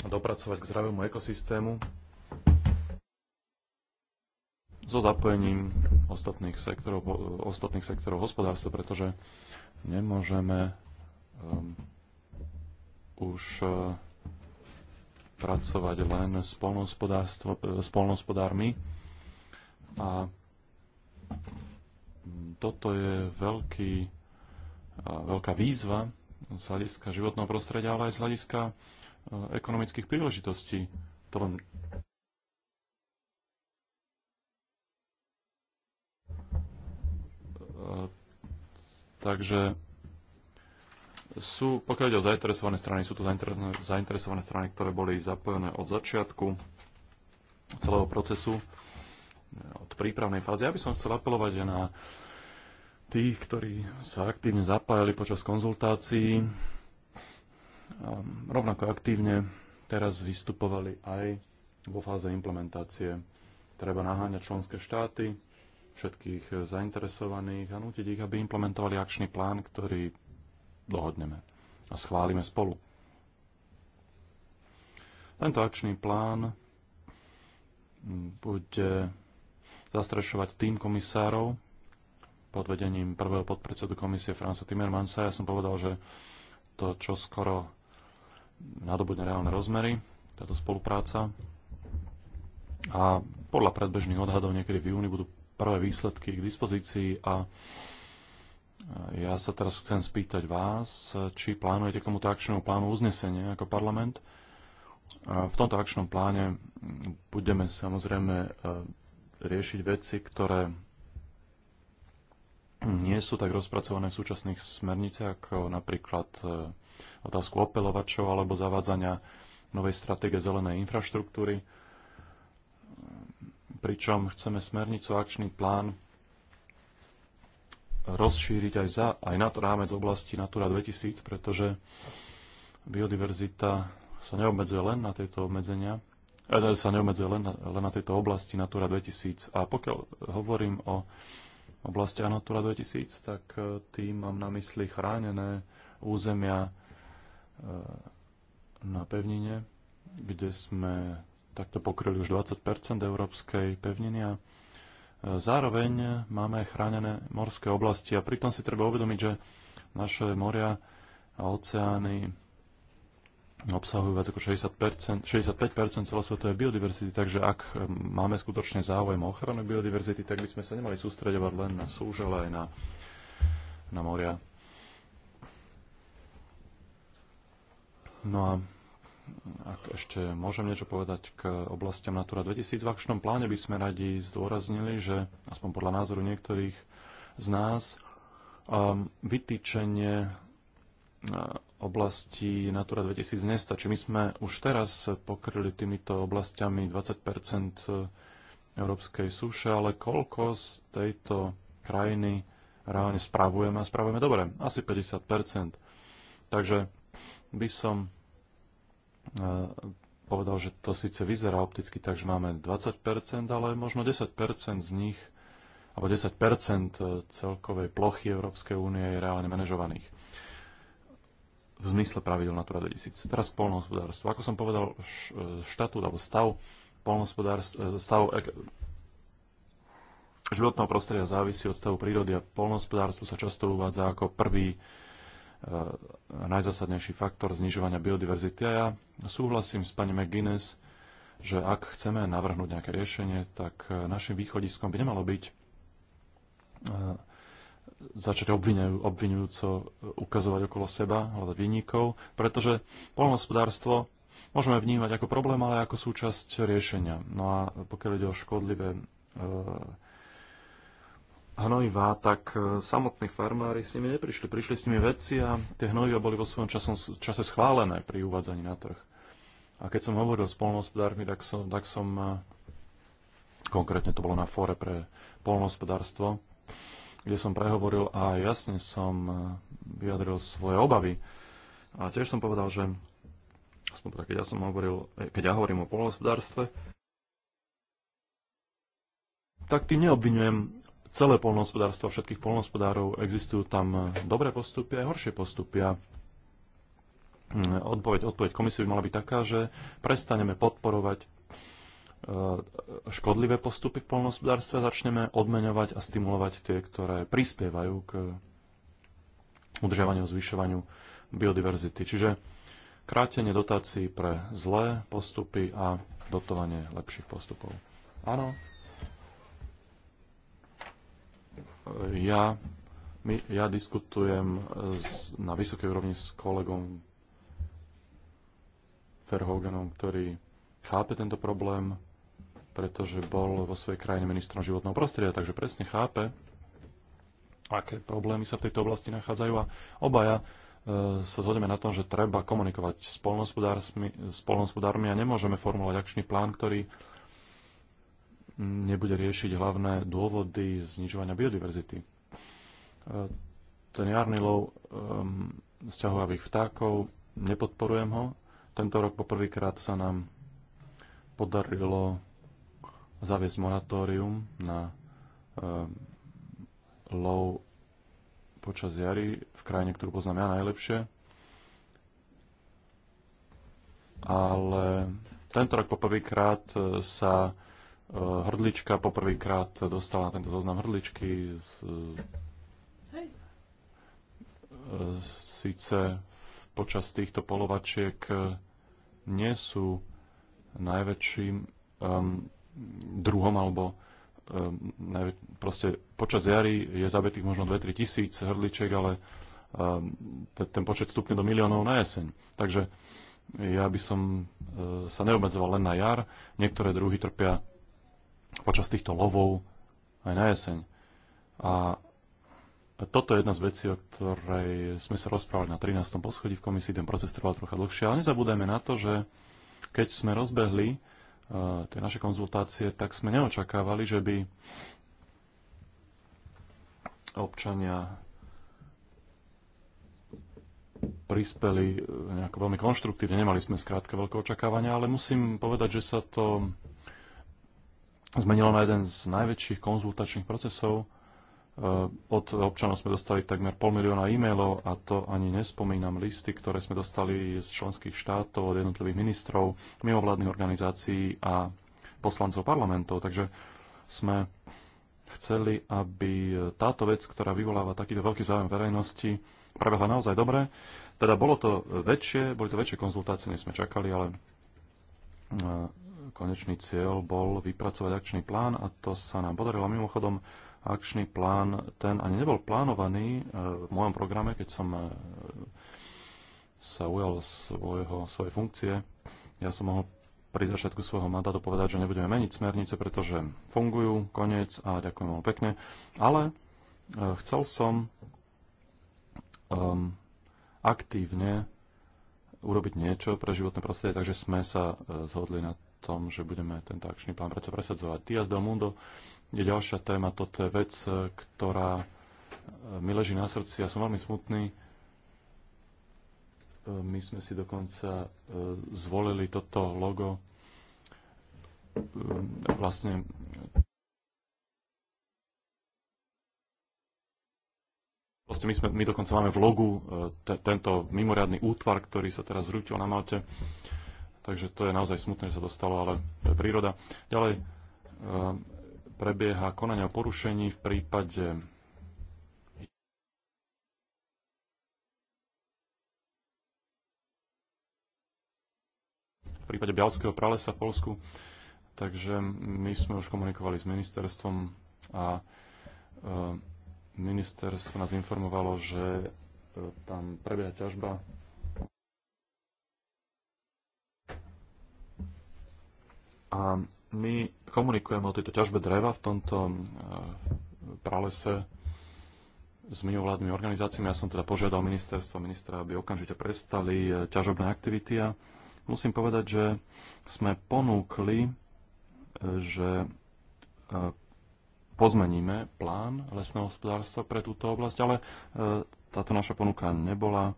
dopracovať k zdravému ekosystému so zapojením ostatných sektorov, ostatných sektorov hospodárstva, pretože nemôžeme um, už uh, pracovať len s, polnohospodármi. A mm, toto je veľký, uh, veľká výzva z hľadiska životného prostredia, ale aj z hľadiska uh, ekonomických príležitostí. To len E, takže sú, pokiaľ ide o zainteresované strany, sú to zainteresované strany, ktoré boli zapojené od začiatku celého procesu, e, od prípravnej fázy. Ja by som chcel apelovať aj na tých, ktorí sa aktívne zapájali počas konzultácií. Rovnako aktívne teraz vystupovali aj vo fáze implementácie. Treba naháňať členské štáty, všetkých zainteresovaných a nútiť ich, aby implementovali akčný plán, ktorý dohodneme a schválime spolu. Tento akčný plán bude zastrešovať tým komisárov pod vedením prvého podpredsedu komisie Franca Timmermansa. Ja som povedal, že to čo skoro nadobudne reálne rozmery, táto spolupráca. A podľa predbežných odhadov niekedy v júni budú prvé výsledky k dispozícii a ja sa teraz chcem spýtať vás, či plánujete k tomuto akčnému plánu uznesenie ako parlament. V tomto akčnom pláne budeme samozrejme e, riešiť veci, ktoré nie sú tak rozpracované v súčasných smerniciach, ako napríklad e, otázku opelovačov alebo zavádzania novej stratégie zelenej infraštruktúry pričom chceme smernicu akčný plán rozšíriť aj, za, aj na rámec oblasti Natura 2000, pretože biodiverzita sa neobmedzuje len na tieto obmedzenia, eh, teda sa neobmedzuje len, len na tejto oblasti Natura 2000. A pokiaľ hovorím o oblasti Natura 2000, tak eh, tým mám na mysli chránené územia eh, na pevnine, kde sme takto pokryli už 20 európskej pevniny a e, zároveň máme chránené morské oblasti a pritom si treba uvedomiť, že naše moria a oceány obsahujú viac ako 60%, 65% celosvetovej biodiverzity, takže ak e, máme skutočne záujem o ochranu biodiverzity, tak by sme sa nemali sústredovať len na súžel aj na, na moria. No a ak ešte môžem niečo povedať k oblastiam Natura 2000, v akčnom pláne by sme radi zdôraznili, že aspoň podľa názoru niektorých z nás um, vytýčenie uh, oblasti Natura 2000 nestačí. My sme už teraz pokryli týmito oblastiami 20 uh, európskej súše, ale koľko z tejto krajiny reálne spravujeme a spravujeme dobre? Asi 50 Takže by som Eh, povedal, že to síce vyzerá opticky tak, že máme 20%, ale možno 10% z nich, alebo 10% eh, celkovej plochy Európskej únie je reálne manažovaných v zmysle pravidel Natura 2000. Teraz polnohospodárstvo. Ako som povedal, eh, štatút alebo stav stav životného prostredia závisí od stavu prírody a polnohospodárstvo sa často uvádza ako prvý E, najzásadnejší faktor znižovania biodiverzity. A ja súhlasím s pani McGuinness, že ak chceme navrhnúť nejaké riešenie, tak e, našim východiskom by nemalo byť e, začať obvinujúco ukazovať okolo seba, hľadať vinníkov, pretože polnohospodárstvo môžeme vnímať ako problém, ale ako súčasť riešenia. No a pokiaľ ide o škodlivé hnojivá, tak e, samotní farmári s nimi neprišli. Prišli s nimi veci a tie hnojivá boli vo svojom časom, čase schválené pri uvádzaní na trh. A keď som hovoril s polnohospodármi, tak som, tak som e, konkrétne to bolo na fóre pre polnohospodárstvo, kde som prehovoril a jasne som e, vyjadril svoje obavy. A tiež som povedal, že keď ja, som hovoril, keď ja hovorím o polnohospodárstve, tak tým neobvinujem celé polnohospodárstvo všetkých polnohospodárov. Existujú tam eh, dobré postupy a horšie postupy. A mm, odpoveď, odpoveď komisie by mala byť taká, že prestaneme podporovať eh, škodlivé postupy v polnohospodárstve a začneme odmeňovať a stimulovať tie, ktoré prispievajú k udržiavaniu a zvyšovaniu biodiverzity. Čiže krátenie dotácií pre zlé postupy a dotovanie lepších postupov. Áno, Ja, my, ja diskutujem eh, s, na vysokej úrovni s kolegom Verhogenom, ktorý chápe tento problém, pretože bol vo svojej krajine ministrom životného prostredia, takže presne chápe, aké problémy sa v tejto oblasti nachádzajú a obaja eh, sa zhodneme na tom, že treba komunikovať s polnospodármi a nemôžeme formulovať akčný plán, ktorý nebude riešiť hlavné dôvody znižovania biodiverzity. E, ten jarný lov zťahovavých e, vtákov, nepodporujem ho. Tento rok poprvýkrát sa nám podarilo zaviesť moratórium na e, lov počas jary v krajine, ktorú poznám ja najlepšie. Ale tento rok poprvýkrát sa Eh, hrdlička poprvýkrát dostala tento zoznam hrdličky. Eh, Sice počas týchto polovačiek eh, nie sú najväčším um, druhom alebo um, ehm, najvä, proste počas jary je zabetých možno 2-3 tisíc hrdličiek, ale um, ten počet stupne do miliónov na jeseň. Takže ja by som uh, sa neobmedzoval len na jar. Niektoré druhy trpia počas týchto lovov aj na jeseň. A toto je jedna z vecí, o ktorej sme sa rozprávali na 13. poschodí v komisii, ten proces trval trocha dlhšie, ale nezabúdajme na to, že keď sme rozbehli uh, tie naše konzultácie, tak sme neočakávali, že by občania prispeli e, nejako veľmi konštruktívne, nemali sme skrátka veľké očakávania, ale musím povedať, že sa to zmenilo na jeden z najväčších konzultačných procesov. Eh, od občanov sme dostali takmer pol milióna e-mailov a to ani nespomínam listy, ktoré sme dostali z členských štátov, od jednotlivých ministrov, mimovládnych organizácií a poslancov parlamentov. Takže sme chceli, aby táto vec, ktorá vyvoláva takýto veľký záujem verejnosti, prebehla naozaj dobre. Teda bolo to väčšie, boli to väčšie konzultácie, než sme čakali, ale eh, konečný cieľ bol vypracovať akčný plán a to sa nám podarilo. Mimochodom, akčný plán, ten ani nebol plánovaný e, v mojom programe, keď som e, sa ujal svojho, svojej funkcie. Ja som mohol pri začiatku svojho mandátu povedať, že nebudeme meniť smernice, pretože fungujú, koniec a ďakujem veľmi pekne. Ale e, chcel som um, aktívne urobiť niečo pre životné prostredie, takže sme sa zhodli na tom, že budeme tento akčný plán predsa presadzovať. Dias del Mundo je ďalšia téma, toto je vec, e, ktorá e, mi leží na srdci, ja som veľmi smutný. E, my sme si dokonca zvolili toto logo vlastne, vlastne my, sme, my dokonca máme v logu te, tento mimoriadný útvar, ktorý sa teraz zrútil na Malte. Takže to je naozaj smutné, že sa stalo, ale to je príroda. Ďalej e, prebieha konanie o porušení v prípade v prípade Bialského pralesa v Polsku. Takže my sme už komunikovali s ministerstvom a e, ministerstvo nás informovalo, že e, tam prebieha ťažba A my komunikujeme o tejto ťažbe dreva v tomto e, pralese s mimovládnymi organizáciami. Ja som teda požiadal ministerstvo, ministra, aby okamžite prestali e, ťažobné aktivity a musím povedať, že sme ponúkli, e, že pozmeníme plán lesného hospodárstva pre túto oblasť, ale táto naša ponuka nebola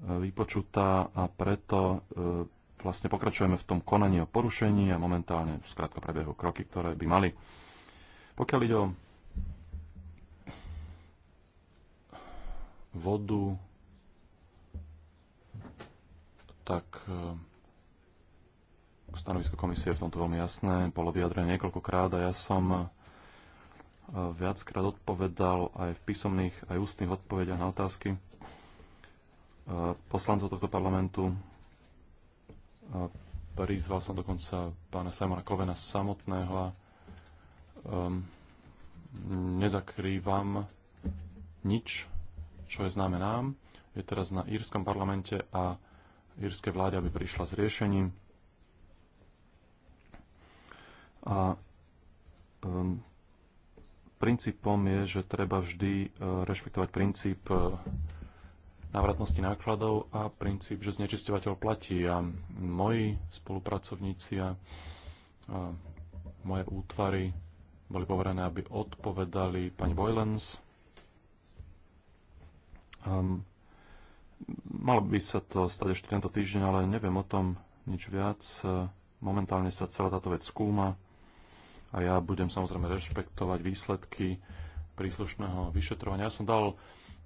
vypočutá a preto vlastne pokračujeme v tom konaní o porušení a momentálne skrátka prebiehu kroky, ktoré by mali. Pokiaľ ide o vodu, tak eh, stanovisko komisie je v tomto veľmi jasné, bolo vyjadrené niekoľkokrát a ja som eh, viackrát odpovedal aj v písomných, aj ústnych odpovediach na otázky eh, poslancov tohto parlamentu prizval som dokonca pána Simona Kovena samotného a um, nezakrývam nič, čo je známe nám. Je teraz na írskom parlamente a írskej vláde, aby prišla s riešením. A um, princípom je, že treba vždy uh, rešpektovať princíp uh, návratnosti nákladov a princíp, že znečisťovateľ platí. A moji spolupracovníci a, a moje útvary boli poverené, aby odpovedali pani Boylens. Um, ehm, mal by sa to stať ešte tento týždeň, ale neviem o tom nič viac. E, momentálne sa celá táto vec skúma a ja budem samozrejme rešpektovať výsledky príslušného vyšetrovania. Ja som dal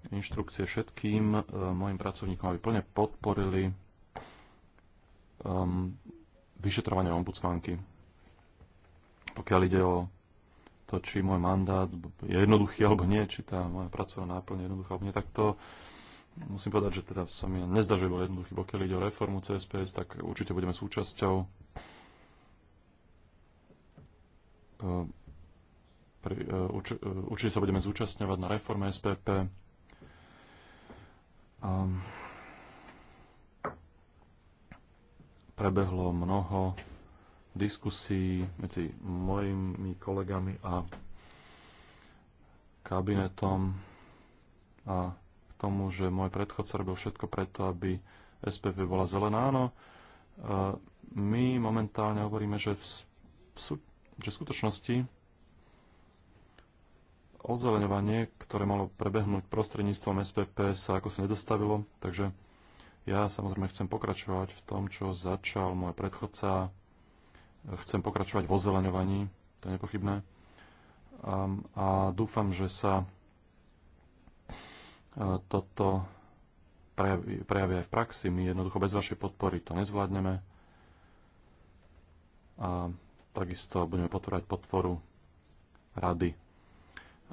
inštrukcie všetkým e, mojim pracovníkom, aby plne podporili um, vyšetrovanie ombudsmanky. Pokiaľ ide o to, či môj mandát je jednoduchý alebo nie, či tá moja pracovná náplň je jednoduchá alebo nie, tak to musím povedať, že teda sa mi nezdá, že bol jednoduchý. Pokiaľ ide o reformu CSPS, tak určite budeme súčasťou e, Pri, urč, určite sa budeme zúčastňovať na reforme SPP Um, prebehlo mnoho diskusí medzi mojimi kolegami a kabinetom a k tomu, že môj predchodca robil všetko preto, aby SPP bola zelená. Áno, e, my momentálne hovoríme, že v, že v skutočnosti ozeleňovanie, ktoré malo prebehnúť prostredníctvom SPP, sa ako sa nedostavilo, takže ja samozrejme chcem pokračovať v tom, čo začal môj predchodca. Chcem pokračovať v ozeleňovaní, to je nepochybné. A, a dúfam, že sa e, toto prejaví, prejaví aj v praxi. My jednoducho bez vašej podpory to nezvládneme. A takisto budeme potvorať podporu rady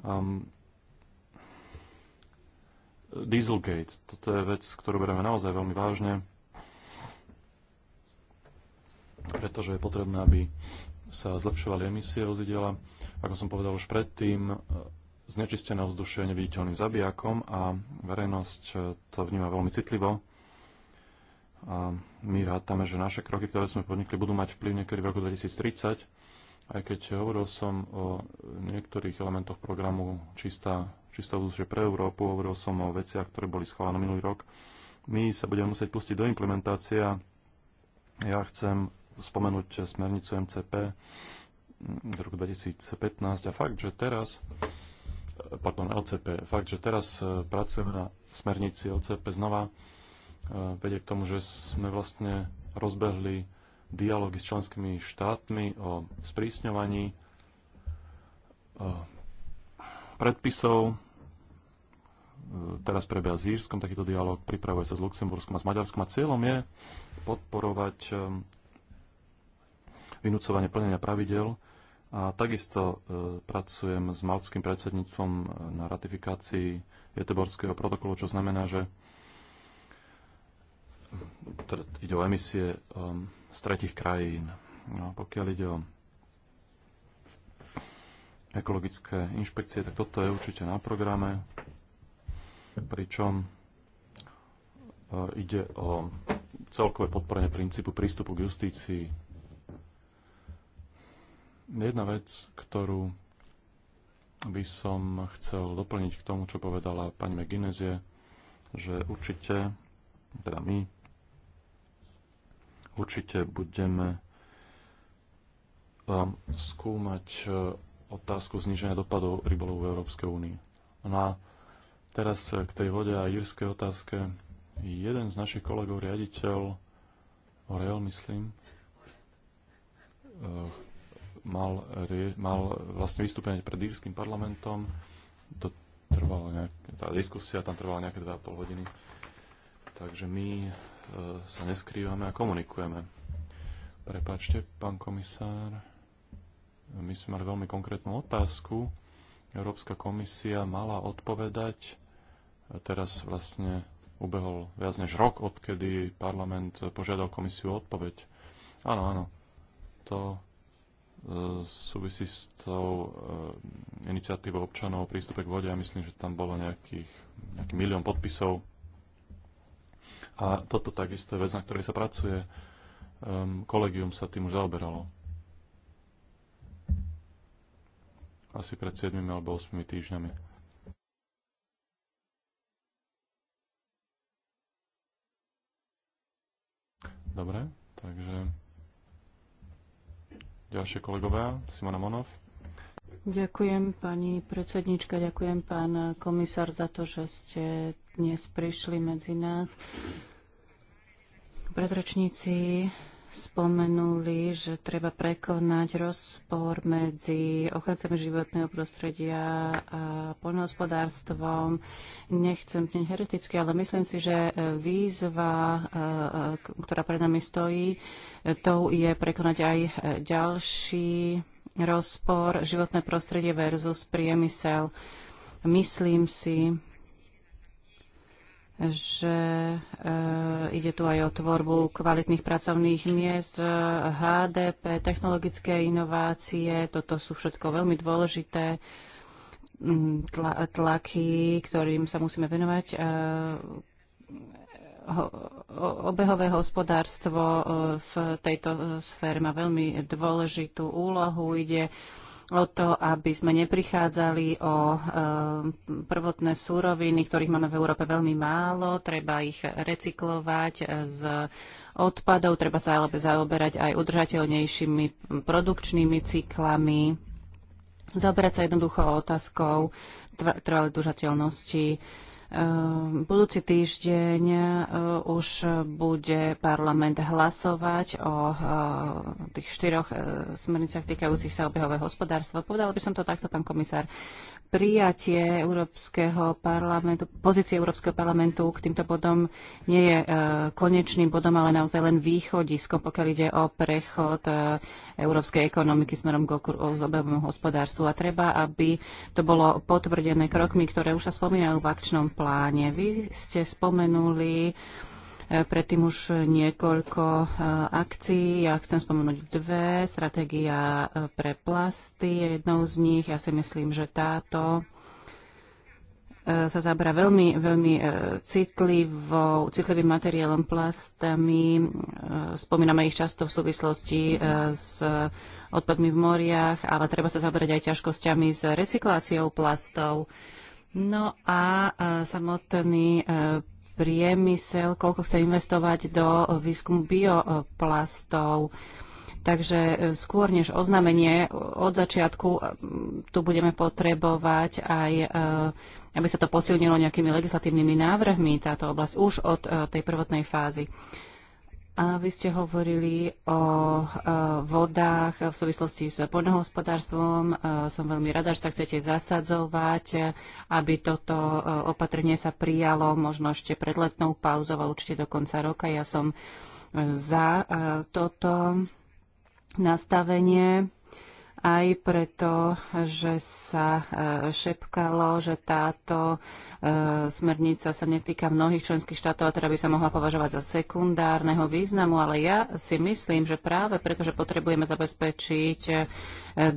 Um, Dieselgate, toto je vec, ktorú bereme naozaj veľmi vážne, pretože je potrebné, aby sa zlepšovali emisie vozidela. Ako som povedal už predtým, e, znečistené vzdušie je neviditeľným zabijakom a verejnosť e, to vníma veľmi citlivo. A my rátame, že naše kroky, ktoré sme podnikli, budú mať vplyv niekedy v roku 2030 aj keď hovoril som o niektorých elementoch programu Čistá, čistá vzdušie pre Európu, hovoril som o veciach, ktoré boli schválené minulý rok, my sa budeme musieť pustiť do implementácia. Ja chcem spomenúť smernicu MCP z roku 2015 a fakt, že teraz pardon, LCP. Fakt, že teraz e, pracujeme na smernici LCP znova, e, vedie k tomu, že sme vlastne rozbehli dialógy s členskými štátmi o sprísňovaní e, predpisov. E, teraz prebieha s Írskom takýto dialog, pripravuje sa s Luxemburskom a s Maďarskom a cieľom je podporovať e, vynúcovanie plnenia pravidel a takisto pracujem s malským predsedníctvom na ratifikácii Jeteborského protokolu, čo znamená, že teda ide o emisie um, z tretich krajín. No, pokiaľ ide o ekologické inšpekcie, tak toto je určite na programe, pričom e, ide o celkové podporenie princípu prístupu k justícii. Jedna vec, ktorú by som chcel doplniť k tomu, čo povedala pani McGuinness, je, že určite, teda my, Určite budeme skúmať e, otázku zniženia dopadov rybolov v Európskej únii. No a teraz e, k tej vode a írskej otázke. Jeden z našich kolegov, riaditeľ Orel, myslím, e, mal, mal vlastne vystúpenie pred írským parlamentom. To trvalo nejak, tá diskusia tam trvala nejaké 2,5 hodiny. Takže my E, sa neskrývame a komunikujeme. Prepačte, pán komisár, my sme mali veľmi konkrétnu otázku. Európska komisia mala odpovedať, teraz vlastne ubehol viac než rok, odkedy parlament požiadal komisiu o odpoveď. Áno, áno, to e, súvisí s tou e, iniciatívou občanov o prístupe k vode. Ja myslím, že tam bolo nejakých, nejaký milión podpisov a toto takisto je vec, na ktorej sa pracuje. Um, kolegium sa tým už zaoberalo. Asi pred 7 alebo 8 týždňami. Dobre, takže ďalšie kolegovia, Simona Monov. Ďakujem pani predsednička, ďakujem pán komisár za to, že ste dnes prišli medzi nás. Predrečníci spomenuli, že treba prekonať rozpor medzi ochrancami životného prostredia a poľnohospodárstvom. Nechcem byť hereticky, ale myslím si, že výzva, e, e, ktorá pred nami stojí, e, tou je prekonať aj ďalší rozpor životné prostredie versus priemysel. Myslím si, že e, ide tu aj o tvorbu kvalitných pracovných miest, e, eh, HDP, technologické inovácie, toto sú všetko veľmi dôležité mm, tla, tlaky, ktorým sa musíme venovať. E, obehové hospodárstvo e, v tejto e, sfére má veľmi dôležitú úlohu. Ide o to, aby sme neprichádzali o e, prvotné súroviny, ktorých máme v Európe veľmi málo. Treba ich recyklovať z odpadov, treba sa ale zaoberať aj udržateľnejšími produkčnými cyklami, zaoberať sa jednoducho otázkou trvalej udržateľnosti Ehm, budúci týždeň e, už bude parlament hlasovať o e, tých štyroch e, smerniciach týkajúcich sa obehového hospodárstva. Povedal by som to takto, pán komisár prijatie Európskeho parlamentu, pozície Európskeho parlamentu k týmto bodom nie je e, konečným bodom, ale naozaj len východiskom, pokiaľ ide o prechod e, európskej ekonomiky smerom k obehovému hospodárstvu. A treba, aby to bolo potvrdené krokmi, ktoré už sa spomínajú v akčnom pláne. Vy ste spomenuli E, predtým už niekoľko e, akcií. Ja chcem spomenúť dve. Stratégia e, pre plasty je jednou z nich. Ja si myslím, že táto sa zabra veľmi, veľmi citlivo, citlivým materiálom plastami. Spomíname ich často v súvislosti s odpadmi v moriach, ale treba sa zabrať aj ťažkosťami s recykláciou plastov. No a samotný priemysel, koľko chce investovať do výskumu bioplastov. Takže e, skôr než oznámenie e, od začiatku e, tu budeme potrebovať aj, aby sa to posilnilo nejakými legislatívnymi návrhmi, táto oblasť už od tej prvotnej fázy. A vy ste hovorili o e, vodách v súvislosti s poľnohospodárstvom. E, som veľmi rada, že sa chcete zasadzovať, aby toto e, opatrenie sa prijalo možno ešte pred letnou pauzou a určite do konca roka. Ja som za toto nastavenie aj preto, že sa e, šepkalo, že táto e, smernica sa netýka mnohých členských štátov a teda by sa mohla považovať za sekundárneho významu, ale ja si myslím, že práve preto, že potrebujeme zabezpečiť e,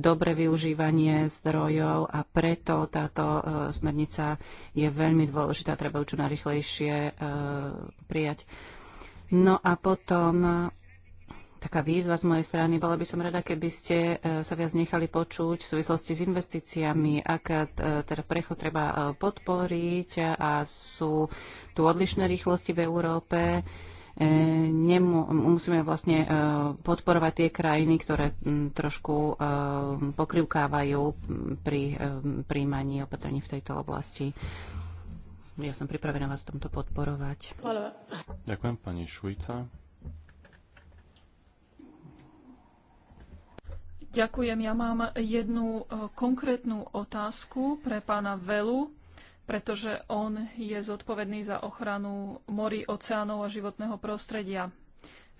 dobre využívanie zdrojov a preto táto smernica je veľmi dôležitá, treba ju čo najrychlejšie prijať. No a potom taká výzva z mojej strany. Bola by som rada, keby ste e, sa viac nechali počuť v súvislosti s investíciami, ak e, teda prechod treba e, podporiť a sú tu odlišné rýchlosti v Európe. Nemu, musíme vlastne podporovať tie krajiny, ktoré trošku pokrivkávajú pri príjmaní opatrení v tejto oblasti. Ja som pripravená vás v tomto podporovať. Ďakujem pani Švica. Ďakujem. Ja mám jednu e, konkrétnu otázku pre pána Velu, pretože on je zodpovedný za ochranu morí, oceánov a životného prostredia.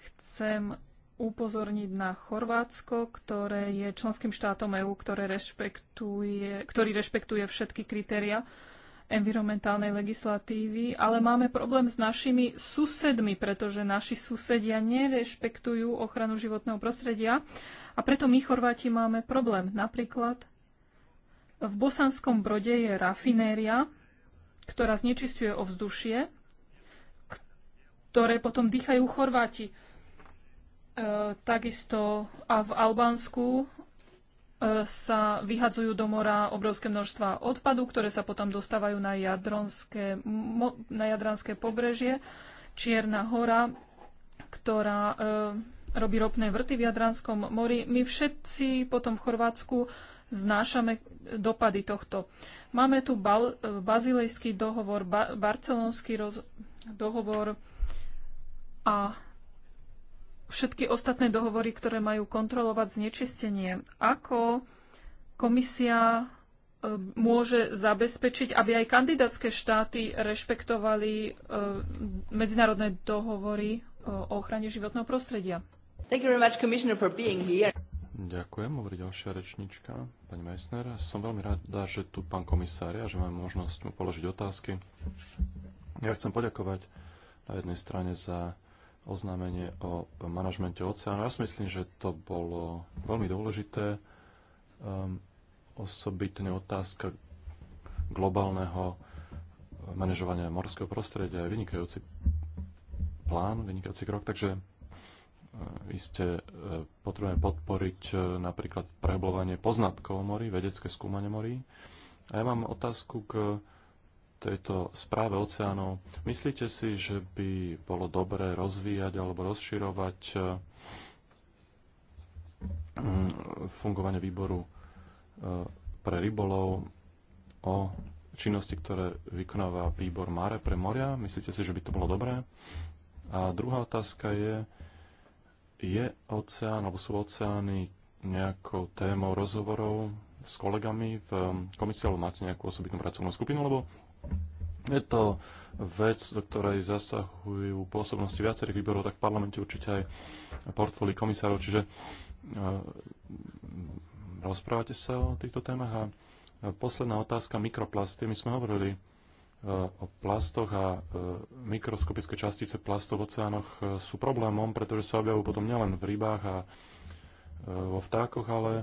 Chcem upozorniť na Chorvátsko, ktoré je členským štátom EÚ, ktoré rešpektuje, ktorý rešpektuje všetky kritéria environmentálnej legislatívy, ale máme problém s našimi susedmi, pretože naši susedia nerešpektujú ochranu životného prostredia a preto my Chorváti máme problém. Napríklad v Bosanskom brode je rafinéria, ktorá znečistuje ovzdušie, ktoré potom dýchajú Chorváti. E, takisto a v Albánsku E, sa vyhadzujú do mora obrovské množstva odpadu, ktoré sa potom dostávajú na, jadronské, na jadranské pobrežie. Čierna hora, ktorá e, robí ropné vrty v Jadranskom mori. My všetci potom v Chorvátsku znášame dopady tohto. Máme tu bal, e, bazilejský dohovor, ba, barcelonský roz, dohovor a všetky ostatné dohovory, ktoré majú kontrolovať znečistenie. Ako komisia e, môže zabezpečiť, aby aj kandidátske štáty rešpektovali e, medzinárodné dohovory e, o ochrane životného prostredia. Much, Ďakujem, hovorí ďalšia rečnička, pani Meissner. Som veľmi rada, že tu pán komisár a že máme možnosť mu položiť otázky. Ja chcem poďakovať na jednej strane za oznámenie o manažmente oceánu. Ja si myslím, že to bolo veľmi dôležité. Um, osobitne otázka globálneho manažovania morského prostredia je vynikajúci plán, vynikajúci krok, takže iste e, e, potrebujeme podporiť e, napríklad prehľovanie poznatkov o mori, vedecké skúmanie morí. A ja mám otázku k tejto správe oceánov. Myslíte si, že by bolo dobré rozvíjať alebo rozširovať eh, mm, fungovanie výboru eh, pre rybolov o činnosti, ktoré vykonáva výbor Mare pre moria? Myslíte si, že by to bolo dobré? A druhá otázka je, je oceán, alebo sú oceány nejakou témou rozhovorov s kolegami v eh, komisii, alebo máte nejakú osobitnú pracovnú skupinu, lebo je to vec, do ktorej zasahujú pôsobnosti viacerých výborov, tak v parlamente určite aj portfóli komisárov, čiže eh, rozprávate sa o týchto témach. A posledná otázka, mikroplasty. My sme hovorili eh, o plastoch a eh, mikroskopické častice plastov v oceánoch sú problémom, pretože sa objavujú potom nielen v rybách a vo vtákoch, ale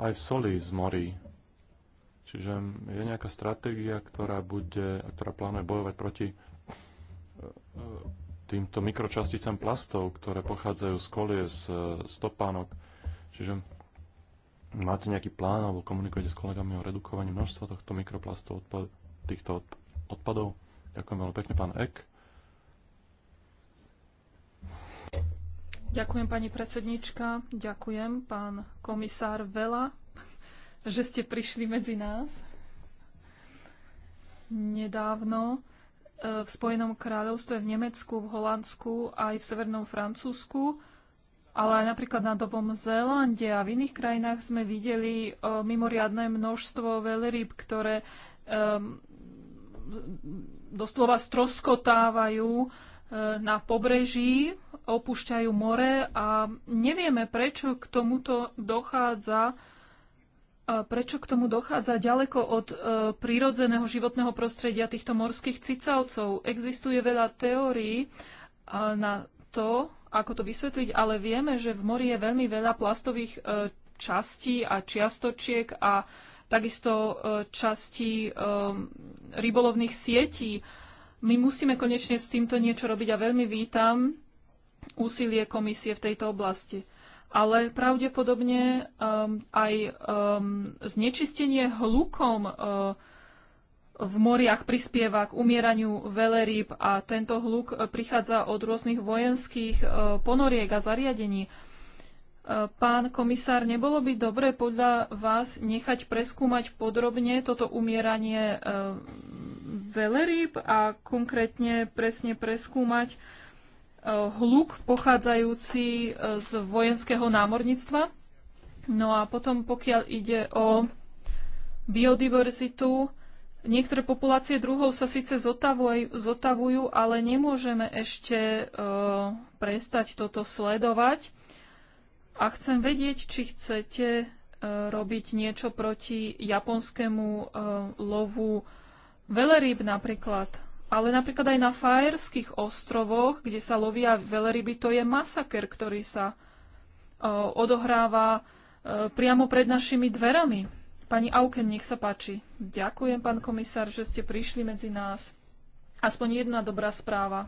aj v soli z morí. Čiže je nejaká stratégia, ktorá, bude, ktorá plánuje bojovať proti e, e, týmto mikročasticám plastov, ktoré pochádzajú z kolie, z e, stopánok. Čiže máte nejaký plán alebo komunikujete s kolegami o redukovaní množstva tohto mikroplastov, odpad, týchto odpadov? Ďakujem veľmi pekne, pán Ek. Ďakujem, pani predsednička. Ďakujem, pán komisár Vela že ste prišli medzi nás. Nedávno e, v Spojenom kráľovstve, v Nemecku, v Holandsku, aj v Severnom Francúzsku, ale aj napríklad na Novom Zélande a v iných krajinách sme videli e, mimoriadne množstvo veľryb, ktoré um, doslova stroskotávajú na pobreží, opúšťajú more a nevieme, prečo k tomuto dochádza prečo k tomu dochádza ďaleko od e, prírodzeného životného prostredia týchto morských cicavcov. Existuje veľa teórií e, na to, ako to vysvetliť, ale vieme, že v mori je veľmi veľa plastových e, častí a čiastočiek a takisto e, časti e, rybolovných sietí. My musíme konečne s týmto niečo robiť a veľmi vítam úsilie komisie v tejto oblasti ale pravdepodobne um, aj um, znečistenie hlukom uh, v moriach prispieva k umieraniu veleríb a tento hluk uh, prichádza od rôznych vojenských uh, ponoriek a zariadení. Uh, pán komisár, nebolo by dobre podľa vás nechať preskúmať podrobne toto umieranie veleríb a konkrétne presne preskúmať, hluk pochádzajúci e, z vojenského námorníctva. No a potom, pokiaľ ide o biodiverzitu, niektoré populácie druhov sa síce zotavuj, zotavujú, ale nemôžeme ešte e, prestať toto sledovať. A chcem vedieť, či chcete e, robiť niečo proti japonskému e, lovu veleryb napríklad. Ale napríklad aj na Fajerských ostrovoch, kde sa lovia veleryby, to je masaker, ktorý sa o, e, odohráva o, e, priamo pred našimi dverami. Pani Auken, nech sa páči. Ďakujem, pán komisár, že ste prišli medzi nás. Aspoň jedna dobrá správa.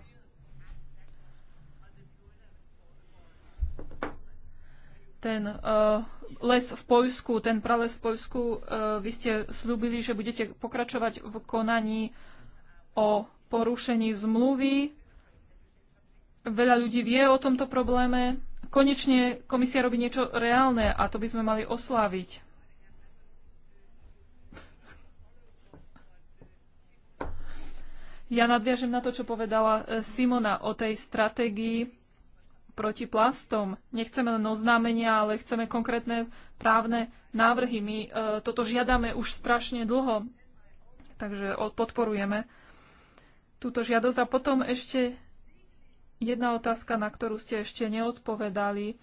Ten uh, les v Poľsku, ten prales v Poľsku, uh, vy ste slúbili, že budete pokračovať v konaní uh, o porušení zmluvy. Veľa ľudí vie o tomto probléme. Konečne komisia robí niečo reálne a to by sme mali osláviť. Ja nadviažem na to, čo povedala e, Simona o tej stratégii proti plastom. Nechceme len oznámenia, ale chceme konkrétne právne návrhy. My e, toto žiadame už strašne dlho, takže podporujeme túto žiadosť. A potom ešte jedna otázka, na ktorú ste ešte neodpovedali.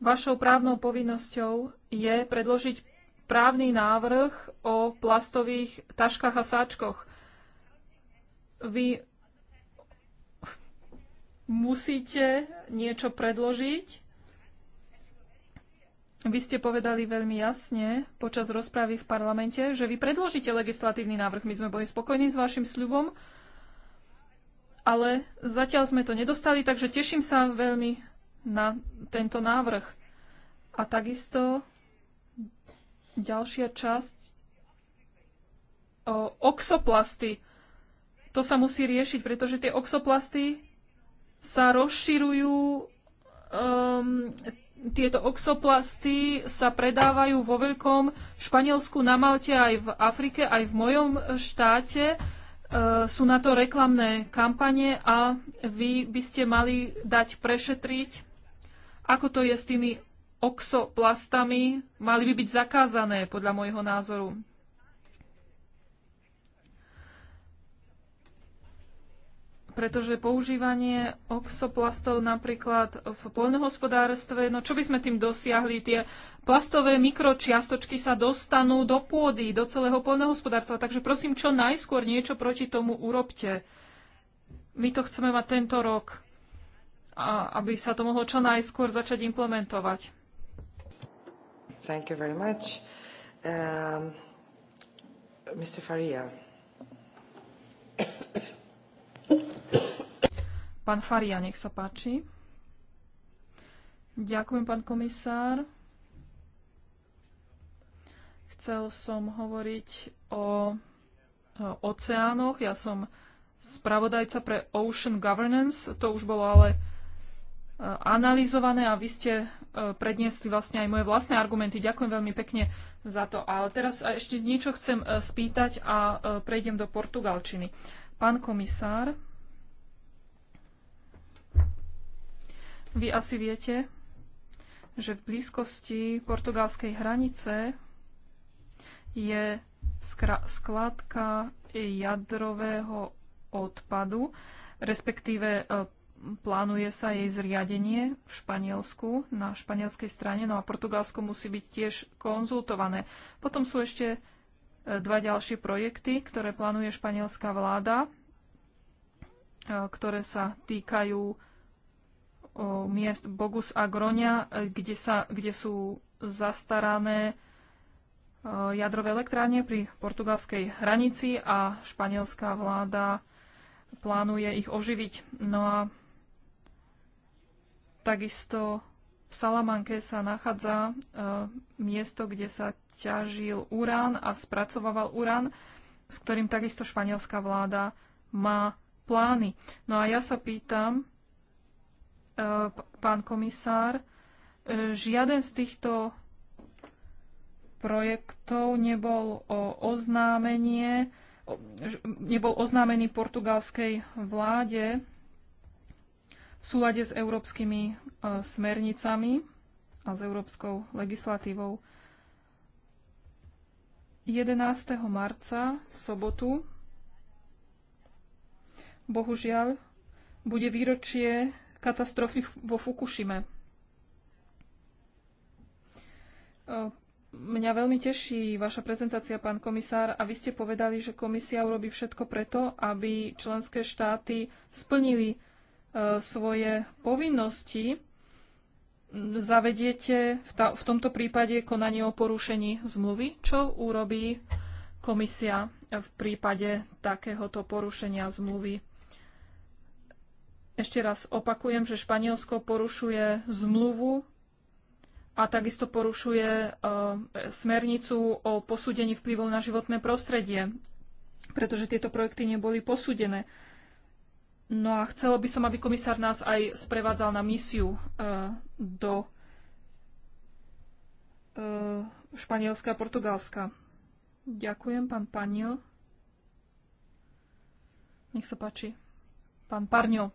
Vašou právnou povinnosťou je predložiť právny návrh o plastových taškách a sáčkoch. Vy musíte niečo predložiť. Vy ste povedali veľmi jasne počas rozpravy v parlamente, že vy predložíte legislatívny návrh. My sme boli spokojní s vašim sľubom, ale zatiaľ sme to nedostali, takže teším sa veľmi na tento návrh. A takisto ďalšia časť o oxoplasty. To sa musí riešiť, pretože tie oxoplasty sa rozširujú, um, tieto oxoplasty sa predávajú vo veľkom v Španielsku, na Malte, aj v Afrike, aj v mojom štáte E, sú na to reklamné kampane a vy by ste mali dať prešetriť, ako to je s tými oxoplastami. Mali by byť zakázané, podľa môjho názoru. pretože používanie oxoplastov napríklad v poľnohospodárstve, no čo by sme tým dosiahli? Tie plastové mikročiastočky sa dostanú do pôdy, do celého poľnohospodárstva, takže prosím, čo najskôr niečo proti tomu urobte. My to chceme mať tento rok, a aby sa to mohlo čo najskôr začať implementovať. Thank you very much. Um, Mr. Faria. Pán Faria, nech sa páči. Ďakujem, pán komisár. Chcel som hovoriť o, oceánoch. Ja som spravodajca pre Ocean Governance. To už bolo ale e, analyzované a vy ste e, predniesli vlastne aj moje vlastné argumenty. Ďakujem veľmi pekne za to. Ale teraz ešte niečo chcem e, spýtať a prejdem do portugalčiny. Pán komisár, Vy asi viete, že v blízkosti portugalskej hranice je skládka jadrového odpadu, respektíve e, plánuje sa jej zriadenie v Španielsku, na španielskej strane, no a Portugalsko musí byť tiež konzultované. Potom sú ešte e, dva ďalšie projekty, ktoré plánuje španielská vláda, e, ktoré sa týkajú miest Bogus a Gronia, e, kde, sa, kde sú zastarané e, jadrové elektrárne pri portugalskej hranici a španielská vláda plánuje ich oživiť. No a takisto v Salamanke sa nachádza e, miesto, kde sa ťažil urán a spracovával urán, s ktorým takisto španielská vláda má plány. No a ja sa pýtam, pán komisár, e, žiaden z týchto projektov nebol o oznámenie, nebol oznámený portugalskej vláde v súlade s európskymi e, smernicami a s európskou legislatívou. 11. marca v sobotu bohužiaľ bude výročie katastrofy vo Fukushime. Mňa veľmi teší vaša prezentácia, pán komisár, a vy ste povedali, že komisia urobí všetko preto, aby členské štáty splnili svoje povinnosti. Zavediete v, ta, v tomto prípade konanie o porušení zmluvy, čo urobí komisia v prípade takéhoto porušenia zmluvy ešte raz opakujem, že Španielsko porušuje zmluvu a takisto porušuje e, smernicu o posúdení vplyvov na životné prostredie, pretože tieto projekty neboli posúdené. No a chcela by som, aby komisár nás aj sprevádzal na misiu e, do e, Španielska a Portugalska. Ďakujem, pán Panio. Nech sa páči. Pán Parňo.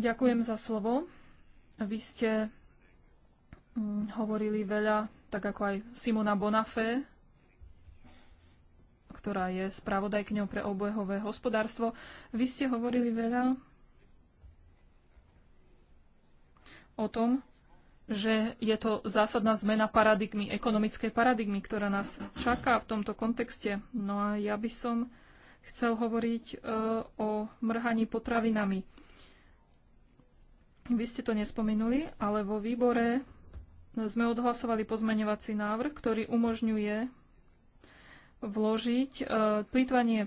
Ďakujem za slovo. Vy ste mm, hovorili veľa, tak ako aj Simona Bonafé, ktorá je spravodajkňou pre obojhové hospodárstvo. Vy ste hovorili veľa o tom, že je to zásadná zmena paradigmy, ekonomickej paradigmy, ktorá nás čaká v tomto kontexte. No a ja by som chcel hovoriť e, o mrhaní potravinami. Vy ste to nespomenuli, ale vo výbore sme odhlasovali pozmeňovací návrh, ktorý umožňuje vložiť e, plýtvanie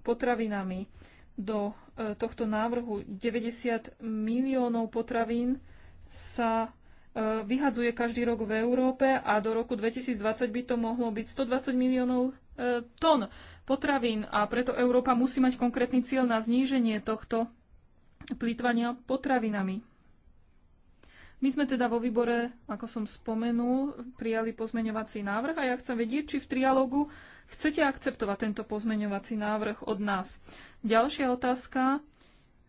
potravinami do e, tohto návrhu 90 miliónov potravín sa e, vyhadzuje každý rok v Európe a do roku 2020 by to mohlo byť 120 miliónov tón potravín a preto Európa musí mať konkrétny cieľ na zníženie tohto plýtvania potravinami. My sme teda vo výbore, ako som spomenul, prijali pozmeňovací návrh a ja chcem vedieť, či v trialógu chcete akceptovať tento pozmeňovací návrh od nás. Ďalšia otázka.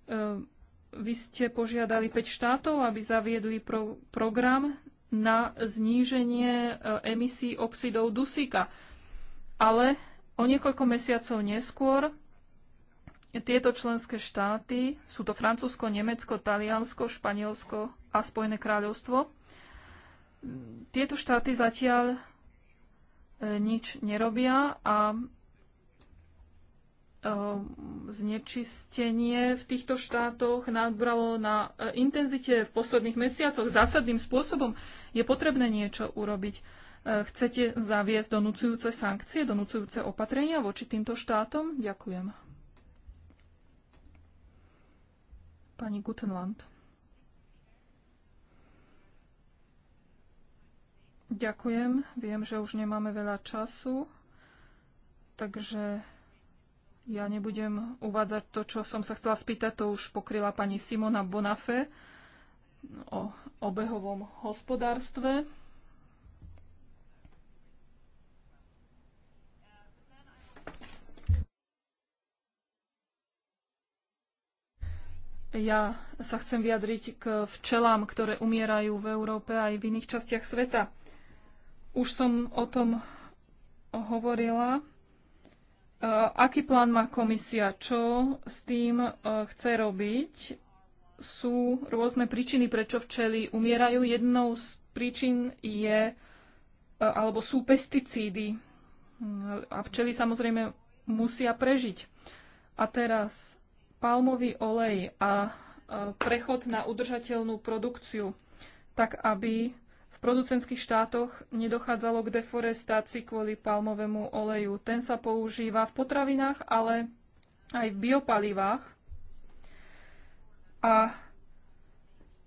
Ehm, vy ste požiadali 5 štátov, aby zaviedli pro- program na zníženie e, emisí oxidov dusíka. Ale o niekoľko mesiacov neskôr tieto členské štáty sú to Francúzsko, Nemecko, Taliansko, Španielsko a Spojené kráľovstvo. Tieto štáty zatiaľ e, nič nerobia a e, znečistenie v týchto štátoch nabralo na e, intenzite v posledných mesiacoch zásadným spôsobom. Je potrebné niečo urobiť. Chcete zaviesť donúcujúce sankcie, donúcujúce opatrenia voči týmto štátom? Ďakujem. Pani Gutenland. Ďakujem. Viem, že už nemáme veľa času, takže ja nebudem uvádzať to, čo som sa chcela spýtať, to už pokryla pani Simona Bonafé o obehovom hospodárstve. Ja sa chcem vyjadriť k včelám, ktoré umierajú v Európe aj v iných častiach sveta. Už som o tom hovorila. E, aký plán má komisia? Čo s tým e, chce robiť? Sú rôzne príčiny, prečo včely umierajú. Jednou z príčin je, e, alebo sú pesticídy. A včely samozrejme musia prežiť. A teraz palmový olej a prechod na udržateľnú produkciu, tak aby v producentských štátoch nedochádzalo k deforestácii kvôli palmovému oleju. Ten sa používa v potravinách, ale aj v biopalivách. A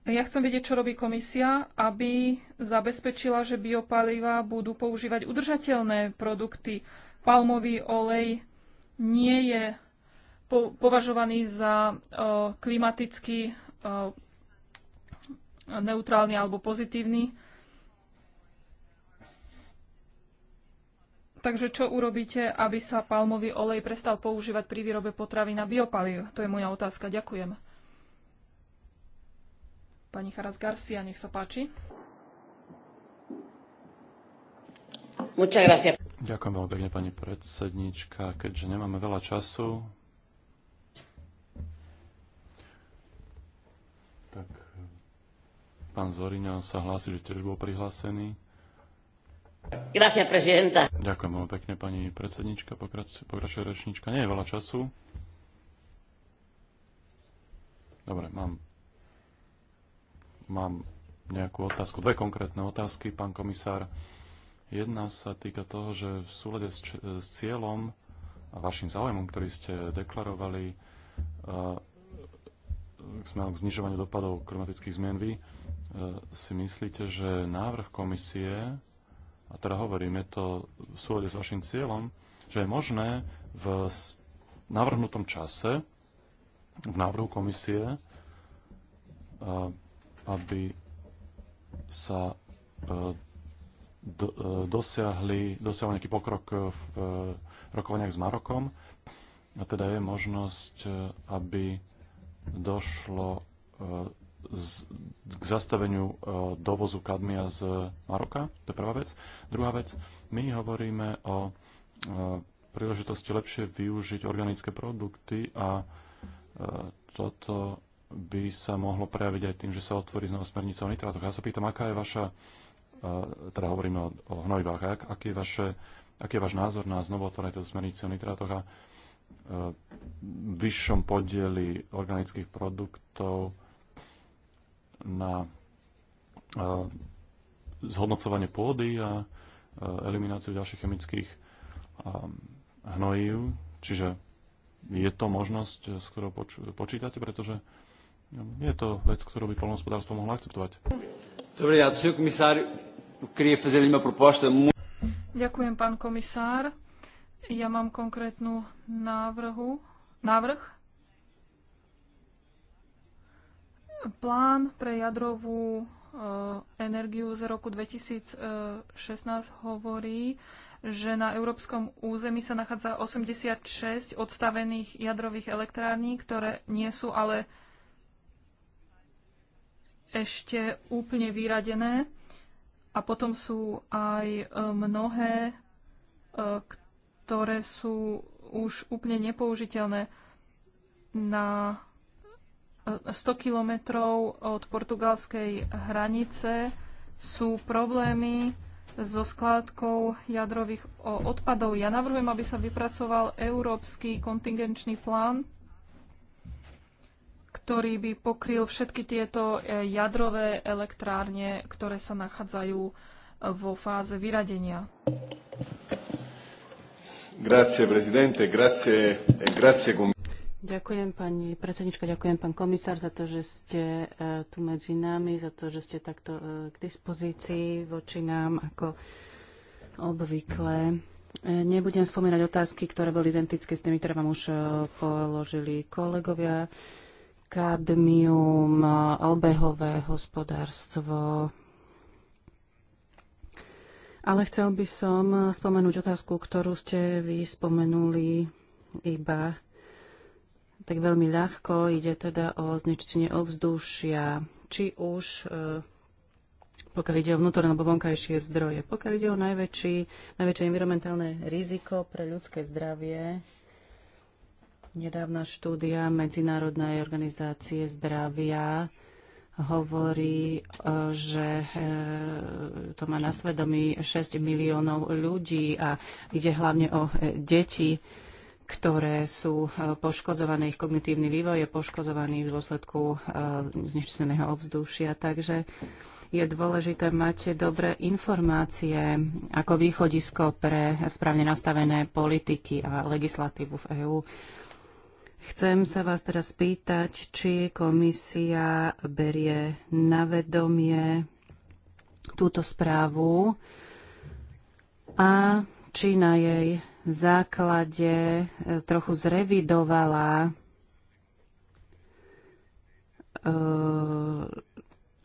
ja chcem vedieť, čo robí komisia, aby zabezpečila, že biopaliva budú používať udržateľné produkty. Palmový olej nie je po, považovaný za klimaticky neutrálny alebo pozitívny. Takže čo urobíte, aby sa palmový olej prestal používať pri výrobe potravy na biopaliv? To je moja otázka. Ďakujem. Pani Charas Garcia, nech sa páči. Ďakujem veľmi pekne, pani predsednička. Keďže nemáme veľa času, Pán Zoriňa sa hlási, že tiež bol prihlásený. Gracias, prezidenta. Ďakujem veľmi pekne, pani predsednička, pokračuje rečnička. Nie je veľa času. Dobre, mám, mám nejakú otázku, dve konkrétne otázky, pán komisár. Jedna sa týka toho, že v súlade s, s cieľom a vašim záujmom, ktorý ste deklarovali, uh, k znižovaniu dopadov klimatických zmien. Vy E, si myslíte, že návrh komisie, a teda hovorím, je to v súhode s vašim cieľom, že je možné v navrhnutom čase, v návrhu komisie, e, aby sa e, dosiahli, dosiahli nejaký pokrok v rokovaniach s Marokom. A teda je možnosť, aby došlo z, k zastaveniu e, dovozu kadmia z Maroka. To je prvá vec. Druhá vec, my hovoríme o e, príležitosti lepšie využiť organické produkty a e, toto by sa mohlo prejaviť aj tým, že sa otvorí znova smernica o nitrátoch. Ja sa pýtam, aká je vaša, teda hovoríme o, o hnojivách, ak, aký, je vaše, aký je váš názor na znovu otvorenie tejto smernice o nitrátoch a vyššom podieli organických produktov na e, zhodnocovanie pôdy a e, elimináciu ďalších chemických e, hnojív. Čiže je to možnosť, s ktorou počítate, pretože je to vec, ktorú by polnohospodárstvo mohlo akceptovať. Dobre, ja, komisár, Ďakujem, pán komisár. Ja mám konkrétnu návrhu, návrh Plán pre jadrovú eh, energiu z roku 2016 eh, hovorí, že na európskom území sa nachádza 86 odstavených jadrových elektrární, ktoré nie sú ale ešte úplne vyradené. A potom sú aj eh, mnohé, ktoré sú už úplne nepoužiteľné na 100 kilometrov od portugalskej hranice sú problémy so skládkou jadrových odpadov. Ja navrhujem, aby sa vypracoval európsky kontingenčný plán, ktorý by pokryl všetky tieto e, jadrové elektrárne, ktoré sa nachádzajú e, vo fáze vyradenia. Grazie, prezidente, grazie, e grazie. Ďakujem pani predsednička, ďakujem pán komisár za to, že ste e, tu medzi nami, za to, že ste takto e, k dispozícii voči nám ako obvykle. E, nebudem spomínať otázky, ktoré boli identické s tými, ktoré vám už položili kolegovia. Kadmium, obehové hospodárstvo. Ale chcel by som spomenúť otázku, ktorú ste vy spomenuli iba tak veľmi ľahko ide teda o znečistenie ovzdušia, či už e, pokiaľ ide o vnútorné alebo vonkajšie zdroje. Pokiaľ ide o najväčší, najväčšie environmentálne riziko pre ľudské zdravie, nedávna štúdia Medzinárodnej organizácie zdravia hovorí, e, že e, to má na svedomí 6 miliónov ľudí a ide hlavne o deti ktoré sú e, poškodzované, ich kognitívny vývoj je poškodzovaný v dôsledku e, znečisteného ovzdušia. Takže je dôležité mať dobré informácie ako východisko pre správne nastavené politiky a legislatívu v EÚ. Chcem sa vás teraz spýtať, či komisia berie na vedomie túto správu a či na jej základe e, trochu zrevidovala e,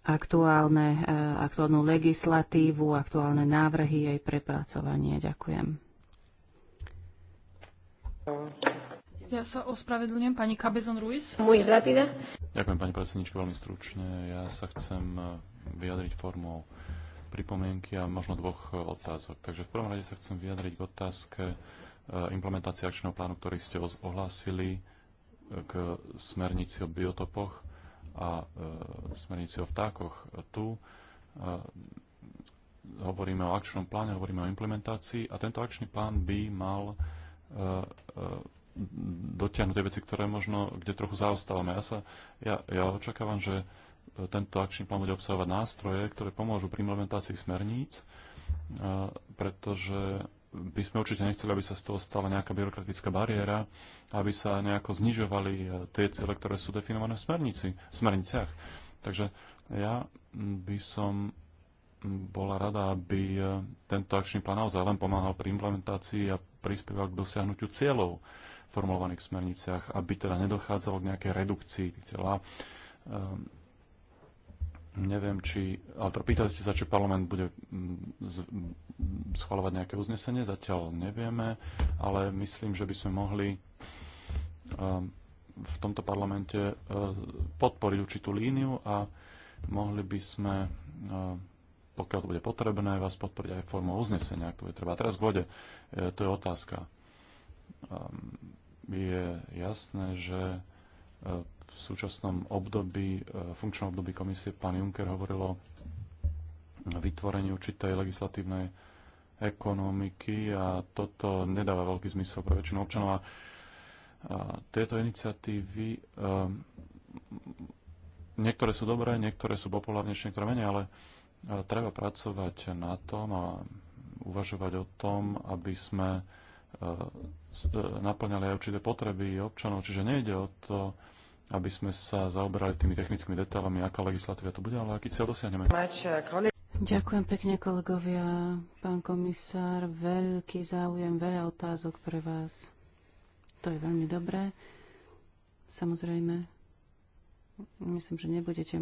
aktuálne, e, aktuálnu legislatívu, aktuálne návrhy jej prepracovanie. Ďakujem. Ja sa ospravedlňujem, pani Kabezon Ruiz. Môj rápida. Ďakujem, pani predsedničko, veľmi stručne. Ja sa chcem vyjadriť formou pripomienky a možno dvoch e, otázok. Takže v prvom rade sa chcem vyjadriť k otázke e, implementácie akčného plánu, ktorý ste ohlásili e, k smernici o biotopoch a smernici o vtákoch. Tu hovoríme o akčnom pláne, hovoríme o implementácii a tento akčný plán by mal dotiahnuť tie veci, ktoré možno, kde trochu zaostávame. Ja, sa, ja, ja očakávam, že tento akčný plán bude obsahovať nástroje, ktoré pomôžu pri implementácii smerníc, pretože by sme určite nechceli, aby sa z toho stala nejaká byrokratická bariéra, aby sa nejako znižovali e, tie ciele, ktoré sú definované v, smernici, v smerniciach. Takže ja by som bola rada, aby e, tento akčný plán naozaj len pomáhal pri implementácii a prispieval k dosiahnutiu cieľov formulovaných v smerniciach, aby teda nedochádzalo k nejakej redukcii tých cieľov. Neviem, či... Ale to pýtali ste sa, či parlament bude mm, mm, schvalovať nejaké uznesenie. Zatiaľ nevieme, ale myslím, že by sme mohli ehm, v tomto parlamente eh, podporiť určitú líniu a mohli by sme, eh, pokiaľ to bude potrebné, vás podporiť aj formou uznesenia, ak to bude treba. A teraz k vode. Eh, to je otázka. Ehm, je jasné, že v súčasnom období, e, funkčnom období komisie pán Juncker hovoril o vytvorení určitej legislatívnej ekonomiky a toto nedáva veľký zmysel pre väčšinu občanov. A tieto iniciatívy, e, niektoré sú dobré, niektoré sú populárnejšie, niektoré menej, ale e, treba pracovať na tom a uvažovať o tom, aby sme naplňali aj určité potreby občanov. Čiže nejde o to, aby sme sa zaoberali tými technickými detailami, aká legislatíva to bude, ale aký cieľ dosiahneme. Ďakujem pekne, kolegovia. Pán komisár, veľký záujem, veľa otázok pre vás. To je veľmi dobré. Samozrejme, myslím, že nebudete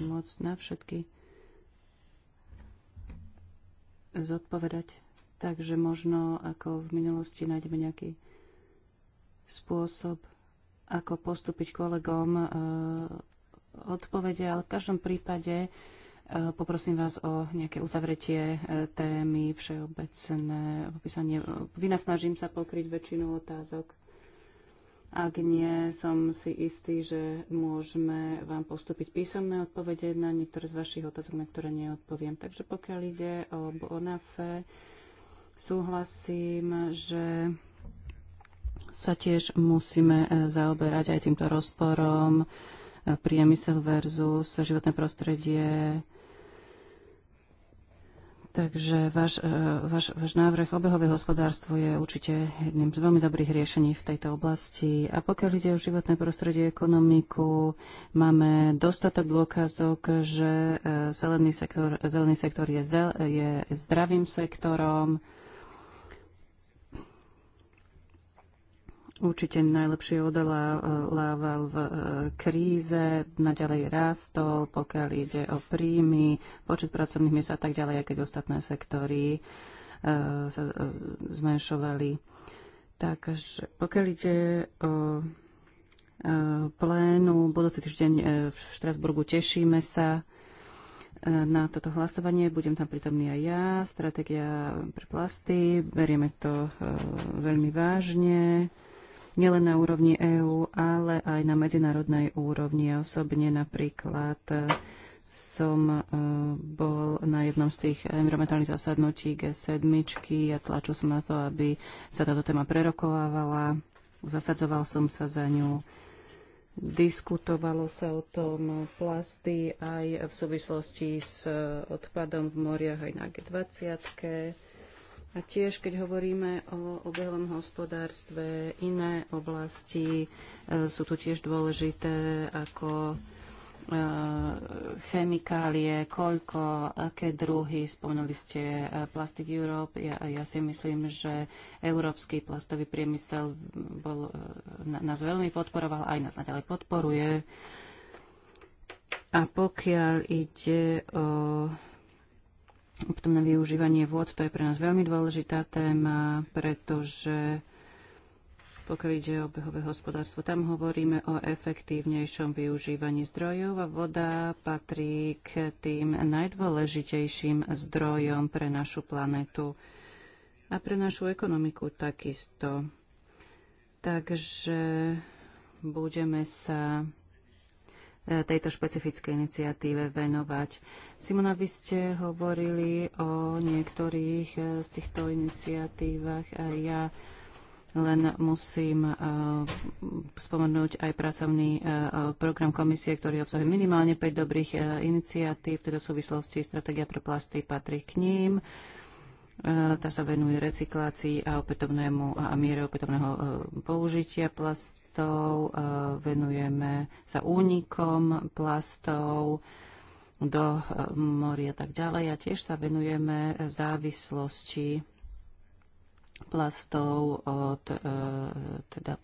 môcť na všetky zodpovedať. Takže možno, ako v minulosti, nájdeme nejaký spôsob, ako postúpiť kolegom e, odpovede, ale v každom prípade e, poprosím vás o nejaké uzavretie e, témy všeobecné popísanie. Vynasnažím sa pokryť väčšinu otázok. Ak nie, som si istý, že môžeme vám postúpiť písomné odpovede na niektoré z vašich otázok, na ktoré neodpoviem. Takže pokiaľ ide o Bonafé, súhlasím, že sa tiež musíme e, zaoberať aj týmto rozporom e, priemysel versus životné prostredie. Takže váš, e, váš, váš návrh obehové hospodárstvo je určite jedným z veľmi dobrých riešení v tejto oblasti. A pokiaľ ide o životné prostredie, ekonomiku, máme dostatok dôkazok, že zelený sektor, zelený sektor je, zel, je zdravým sektorom určite najlepšie odolával e, v e, kríze, naďalej rástol, pokiaľ ide o príjmy, počet pracovných miest a tak ďalej, aj keď ostatné sektory e, sa zmenšovali. Takže pokiaľ ide o plénu, budúci týždeň v Štrasburgu tešíme sa na toto hlasovanie. Budem tam prítomný aj ja. Stratégia pre plasty. Berieme to veľmi vážne nielen na úrovni EÚ, ale aj na medzinárodnej úrovni. Ja osobne napríklad eh, som eh, bol na jednom z tých environmentálnych zasadnutí G7 a tlačil som na to, aby sa táto téma prerokovávala. Zasadzoval som sa za ňu. Diskutovalo sa o tom plasty aj v súvislosti s odpadom v moriach aj na G20. A tiež, keď hovoríme o obehlom hospodárstve, iné oblasti e, sú tu tiež dôležité, ako e, chemikálie, koľko, aké druhy, spomenuli ste e, Plastic Europe, ja, ja si myslím, že európsky plastový priemysel bol, e, nás veľmi podporoval, aj nás naďalej podporuje. A pokiaľ ide o Optimálne využívanie vôd, to je pre nás veľmi dôležitá téma, pretože pokiaľ ide o behové hospodárstvo, tam hovoríme o efektívnejšom využívaní zdrojov a voda patrí k tým najdôležitejším zdrojom pre našu planetu a pre našu ekonomiku takisto. Takže budeme sa tejto špecifickej iniciatíve venovať. Simona, vy ste hovorili o niektorých e, z týchto iniciatívach a e, ja len musím uh, spomenúť aj pracovný uh, program komisie, ktorý obsahuje minimálne 5 dobrých uh, iniciatív, teda v súvislosti stratégia pre plasty patrí k ním. Tá sa venuje recyklácii a opätovnému a miere opätovného použitia plast, plastov, e, venujeme sa únikom plastov do e, mori a tak ďalej. A tiež sa venujeme závislosti plastov od e, teda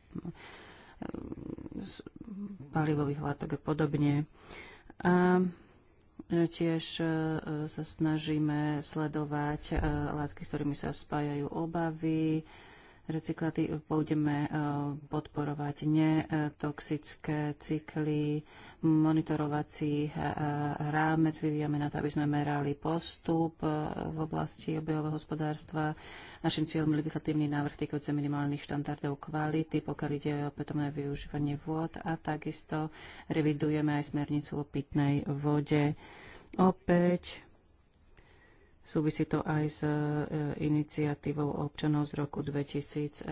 palivových látok a podobne. A Tiež sa snažíme sledovať látky, s ktorými sa spájajú obavy, recyklaty budeme e, podporovať netoxické cykly, monitorovací e, e, rámec vyvíjame na to, aby sme merali postup v oblasti obehového hospodárstva. Našim cieľom je legislatívny návrh týkajúce minimálnych štandardov kvality, pokiaľ ide o opätovné využívanie vôd a takisto revidujeme aj smernicu o pitnej vode. Opäť Súvisí to aj s e, iniciatívou občanov z roku 2013.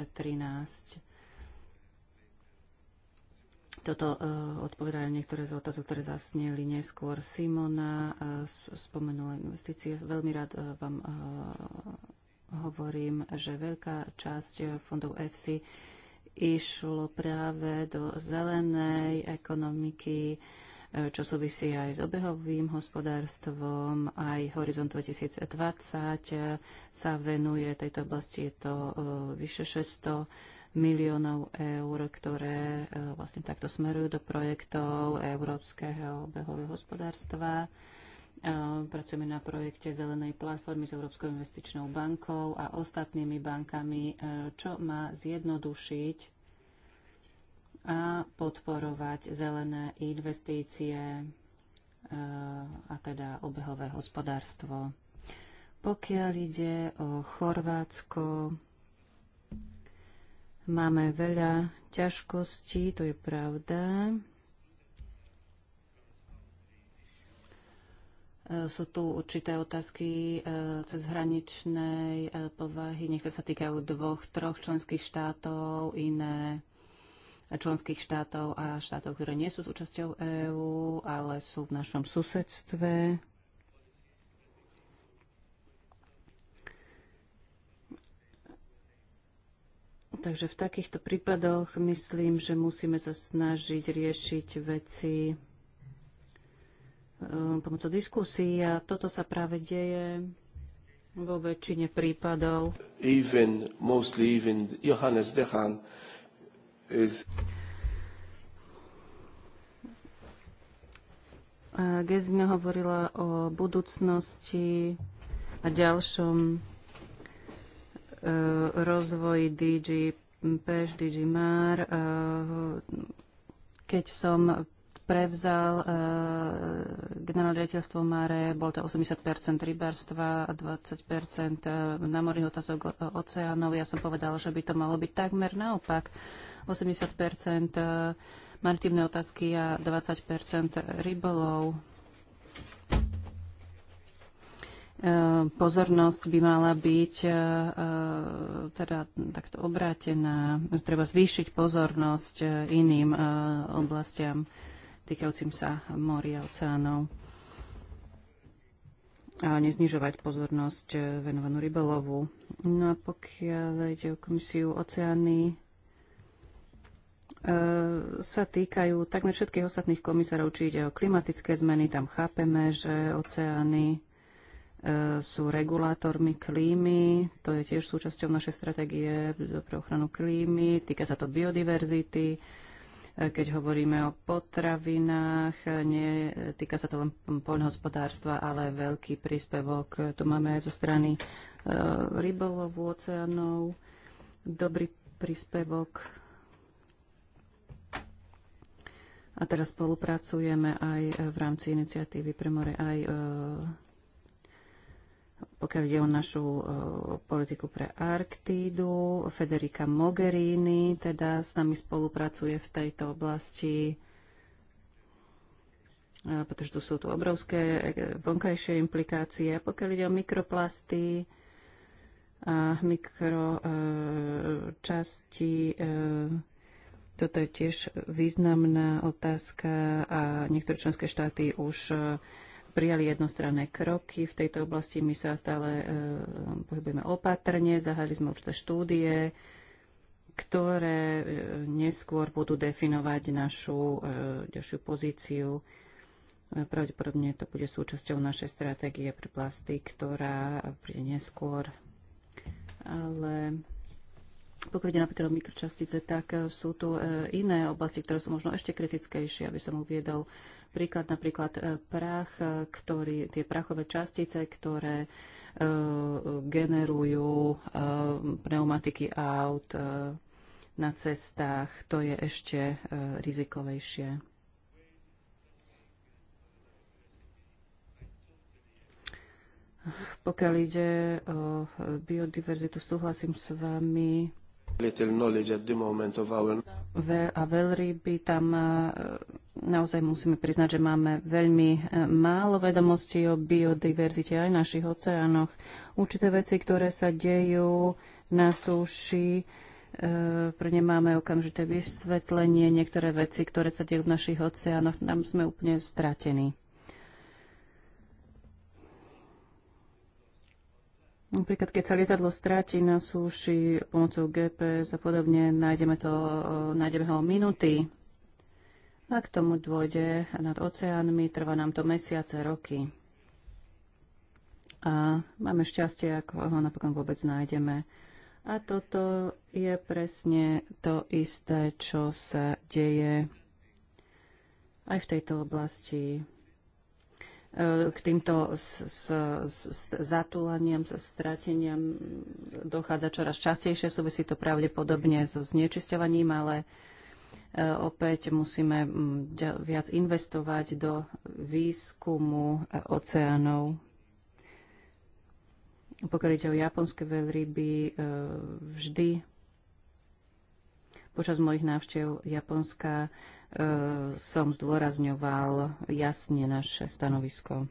Toto e, odpovedajú niektoré z otázok, ktoré zasneli neskôr. Simona e, spomenula investície. Veľmi rád vám hovorím, že veľká časť fondov EFSI išlo práve do zelenej ekonomiky, čo súvisí aj s obehovým hospodárstvom, aj Horizont 2020 sa venuje tejto oblasti. Je to e, vyše 600 miliónov eur, ktoré e, vlastne takto smerujú do projektov Európskeho obehového hospodárstva. E, pracujeme na projekte Zelenej platformy s Európskou investičnou bankou a ostatnými bankami, čo má zjednodušiť a podporovať zelené investície e, a teda obehové hospodárstvo. Pokiaľ ide o Chorvátsko, máme veľa ťažkostí, to je pravda. E, sú tu určité otázky e, cezhraničnej povahy, niektoré sa týkajú dvoch, troch členských štátov, iné členských štátov a štátov, ktoré nie sú súčasťou EÚ, ale sú v našom susedstve. Takže v takýchto prípadoch myslím, že musíme sa snažiť riešiť veci e, pomocou diskusí a toto sa práve deje vo väčšine prípadov. Even, mostly even Johannes Dehan is hovorila o budúcnosti a ďalšom e, rozvoji DG Peš, DG Mar. E, keď som prevzal e, generálne riaditeľstvo Mare, bol to 80 rybárstva a 20 e, námorných otázok oceánov. Ja som povedala, že by to malo byť takmer naopak. E, 80 eh, maritívne otázky a 20 rybolov. Eh, pozornosť by mala byť eh, teda takto obrátená. Treba zvýšiť pozornosť iným oblastiam týkajúcim sa moria a oceánov a neznižovať pozornosť venovanú rybolovu. No a pokiaľ ide o komisiu oceány, E, sa týkajú takmer všetkých ostatných komisárov, či ide o klimatické zmeny, tam chápeme, že oceány e, sú regulátormi klímy, to je tiež súčasťou našej stratégie pre ochranu klímy, týka sa to biodiverzity, e, keď hovoríme o potravinách, nie, týka sa to len poľnohospodárstva, ale veľký príspevok tu máme aj zo strany rybolovu, oceánov, dobrý príspevok A teraz spolupracujeme aj e, v rámci iniciatívy pre more, aj e, pokiaľ ide o našu e, politiku pre Arktídu. Federica Mogherini teda s nami spolupracuje v tejto oblasti, pretože tu sú tu obrovské vonkajšie implikácie. Pokiaľ ide o mikroplasty, a mikročasti, e, e, toto je tiež významná otázka a niektoré členské štáty už e, prijali jednostranné kroky v tejto oblasti. My sa stále e, pohybujeme opatrne, zahali sme určité štúdie, ktoré e, neskôr budú definovať našu ďalšiu pozíciu. Pravdepodobne to bude súčasťou našej stratégie pre plasty, ktorá príde neskôr. Ale pokrytie napríklad mikročastice, tak e, sú tu e, iné oblasti, ktoré sú možno ešte kritickejšie, aby som uviedol príklad napríklad e, prach, ktorý, tie prachové častice, ktoré generujú pneumatiky aut na cestách, to je ešte rizikovejšie. Pokiaľ ide o biodiverzitu, súhlasím s vami a veľryby tam e, naozaj musíme priznať, že máme veľmi e, málo vedomostí o biodiverzite aj v našich oceánoch. Určité veci, ktoré sa dejú na súši, e, pre ne máme okamžité vysvetlenie, niektoré veci, ktoré sa dejú v našich oceánoch, tam sme úplne stratení. Napríklad, keď sa lietadlo stráti na súši pomocou GPS a podobne, nájdeme, to, e, nájdeme ho minuty. A k tomu dôjde nad oceánmi, trvá nám to mesiace, roky. A máme šťastie, ako ho napokon vôbec nájdeme. A toto je presne to isté, čo sa deje aj v tejto oblasti E, k týmto zatúlaniam, stráteniam dochádza čoraz častejšie. Súvisí to pravdepodobne so znečisťovaním, ale e, opäť musíme viac investovať do výskumu e, oceánov. Pokiaľ ide o japonské veľryby, vždy Počas mojich návštev Japonska e, som zdôrazňoval jasne naše stanovisko.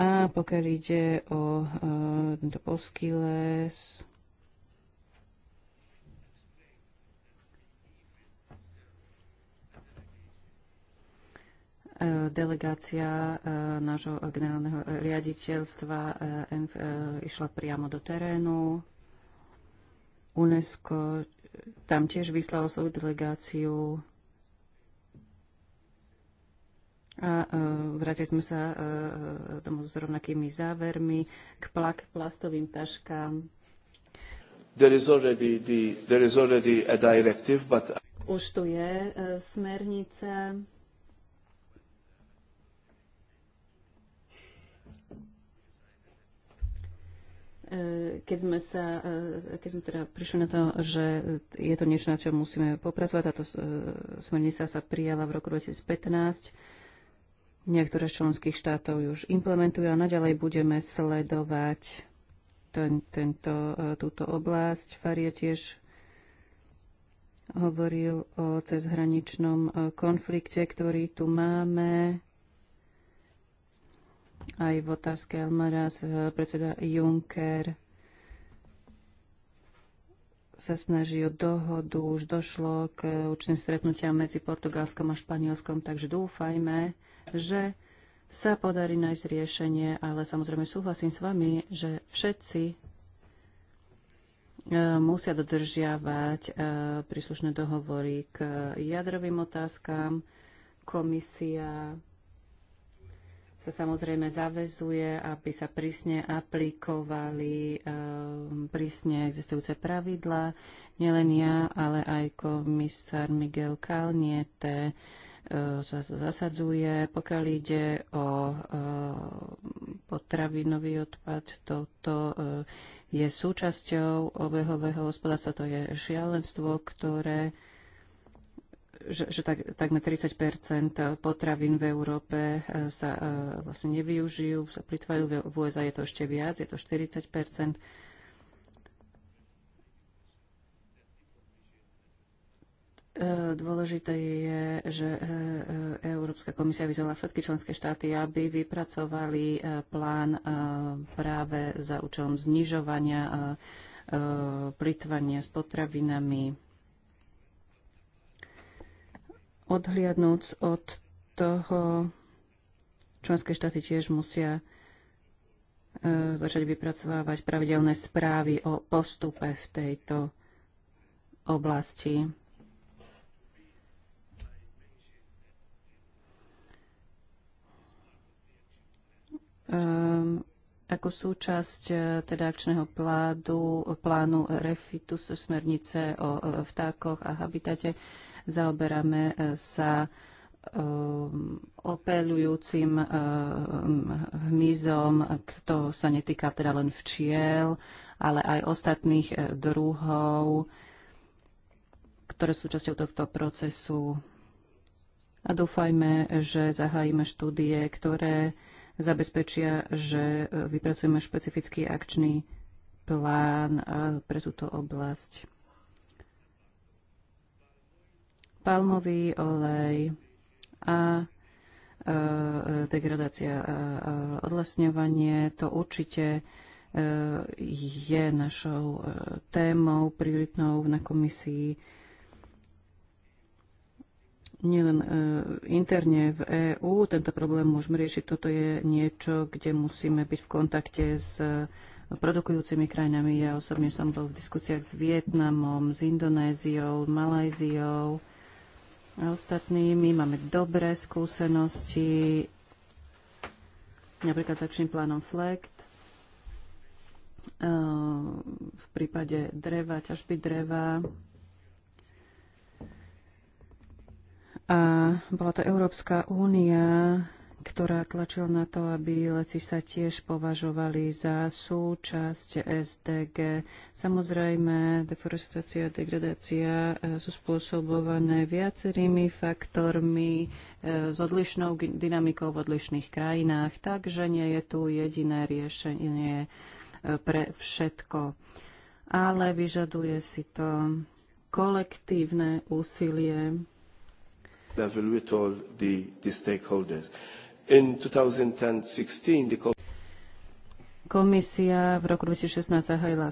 A pokiaľ ide o e, polský les, e, delegácia e, nášho generálneho riaditeľstva e, išla priamo do terénu. UNESCO tam tiež vyslal svoju delegáciu a e, vrátili sme sa tomu e, e, s rovnakými závermi k plak plastovým taškám. There is already the, there is already a directive, but... Už tu je smernica, E, keď sme, sa, e, keď sme teda prišli na to, že je to niečo, na čo musíme popracovať, táto e, smernica sa prijala v roku 2015, niektoré z členských štátov už implementujú a naďalej budeme sledovať ten, tento, túto oblasť. Farie tiež hovoril o cezhraničnom konflikte, ktorý tu máme aj v otázke Elmara eh, predseda Juncker sa snaží o dohodu. Už došlo k eh, určitým stretnutiam medzi Portugalskom a Španielskom, takže dúfajme, že sa podarí nájsť riešenie, ale samozrejme súhlasím s vami, že všetci eh, musia dodržiavať príslušné dohovory k jadrovým otázkam. Komisia sa samozrejme zavezuje, aby sa prísne aplikovali ehm, prísne existujúce pravidlá. Nielen ja, ale aj komisár Miguel Kalniete ehm, sa zasadzuje. Pokiaľ ide o ehm, potravinový odpad, toto je súčasťou obehového hospodárstva. To je šialenstvo, ktoré že, že tak, takmer 30 potravín v Európe eh, sa uh, vlastne nevyužijú, sa pritvajú V USA je to ešte viac, je to 40 eh, Dôležité je, že Európska komisia vyzvala všetky členské štáty, aby vypracovali plán práve za účelom znižovania plitvania s potravinami Odhliadnúc od toho, členské štáty tiež musia e, začať vypracovávať pravidelné správy o postupe v tejto oblasti. Um, ako súčasť e, teda akčného plánu, plánu refitu smernice o e, vtákoch a habitate Zaoberáme e, sa e, opelujúcim e, hmyzom, to sa netýka teda len včiel, ale aj ostatných druhov, ktoré sú časťou tohto procesu. A dúfajme, že zahájime štúdie, ktoré zabezpečia, že vypracujeme špecifický akčný plán pre túto oblasť palmový olej a e, e, degradácia a e, odlesňovanie. To určite je našou témou prioritnou na komisii nielen interne v EÚ tento problém môžeme riešiť. Toto je niečo, kde musíme byť v kontakte s produkujúcimi krajinami. Ja osobne som bol v diskusiách s Vietnamom, s Indonéziou, Malajziou, ostatnými. Máme dobré skúsenosti, napríklad s akčným plánom FLECT, eh, v prípade dreva, ťažby dreva. A bola to Európska únia, ktorá tlačila na to, aby leci sa tiež považovali za súčasť SDG. Samozrejme, deforestácia a degradácia e, sú spôsobované viacerými faktormi e, s odlišnou dynamikou v odlišných krajinách, takže nie je tu jediné riešenie e, pre všetko. Ale vyžaduje si to kolektívne úsilie all the, the stakeholders. In Komisia v roku 2016 zahájila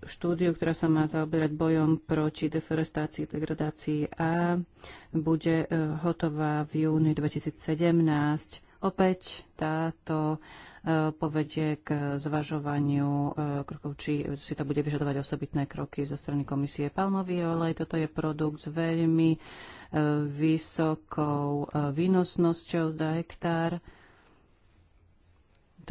štúdiu, ktorá sa má zaoberať bojom proti deforestácii, degradácii a bude eh, hotová v júni 2017. Opäť táto E, povedie k zvažovaniu e, krokov, či si to bude vyžadovať osobitné kroky zo strany komisie palmový olej. Toto je produkt s veľmi e, vysokou výnosnosťou za hektár.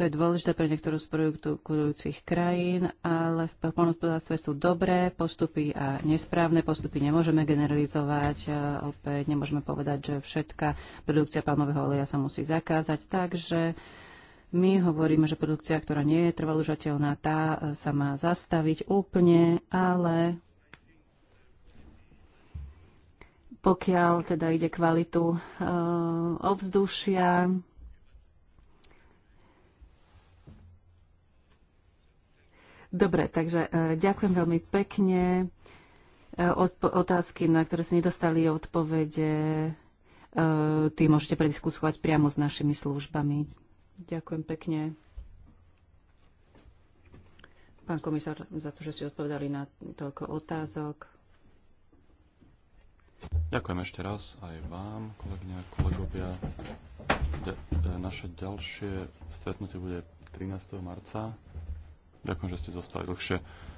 To je dôležité pre niektorú z produkujúcich krajín, ale v poľnohospodárstve sú dobré postupy a nesprávne postupy. Nemôžeme generalizovať, opäť nemôžeme povedať, že všetká produkcia palmového oleja sa musí zakázať. Takže my hovoríme, že produkcia, ktorá nie je trvalúžateľná, tá e, sa má zastaviť úplne, ale pokiaľ teda ide kvalitu uh, ovzdušia, Dobre, takže e, ďakujem veľmi pekne. otázky, na ktoré ste nedostali odpovede, e, tie môžete prediskusovať priamo s našimi službami. Ďakujem pekne. Pán komisár, za to, že ste odpovedali na toľko otázok. Ďakujem ešte raz aj vám, kolegyňa, kolegovia. De, de, naše ďalšie stretnutie bude 13. marca. Ďakujem, že ste zostali dlhšie.